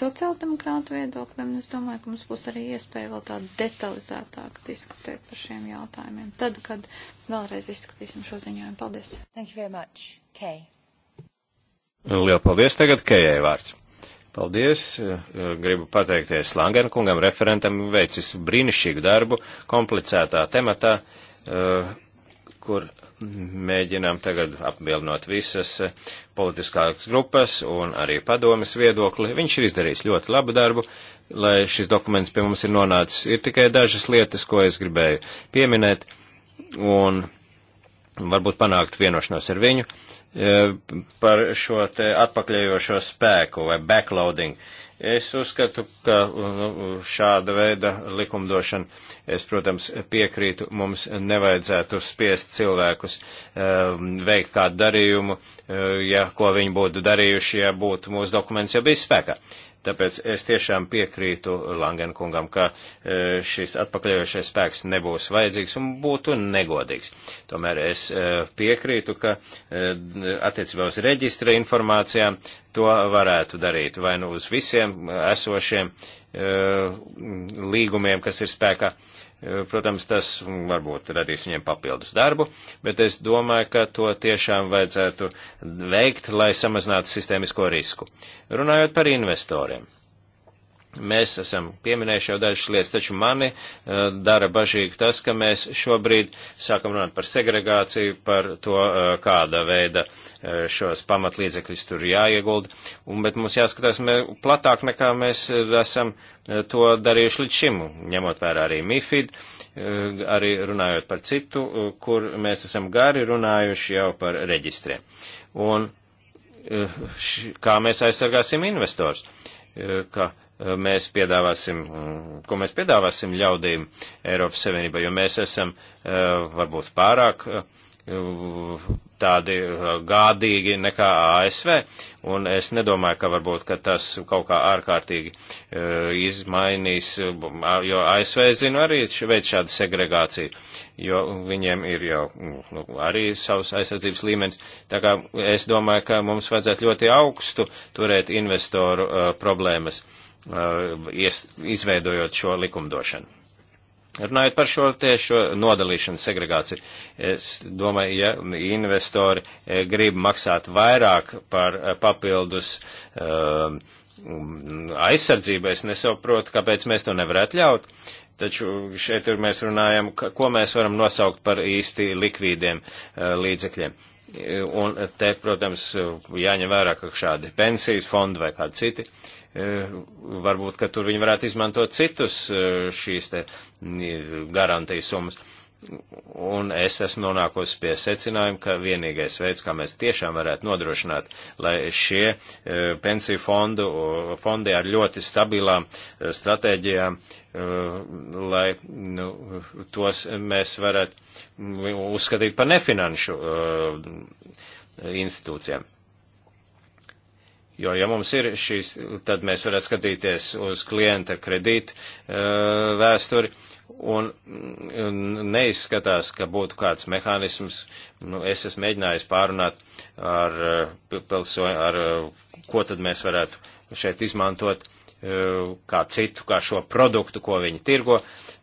sociāldemokrātu viedoklim, es domāju, ka mums būs arī iespēja vēl tā detalizētāk diskutēt par šiem jautājumiem. Tad, kad vēlreiz izskatīsim šo ziņojumu. Paldies! Thank you very much, Kei. Liela paldies tagad Kejai vārds. Paldies! Eh, gribu pateikties Langena kungam, referentam, veicis brīnišķīgu darbu komplicētā tematā, eh, kur mēģinām tagad apvienot visas eh, politiskās grupas un arī padomes viedokli. Viņš ir izdarījis ļoti labu darbu, lai šis dokuments pie mums ir nonācis. Ir tikai dažas lietas, ko es gribēju pieminēt un varbūt panākt vienošanos ar viņu E, par šo te atpakaļējošo spēku vai backloading. Es uzskatu, ka nu, šāda veida likumdošana, es, protams, piekrītu, mums nevajadzētu spiest cilvēkus e, veikt kādu darījumu, e, ja ko viņi būtu darījuši, ja būtu mūsu dokuments jau bijis spēkā. Tāpēc es tiešām piekrītu Langenkungam, ka e, šis atpakaļojošais spēks nebūs vajadzīgs un būtu negodīgs. Tomēr es e, piekrītu, ka e, attiecībā uz reģistra informācijām to varētu darīt vai nu uz visiem esošiem līgumiem, kas ir spēkā Protams, tas varbūt radīs viņiem papildus darbu, bet es domāju, ka to tiešām vajadzētu veikt, lai samazinātu sistēmisko risku. Runājot par investoriem. Mēs esam pieminējuši jau dažas lietas, taču mani uh, dara bažīgi tas, ka mēs šobrīd sākam runāt par segregāciju, par to, uh, kāda veida uh, šos pamatlīdzekļus tur jāiegulda, un, bet mums jāskatās mē, platāk nekā mēs esam to darījuši līdz šim, ņemot vērā arī MIFID, arī runājot par citu, kur mēs esam gari runājuši jau par reģistriem. Un š, kā mēs aizsargāsim investors? Ka, mēs piedāvāsim, ko mēs piedāvāsim ļaudīm Eiropas Savienībā, jo mēs esam eh, varbūt pārāk eh, tādi eh, gādīgi nekā ASV, un es nedomāju, ka varbūt, ka tas kaut kā ārkārtīgi izmainīs, jo ASV, zinu, arī veids šādu segregāciju, jo viņiem ir jau nu, arī savs aizsardzības līmenis. Tā kā es domāju, ka mums vajadzētu ļoti augstu turēt investoru uh, problēmas. Uh, Uh, izveidojot šo likumdošanu. Runājot par šo tiešu nodalīšanu, segregāciju, es domāju, ja investori eh, grib maksāt vairāk par eh, papildus uh, aizsardzību, es nesaprotu, kāpēc mēs to nevarētu ļaut. Taču šeit tur mēs runājam, ko mēs varam nosaukt par īsti likvīdiem uh, līdzekļiem. Un te, protams, jāņem vērā, ka šādi pensijas fondi vai kādi citi E, varbūt, ka tur viņi varētu izmantot citus e, šīs te garantijas summas. Un es esmu nonākusi pie secinājuma, ka vienīgais veids, kā mēs tiešām varētu nodrošināt, lai šie e, pensiju fondu, fondi ar ļoti stabilām stratēģijām, lai nu, tos mēs varētu uzskatīt par nefinanšu institūcijām. Jo, ja mums ir šīs, tad mēs varētu skatīties uz klienta kredītu uh, vēsturi un neizskatās, ka būtu kāds mehānisms. Nu, es esmu mēģinājis pārunāt ar uh, pilsoņu, ar uh, ko tad mēs varētu šeit izmantot kā citu, kā šo produktu, ko viņi tirgo.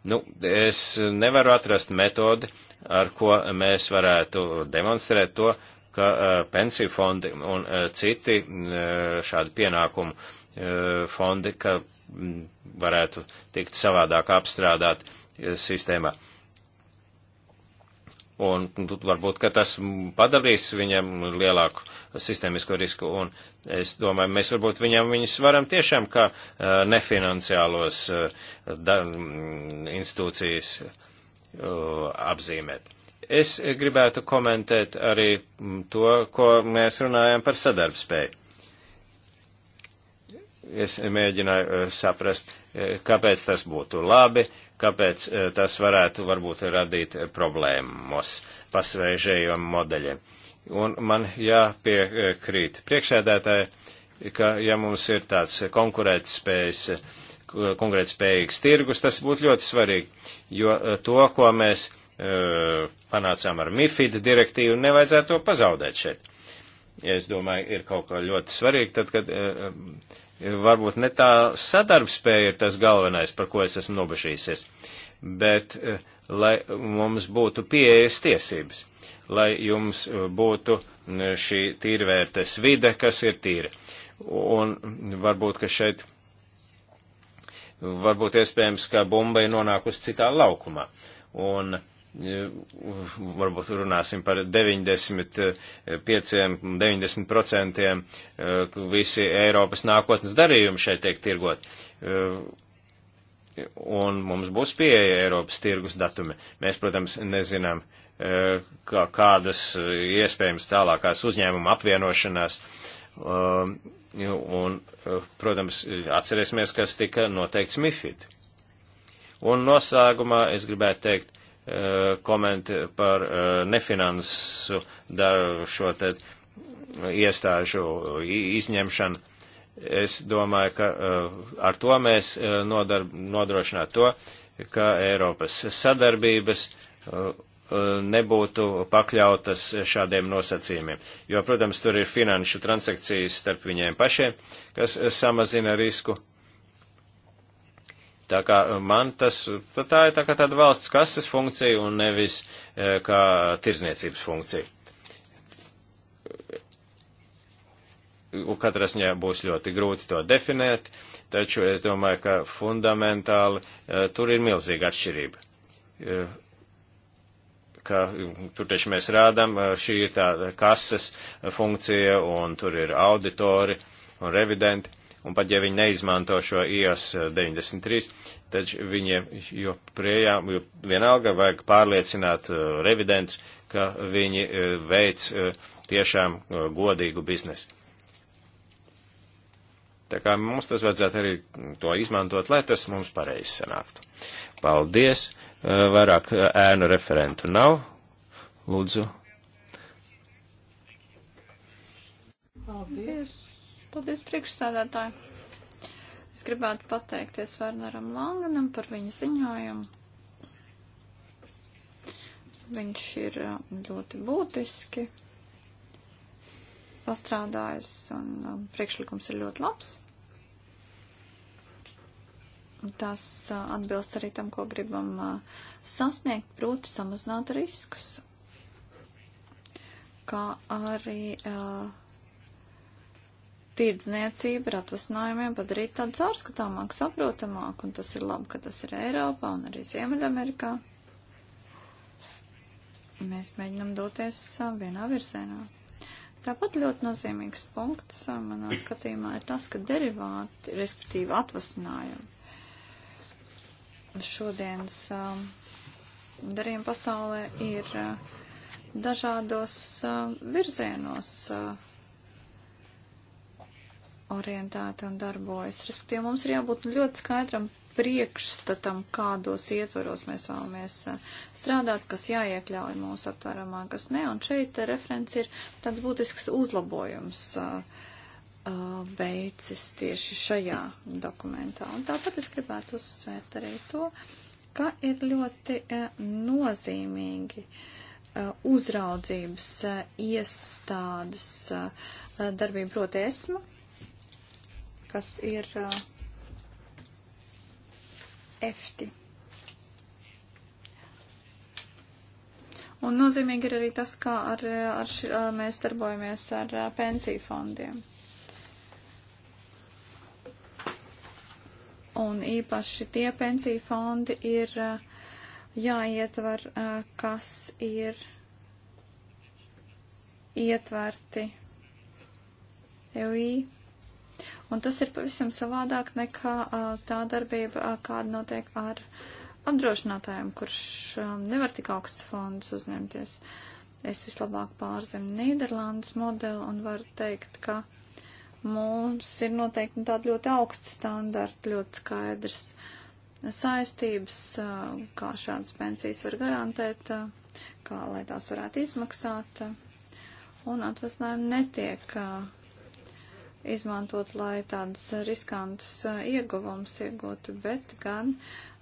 Nu, es nevaru atrast metodi, ar ko mēs varētu demonstrēt to, uh, ka e, pensiju fondi un e, citi e, šādi pienākumu fondi, ka varētu tikt savādāk apstrādāt sistēmā. Un varbūt, ka tas padarīs viņam lielāku sistēmisko risku. Un es domāju, mēs varbūt viņam viņus varam tiešām kā nefinanciālos institūcijas apzīmēt. Es gribētu komentēt arī mm, to, ko mēs runājam par sadarbspēju. Es mēģināju eh, saprast, eh, kāpēc tas būtu labi, kāpēc eh, tas varētu varbūt radīt problēmas pasvēžējiem modeļiem. Un man jāpiekrīt priekšēdētāji, ka ja mums ir tāds konkurētspējas, konkurētspējīgs tirgus, tas būtu ļoti svarīgi, jo to, ko mēs panācām ar MIFID direktīvu, nevajadzētu to pazaudēt šeit. Es domāju, ir kaut kā ļoti svarīgi, tad, kad varbūt ne tā sadarbspēja ir tas galvenais, par ko es esmu nobežīsies, bet lai mums būtu pieejas tiesības, lai jums būtu šī tīrvērtes vide, kas ir tīra. Un varbūt, ka šeit varbūt iespējams, ka bumba ir nonākusi citā laukumā. Un Eh, varbūt runāsim par 95-90% eh, visi Eiropas nākotnes darījumi šeit tiek tirgot. Eh, un mums būs pieeja Eiropas tirgus datumi. Mēs, protams, nezinām, kā, kādas iespējams tālākās uzņēmuma apvienošanās. Un, protams, atcerēsimies, kas tika noteikts MIFID. Un noslēgumā es gribētu teikt, Eh, komenti par eh, nefinansu šo te iestāžu izņemšanu. Es domāju, ka eh, ar to mēs nodrošinātu to, ka Eiropas sadarbības nebūtu pakļautas šādiem nosacījumiem. Jo, protams, tur ir finanšu transakcijas starp viņiem pašiem, kas samazina risku Tā kā man tas, tā ir tā kā tāda valsts kases funkcija un nevis e, kā tirzniecības funkcija. Katrā ziņā būs ļoti grūti to definēt, taču es domāju, ka fundamentāli e, tur ir milzīga atšķirība. E, ka, tur taču mēs rādām, šī ir tā kases funkcija un tur ir auditori un revidenti un pat ja viņi neizmanto šo IAS 93, tad viņiem joprojām, jo vienalga vajag pārliecināt uh, revidentus, ka viņi uh, veic uh, tiešām godīgu biznesu. Tā kā mums tas vajadzētu arī to izmantot, lai tas mums pareizi sanāktu. Paldies! Vairāk ēnu referentu nav. Lūdzu. Paldies! Paldies, priekšsēdētāji. Es gribētu pateikties Werneram Langanam par viņa ziņojumu. Viņš ir uh, ļoti būtiski pastrādājis un um, priekšlikums ir ļoti labs. Tas uh, atbilst arī tam, ko gribam uh, sasniegt, proti samazināt riskus, kā arī uh, tīrdzniecību ar atvasinājumiem padarīt tādu caurskatāmāku, saprotamāku, un tas ir labi, ka tas ir Eiropā un arī Ziemeļamerikā. Mēs mēģinam doties vienā virzienā. Tāpat ļoti nozīmīgs punkts manā skatījumā ir tas, ka derivāti, respektīvi atvasinājumi, šodienas um, darījuma pasaulē ir uh, dažādos uh, virzienos. Uh, orientēti un darbojas. Respektīvi, mums ir jābūt ļoti skaidram priekšstatam, kādos ietvaros mēs vēlamies eh, strādāt, kas jāiekļauj mūsu aptvaramā, kas ne. Un šeit eh, referents ir tāds būtisks uzlabojums eh, veicis tieši šajā dokumentā. Un tāpat es gribētu uzsvērt arī to, ka ir ļoti nozīmīgi uzraudzības iestādes darbība proti esma kas ir uh, efti. Un nozīmīgi ir arī tas, kā ar, ar š, uh, mēs darbojamies ar uh, pensiju fondiem. Un īpaši tie pensiju fondi ir uh, jāietver, kas ir ietverti EUI Un tas ir pavisam savādāk nekā tā darbība, kāda notiek ar apdrošinātājiem, kurš nevar tik augsts fondus uzņemties. Es vislabāk pārzinu Nīderlandes modeli un varu teikt, ka mums ir noteikti tādi ļoti augsti standarti, ļoti skaidrs saistības, kā šādas pensijas var garantēt, kā lai tās varētu izmaksāt. Un atvasinājumu netiek izmantot, lai tādas riskantas ieguvums iegūtu, bet gan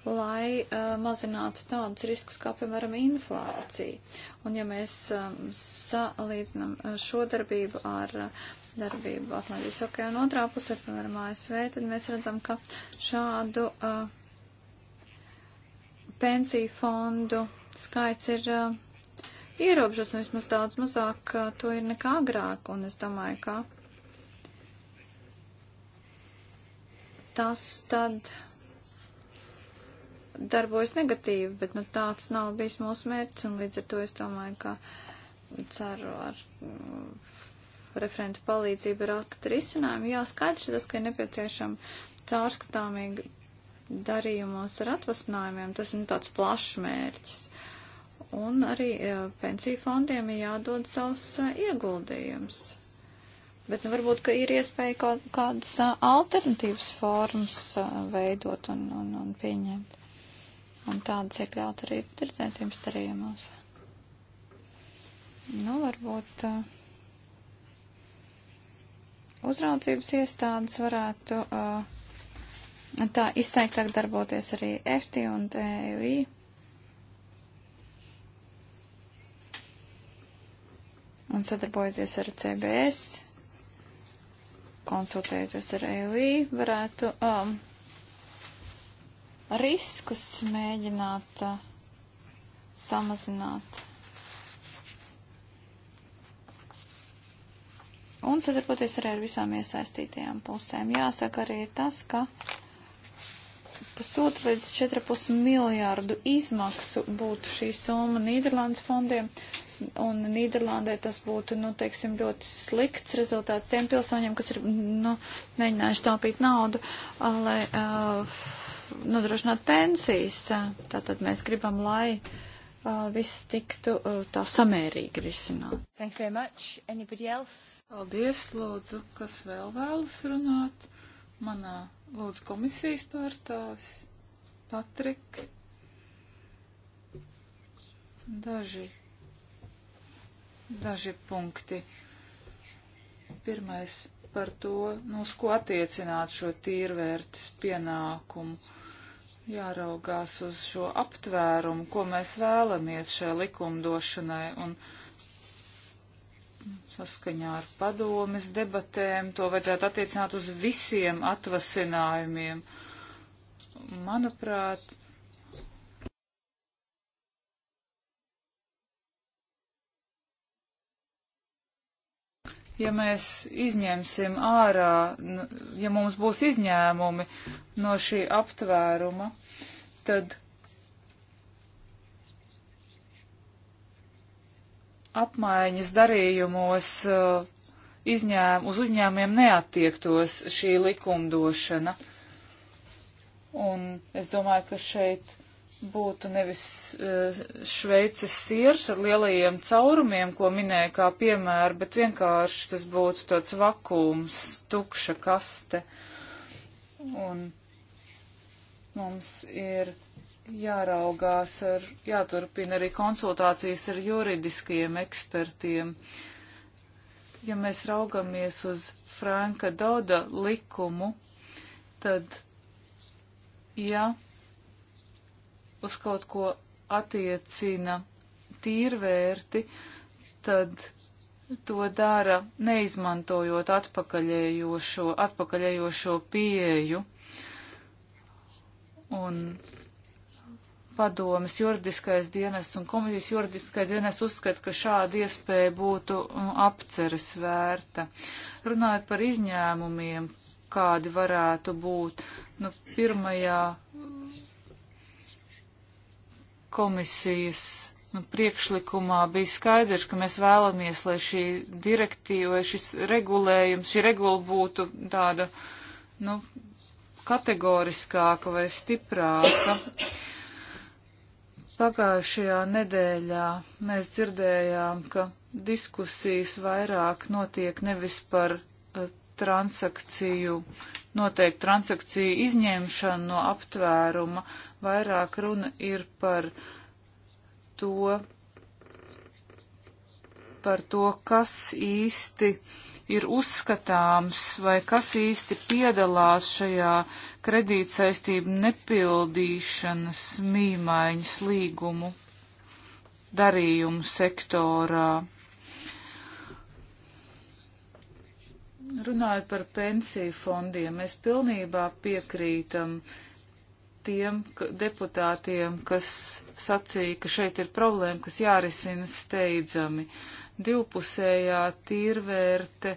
lai uh, mazinātu tādus riskus kā, piemēram, inflācija. Un ja mēs um, salīdzinām šo darbību ar uh, darbību Atlantijas okeāna otrā pusē, piemēram, ASV, tad mēs redzam, ka šādu uh, pensiju fondu skaits ir uh, ierobežots, un nu, vismaz daudz mazāk uh, to ir nekā agrāk, un es domāju, ka tas tad darbojas negatīvi, bet nu, tāds nav bijis mūsu mērķis, un līdz ar to es domāju, ka ceru ar mm, referentu palīdzību ir atrat risinājumu. Jā, skaidrs tas, ka ir nepieciešama caurskatāmīga darījumos ar atvasinājumiem, tas ir nu, tāds plašs mērķis. Un arī uh, pensiju fondiem ir jādod savs uh, ieguldījums. Bet nu, varbūt, ka ir iespēja kaut kādas alternatīvas formas veidot un, un, un pieņemt. Un tādas iekļaut arī tirdzniecības darījumos. Nu, varbūt uzraudzības iestādes varētu tā izteiktāk darboties arī FT un TVI. E un sadarbojoties ar CBS konsultējoties ar EUI, varētu um, riskus mēģināt uh, samazināt. Un sadarboties arī ar visām iesaistītajām pusēm. Jāsaka arī tas, ka pusotra līdz 4,5 miljārdu izmaksu būtu šī summa Nīderlandes fondiem. Uh, un Nīderlandē tas būtu, nu, teiksim, ļoti slikts rezultāts tiem pilsoņiem, kas ir, nu, mēģinājuši taupīt naudu, lai uh, nodrošinātu pensijas. Tātad mēs gribam, lai uh, viss tiktu uh, tā samērīgi risināt. Thank you very much. Anybody else? Paldies, lūdzu, kas vēl vēlas runāt? Manā, lūdzu, komisijas pārstāvis. Patrik. Daži Daži punkti. Pirmais par to, nu, uz ko attiecināt šo tīrvērtes pienākumu. Jāraugās uz šo aptvērumu, ko mēs vēlamies šai likumdošanai, un saskaņā ar padomis debatēm to vajadzētu attiecināt uz visiem atvasinājumiem. Manuprāt, ja mēs izņemsim ārā, ja mums būs izņēmumi no šī aptvēruma, tad apmaiņas darījumos uh, izņēm, uz uzņēmiem neattiektos šī likumdošana. Un es domāju, ka šeit būtu nevis e, šveices sirs ar lielajiem caurumiem, ko minēja kā piemēra, bet vienkārši tas būtu tāds vakums, tukša kaste. Un mums ir jāraugās ar, jāturpina arī konsultācijas ar juridiskiem ekspertiem. Ja mēs raugamies uz Franka Dauda likumu, tad, ja uz kaut ko attiecina tīrvērti, tad to dara neizmantojot atpakaļējošo, atpakaļējošo pieeju. Un padomas juridiskais dienas un komisijas juridiskais dienas uzskata, ka šāda iespēja būtu mm, apceres vērta. Runājot par izņēmumiem, kādi varētu būt, nu, pirmajā komisijas nu, priekšlikumā bija skaidrs, ka mēs vēlamies, lai šī direktīva, lai šis regulējums, šī regula būtu tāda, nu, kategoriskāka vai stiprāka. Pagājušajā nedēļā mēs dzirdējām, ka diskusijas vairāk notiek nevis par uh, transakciju, noteikti transakciju izņemšanu no aptvēruma, vairāk runa ir par to, par to, kas īsti ir uzskatāms vai kas īsti piedalās šajā kredītsaistību nepildīšanas mīmaiņas līgumu darījumu sektorā. Runājot par pensiju fondiem, mēs pilnībā piekrītam uh, tiem ka deputātiem, kas sacīja, ka šeit ir problēma, kas jārisina steidzami. Divpusējā tīrvērte,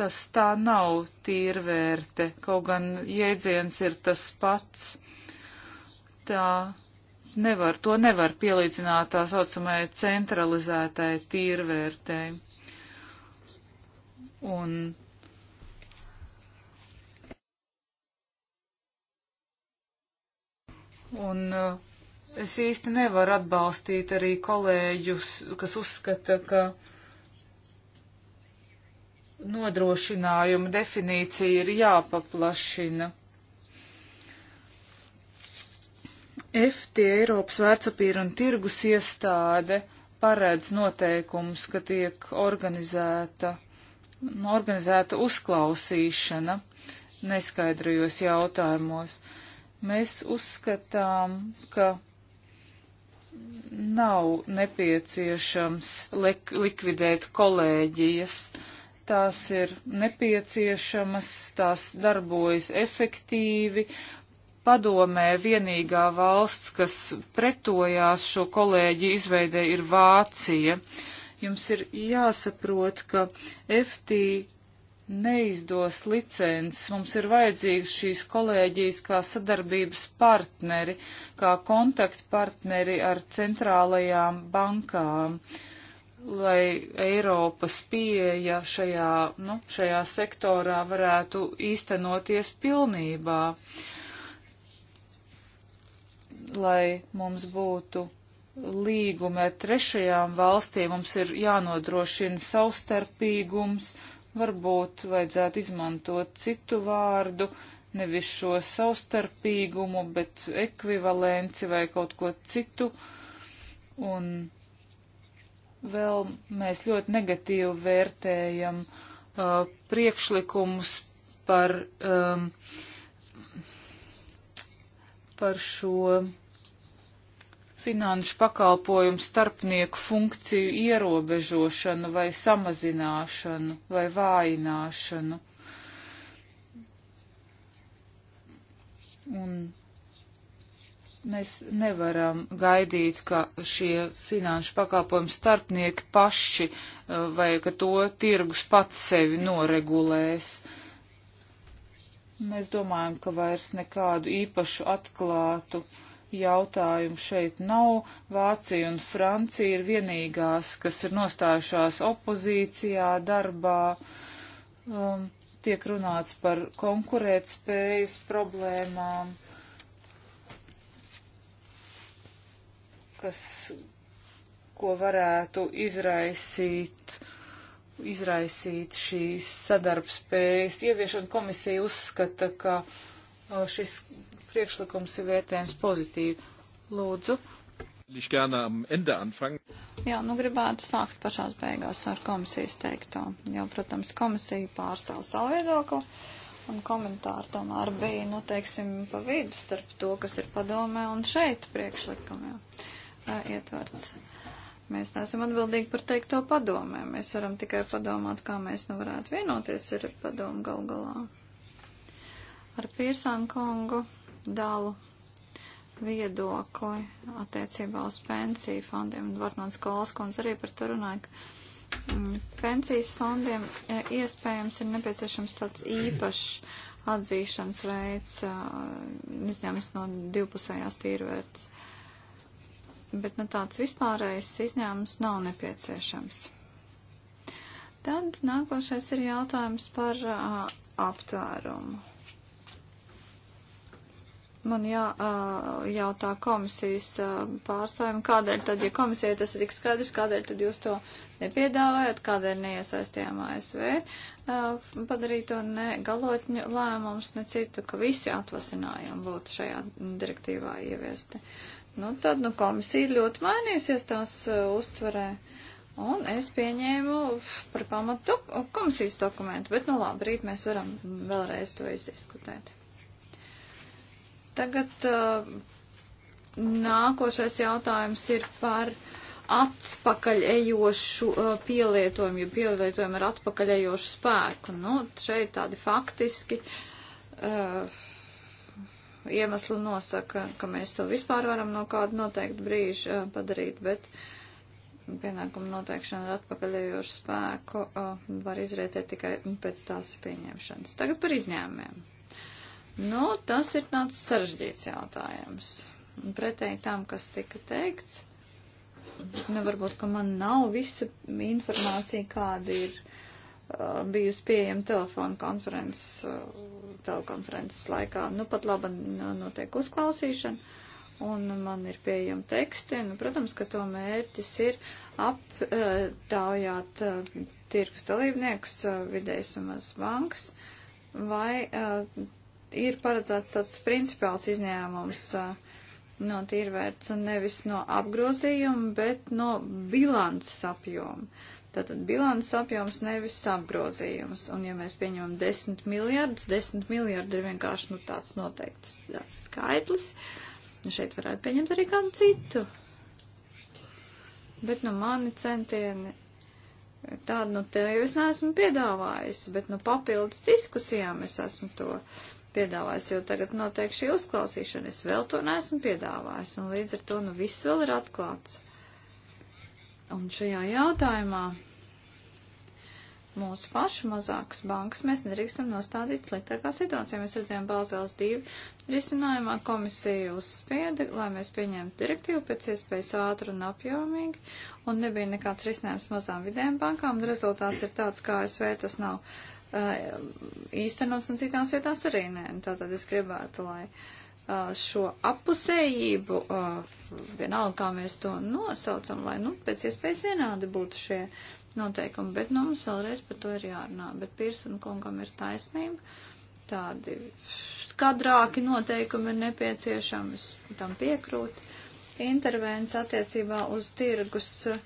tas tā nav tīrvērte, kaut gan jēdziens ir tas pats. Tā nevar, to nevar pielīdzināt tā saucamajai centralizētai tīrvērtei. Un Un uh, es īsti nevaru atbalstīt arī kolēģus, kas uzskata, ka nodrošinājuma definīcija ir jāpaplašina. F tie Eiropas vērtspapīra un tirgus iestāde paredz noteikums, ka tiek organizēta, organizēta uzklausīšana neskaidrajos jautājumos. Uh, Mēs uzskatām, ka nav nepieciešams likvidēt kolēģijas. Tās ir nepieciešamas, tās darbojas efektīvi. Padomē vienīgā valsts, kas pretojās šo kolēģi izveidē, ir Vācija. Jums ir jāsaprot, ka FT neizdos licences. Mums ir vajadzīgs šīs kolēģijas kā sadarbības partneri, kā kontaktpartneri ar centrālajām bankām, lai Eiropas pieeja šajā, nu, šajā sektorā varētu īstenoties pilnībā, lai mums būtu līgumi ar trešajām valstīm, mums ir jānodrošina savstarpīgums, Varbūt vajadzētu izmantot citu vārdu, nevis šo savstarpīgumu, bet ekvivalenci vai kaut ko citu. Un vēl mēs ļoti negatīvi vērtējam uh, priekšlikumus par, um, par šo finanšu pakalpojumu starpnieku funkciju ierobežošanu vai samazināšanu vai vājināšanu. Un mēs nevaram gaidīt, ka šie finanšu pakalpojumu starpnieki paši uh, vai ka to tirgus pats sevi noregulēs. Mēs domājam, ka vairs nekādu īpašu atklātu uh, jautājumu šeit nav. Vācija un Francija ir vienīgās, kas ir nostājušās opozīcijā darbā. Um, tiek runāts par konkurētspējas problēmām, kas, ko varētu izraisīt izraisīt šīs sadarbspējas. Ieviešana komisija uzskata, ka uh, šis priekšlikums ir vērtējams pozitīvi. Lūdzu. Jā, nu gribētu sākt pašās beigās ar komisijas teikto, jo, protams, komisija pārstāv savu viedokli, un komentāri tomēr bija, nu, teiksim, pa vidu starp to, kas ir padomē un šeit priekšlikumā ietverts. Mēs neesam atbildīgi par teikto padomē, mēs varam tikai padomāt, kā mēs nu varētu vienoties ar padomu gal galā. Ar Pīrsānu Kongu dalu viedokli attiecībā uz pensiju fondiem, un Vartmans Kolskons arī par to runāja, ka mm, pensijas fondiem e, iespējams ir nepieciešams tāds īpašs atzīšanas veids, izņēmums no divpusējās tīrvērts. Bet nu, tāds vispārējais izņēmums nav nepieciešams. Tad nākošais ir jautājums par uh, aptvērumu. Man jājautā komisijas pārstāvjiem, kādēļ tad, ja komisija tas ir tik skaidrs, kādēļ tad jūs to nepiedāvājat, kādēļ neiesaistījām ASV padarīto ne galotņu lēmums, ne citu, ka visi atvasinājumi būtu šajā direktīvā ieviesti. Nu, tad, nu, komisija ļoti mainīsies tās uh, uztverē. Un es pieņēmu par pamatu komisijas dokumentu, bet, nu, labi, rīt mēs varam vēlreiz to izdiskutēt. Tagad uh, nākošais jautājums ir par atpakaļ ejošu uh, pielietojumu, jo pielietojumu ar atpakaļ ejošu spēku. Nu, šeit tādi faktiski uh, iemesli nosaka, ka mēs to vispār varam no kāda noteikta brīža uh, padarīt, bet pienākumu noteikšana ar atpakaļ ejošu spēku uh, var izrietēt tikai pēc tās pieņemšanas. Tagad par izņēmumiem Nu, tas ir tāds sarežģīts jautājums. Un pretēji tam, kas tika teikts, nu, varbūt, ka man nav visa informācija, kāda ir uh, bijusi pieejama telefona konferences, uh, telekonferences laikā. Nu, pat laba nu, notiek uzklausīšana. Un man ir pieejami teksti, nu, protams, ka to mērķis ir aptaujāt uh, tirgus dalībniekus, uh, vidējas un mazas bankas, vai uh, ir paredzēts tāds principāls izņēmums no tīrvērts un nevis no apgrozījuma, bet no bilances apjoma. Tātad bilants apjoms nevis apgrozījums. Un ja mēs pieņemam 10 miljardus, 10 miljardi ir vienkārši nu, tāds noteikts jā, skaitlis. Nu, šeit varētu pieņemt arī kādu citu. Bet nu mani centieni tādu nu tev jau es neesmu piedāvājis, bet nu papildus diskusijām es esmu to piedāvājis, jo tagad noteikti šī uzklausīšana es vēl to neesmu piedāvājis, un līdz ar to nu viss vēl ir atklāts. Un šajā jautājumā mūsu pašu mazākas bankas mēs nedrīkstam nostādīt sliktākā situācijā. Mēs redzējām Bāzēlas 2 risinājumā komisija uzspieda, lai mēs pieņemtu direktīvu pēc iespējas ātri un apjomīgi, un nebija nekāds risinājums mazām vidējām bankām, un rezultāts ir tāds, kā es vēju, tas nav Uh, īstenots un citās vietās arī nē. Tātad es gribētu, lai uh, šo apusējību, uh, vienalga kā mēs to nosaucam, lai nu, pēc iespējas vienādi būtu šie noteikumi, bet nu, mums vēlreiz par to ir jārunā. Bet Pīrsona kungam ir taisnība, tādi skadrāki noteikumi ir nepieciešami, es tam piekrūtu. Intervents attiecībā uz tirgus uh,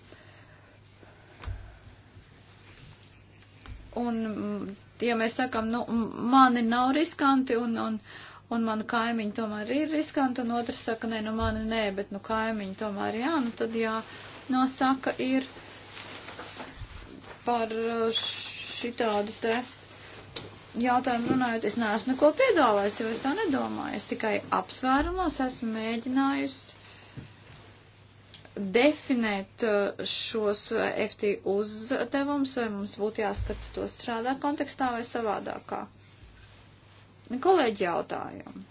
Un, mm, ja mēs sakam, nu, mani nav riskanti un, un, un manu kaimiņu tomēr ir riskanti, un otrs saka, nē, nu mani nē, bet nu kaimiņu tomēr jā, nu tad jā, nosaka ir par uh, šitādu te jautājumu runājot, es neesmu neko piedāvājis, jo es tā nedomāju. Es tikai apsvērumos esmu mēģinājusi definēt uh, šos uh, FT uzdevumus, vai mums būtu jāskata to strādā kontekstā vai savādākā? Kolēģi jautājumu.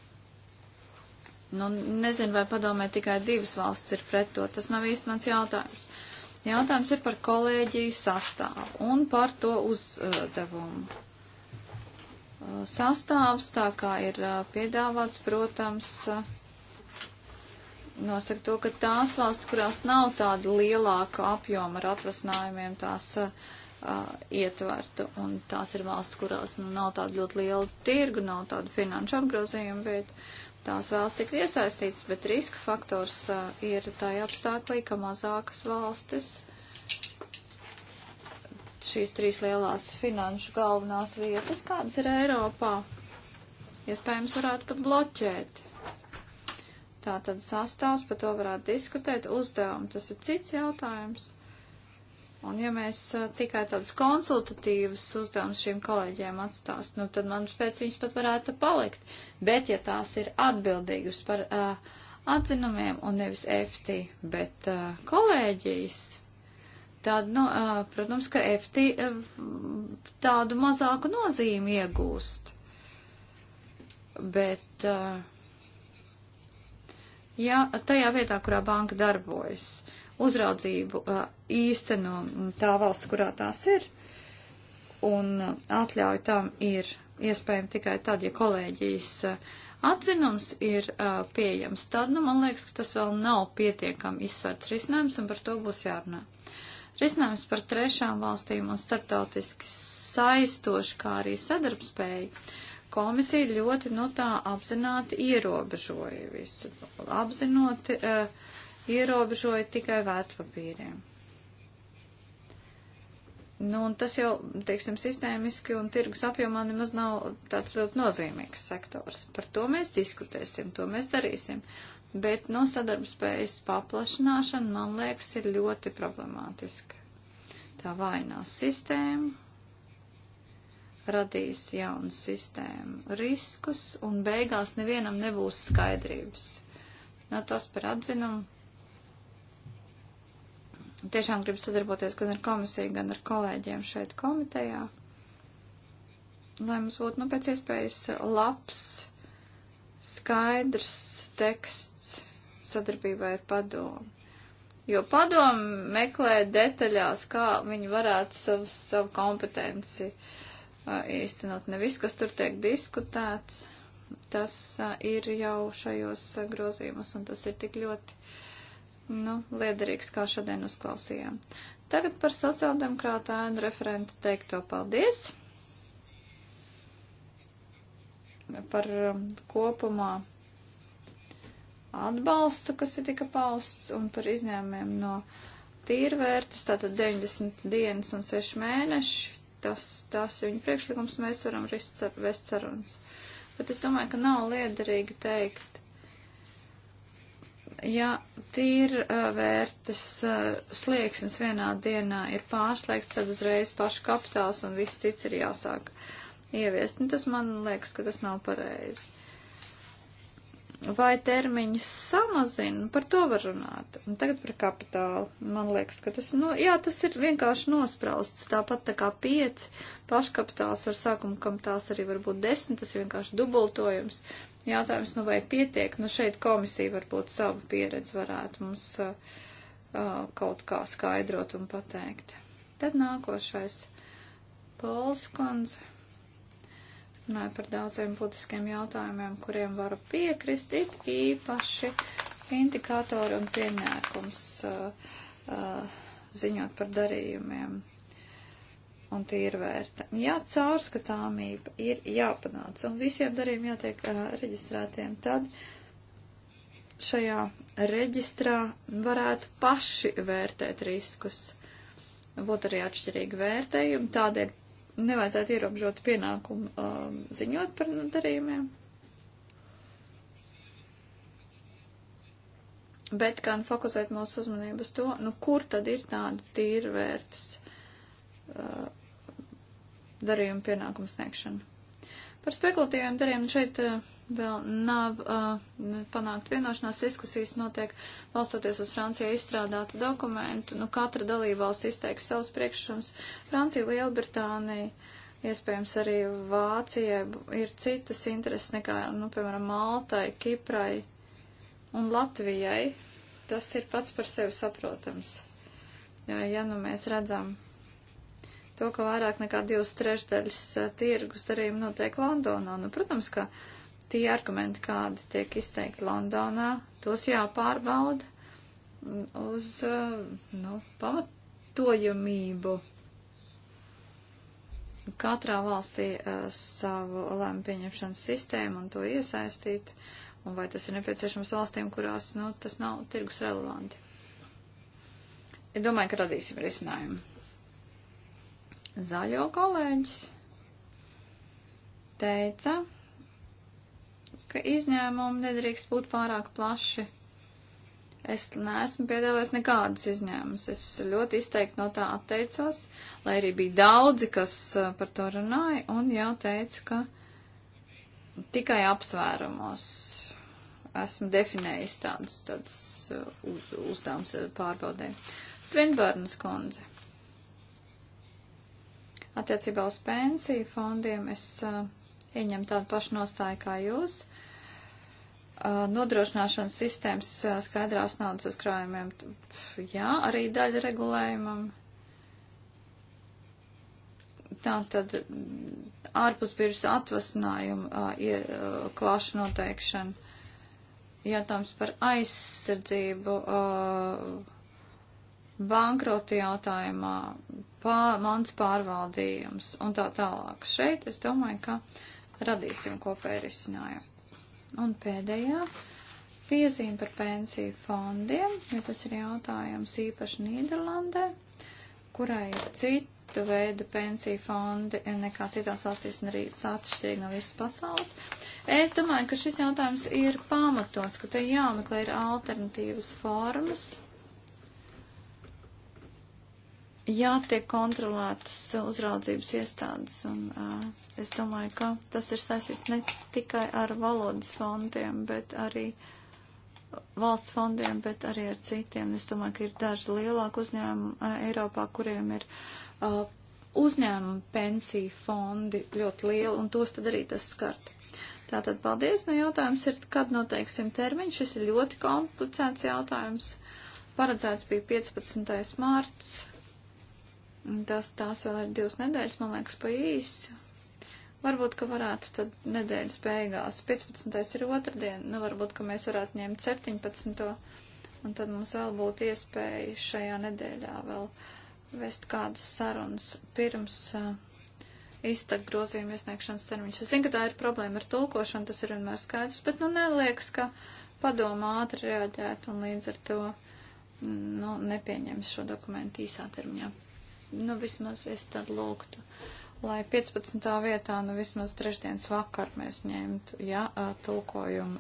Nu, nezinu, vai padomē tikai divas valsts ir pret to. Tas nav īsti mans jautājums. Jautājums ir par kolēģiju sastāvu un par to uzdevumu. Uh, sastāvs tā kā ir piedāvāts, protams, uh, nosaka to, ka tās valsts, kurās nav tāda lielāka apjoma ar atvasinājumiem, tās uh, ietvertu, un tās ir valsts, kurās nu, nav tāda ļoti liela tirgu, nav tāda finanšu apgrozījuma, bet tās vēlas tikt iesaistītas, bet riska faktors uh, ir tajā apstāklī, ka mazākas valstis, šīs trīs lielās finanšu galvenās vietas, kādas ir Eiropā, iespējams varētu pat bloķēt tā tad sastāvs, par to varētu diskutēt, uzdevumi, tas ir cits jautājums. Un ja mēs tikai tādas konsultatīvas uzdevumus šiem kolēģiem atstās, nu tad man pēc viņas pat varētu palikt. Bet ja tās ir atbildīgas par uh, atzinumiem un nevis FT, bet uh, kolēģijas, tad, nu, uh, protams, ka FT uh, tādu mazāku nozīmi iegūst. Bet. Uh, ja tajā vietā, kurā banka darbojas, uzraudzību uh, īsteno tā valsts, kurā tās ir, un uh, atļauj tam ir iespējama tikai tad, ja kolēģijas uh, atzinums ir pieejams, tad, nu, man liekas, ka tas vēl nav pietiekami izsverts risinājums, un par to būs jārunā. Risinājums par trešām valstīm un starptautiski saistoši, kā arī sadarbspēju Komisija ļoti no nu, tā apzināti ierobežoja visu. Apzinoti uh, eh, ierobežoja tikai vērtpapīriem. Nu, un tas jau, teiksim, sistēmiski un tirgus apjomā nemaz nav tāds ļoti nozīmīgs sektors. Par to mēs diskutēsim, to mēs darīsim. Bet no nu, sadarbspējas paplašināšana, man liekas, ir ļoti problemātiska. Tā vainās sistēmu, radīs jaunu sistēmu riskus un beigās nevienam nebūs skaidrības. No nu, tas par atzinumu. Tiešām gribu sadarboties gan ar komisiju, gan ar kolēģiem šeit komitejā, lai mums būtu, nu, pēc iespējas labs, skaidrs teksts sadarbībai ar padomu. Jo padomu meklē detaļās, kā viņi varētu savu, savu kompetenci uh, īstenot ne viss, kas tur tiek diskutēts. Tas ir jau šajos grozījumos, un tas ir tik ļoti, nu, liederīgs, kā šodien uzklausījām. Tagad par sociāldemokrātu ēnu referentu teikto paldies. Par um, kopumā atbalstu, kas ir tika pausts, un par izņēmumiem no tīrvērtas, tātad 90 dienas un 6 mēneši, tas, tas ir viņa priekšlikums, mēs varam cer, vest sarunas. Bet es domāju, ka nav liederīgi teikt, ja tīra uh, vērtas uh, slieksnis vienā dienā ir pārslēgts, tad uzreiz pašu kapitāls un viss cits ir jāsāk ieviest. Un nu, tas man liekas, ka tas nav pareizi vai termiņu samazina, par to var runāt. Un tagad par kapitālu. Man liekas, ka tas, nu, jā, tas ir vienkārši nosprausts. Tāpat tā kā pieci paškapitāls ar sākumu, kam tās arī var būt desmit, tas ir vienkārši dubultojums. Jautājums, nu, vai pietiek, nu, šeit komisija varbūt savu pieredzi varētu mums uh, uh, kaut kā skaidrot un pateikt. Tad nākošais. Polskons runāja par daudziem būtiskiem jautājumiem, kuriem varu piekrist, it īpaši indikātori un pienākums uh, uh, ziņot par darījumiem un tīrvērta. Ja caurskatāmība ir jāpanāc un visiem darījumiem jātiek uh, reģistrētiem, tad šajā reģistrā varētu paši vērtēt riskus. Būtu arī atšķirīgi vērtējumi, tādēļ nevajadzētu ierobežot pienākumu um, ziņot par darījumiem. Bet gan fokusēt mūsu uzmanību uz to, nu kur tad ir tāda tīrvērtas uh, darījuma pienākumu sniegšana. Par spekulatīviem darījumiem šeit eh, vēl nav uh, panākt vienošanās diskusijas notiek balstoties uz Francijā izstrādātu dokumentu. Nu, katra dalībvalsts izteiks savus priekšrums. Francija, Lielbritānija, iespējams arī Vācijai ir citas intereses nekā, nu, piemēram, Maltai, Kiprai un Latvijai. Tas ir pats par sevi saprotams. Ja, ja nu mēs redzam to, ka vairāk nekā divas trešdaļas eh, tirgus darījumi notiek Londonā. Nu, protams, ka tie argumenti, kādi tiek izteikti Londonā, tos jāpārbauda mm, uz eh, nu, pamatojamību. Katrā valstī uh, savu lēmu pieņemšanas sistēmu un to iesaistīt, un vai tas ir nepieciešams valstīm, kurās nu, tas nav tirgus relevanti. Es domāju, ka radīsim risinājumu zaļo kolēģis teica, ka izņēmumi nedrīkst būt pārāk plaši. Es neesmu piedāvājis nekādas izņēmumus. Es ļoti izteikti no tā atteicos, lai arī bija daudzi, kas uh, par to runāja, un jau teicu, ka tikai apsvērumos esmu definējis tādus, tādus uh, uz, uzdevums uh, pārbaudē. Svinbērnas kundze. Attiecībā uz pensiju fondiem es uh, ieņem tādu pašu nostāju kā jūs. Uh, nodrošināšanas sistēmas uh, skaidrās naudas uzkrājumiem, pf, jā, arī daļa regulējumam. Tā tad ārpusbiržas atvasinājuma uh, uh klāša noteikšana. Jautājums par aizsardzību uh, bankrotu jautājumā pār, mans pārvaldījums un tā tālāk. Šeit es domāju, ka radīsim kopēju risinājumu. Un pēdējā piezīme par pensiju fondiem, jo tas ir jautājums īpaši Nīderlandē, kurai ir citu veidu pensiju fondi nekā citās valstīs un arī atšķirīgi no visas pasaules. Es domāju, ka šis jautājums ir pamatots, ka te jāmeklē ir alternatīvas formas jātiek kontrolētas uzraudzības iestādes, un uh, es domāju, ka tas ir saistīts ne tikai ar valodas fondiem, bet arī valsts fondiem, bet arī ar citiem. Es domāju, ka ir daži lielāki uzņēmumi uh, Eiropā, kuriem ir uh, uzņēmumi pensiju fondi ļoti lieli, un tos tad arī tas skart. Tātad paldies, nu jautājums ir, kad noteiksim termiņš, šis ir ļoti komplicēts jautājums. Paredzēts bija 15. mārts, Tas tās vēl ir divas nedēļas, man liekas, pa īsi. Varbūt, ka varētu tad nedēļas beigās. 15. ir otrdien, nu varbūt, ka mēs varētu ņemt 17. Un tad mums vēl būtu iespēja šajā nedēļā vēl vest kādas sarunas pirms uh, iztag grozījuma iesniegšanas termiņš. Es zinu, ka tā ir problēma ar tulkošanu, tas ir vienmēr skaidrs, bet nu neliekas, ka padomā ātri reaģēt un līdz ar to nu, nepieņems šo dokumentu īsā termiņā nu vismaz es tad lūgtu, lai 15. vietā, nu vismaz trešdienas vakar mēs ņemtu, ja tulkojumu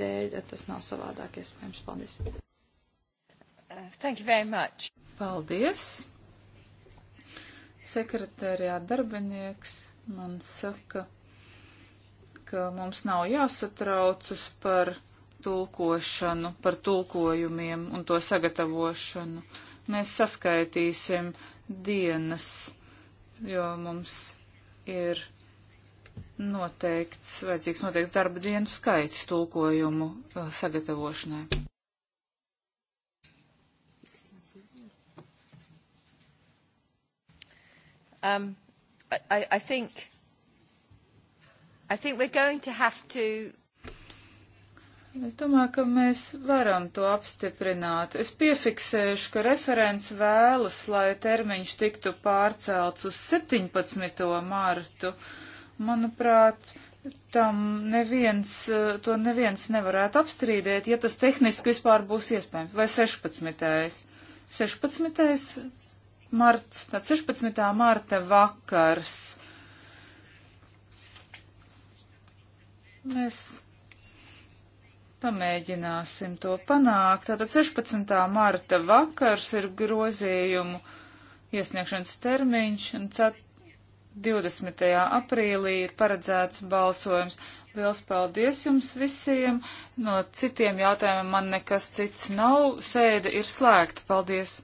dēļ, tas nav savādāk iespējams. Paldies. Thank you very much. Paldies. Sekretērijā darbinieks man saka, ka mums nav jāsatraucas par tulkošanu, par tulkojumiem un to sagatavošanu. Mēs saskaitīsim dienas, jo mums ir noteikts, vajadzīgs noteikts darba dienu skaits tulkojumu uh, sagatavošanai. Um, I, I think, I think we're going to have to Es domāju, ka mēs varam to apstiprināt. Es piefiksēšu, ka referents vēlas, lai termiņš tiktu pārcelts uz 17. martu. Manuprāt, tam neviens, eh, to neviens nevarētu apstrīdēt, ja tas tehniski vispār būs iespējams. Vai 16. 16. marts, tad 16. marta vakars. Mēs Pamēģināsim to panākt. Tātad 16. marta vakars ir grozījumu iesniegšanas termiņš, un 20. aprīlī ir paredzēts balsojums. Liels paldies jums visiem! No citiem jautājumiem man nekas cits nav. Sēde ir slēgta. Paldies!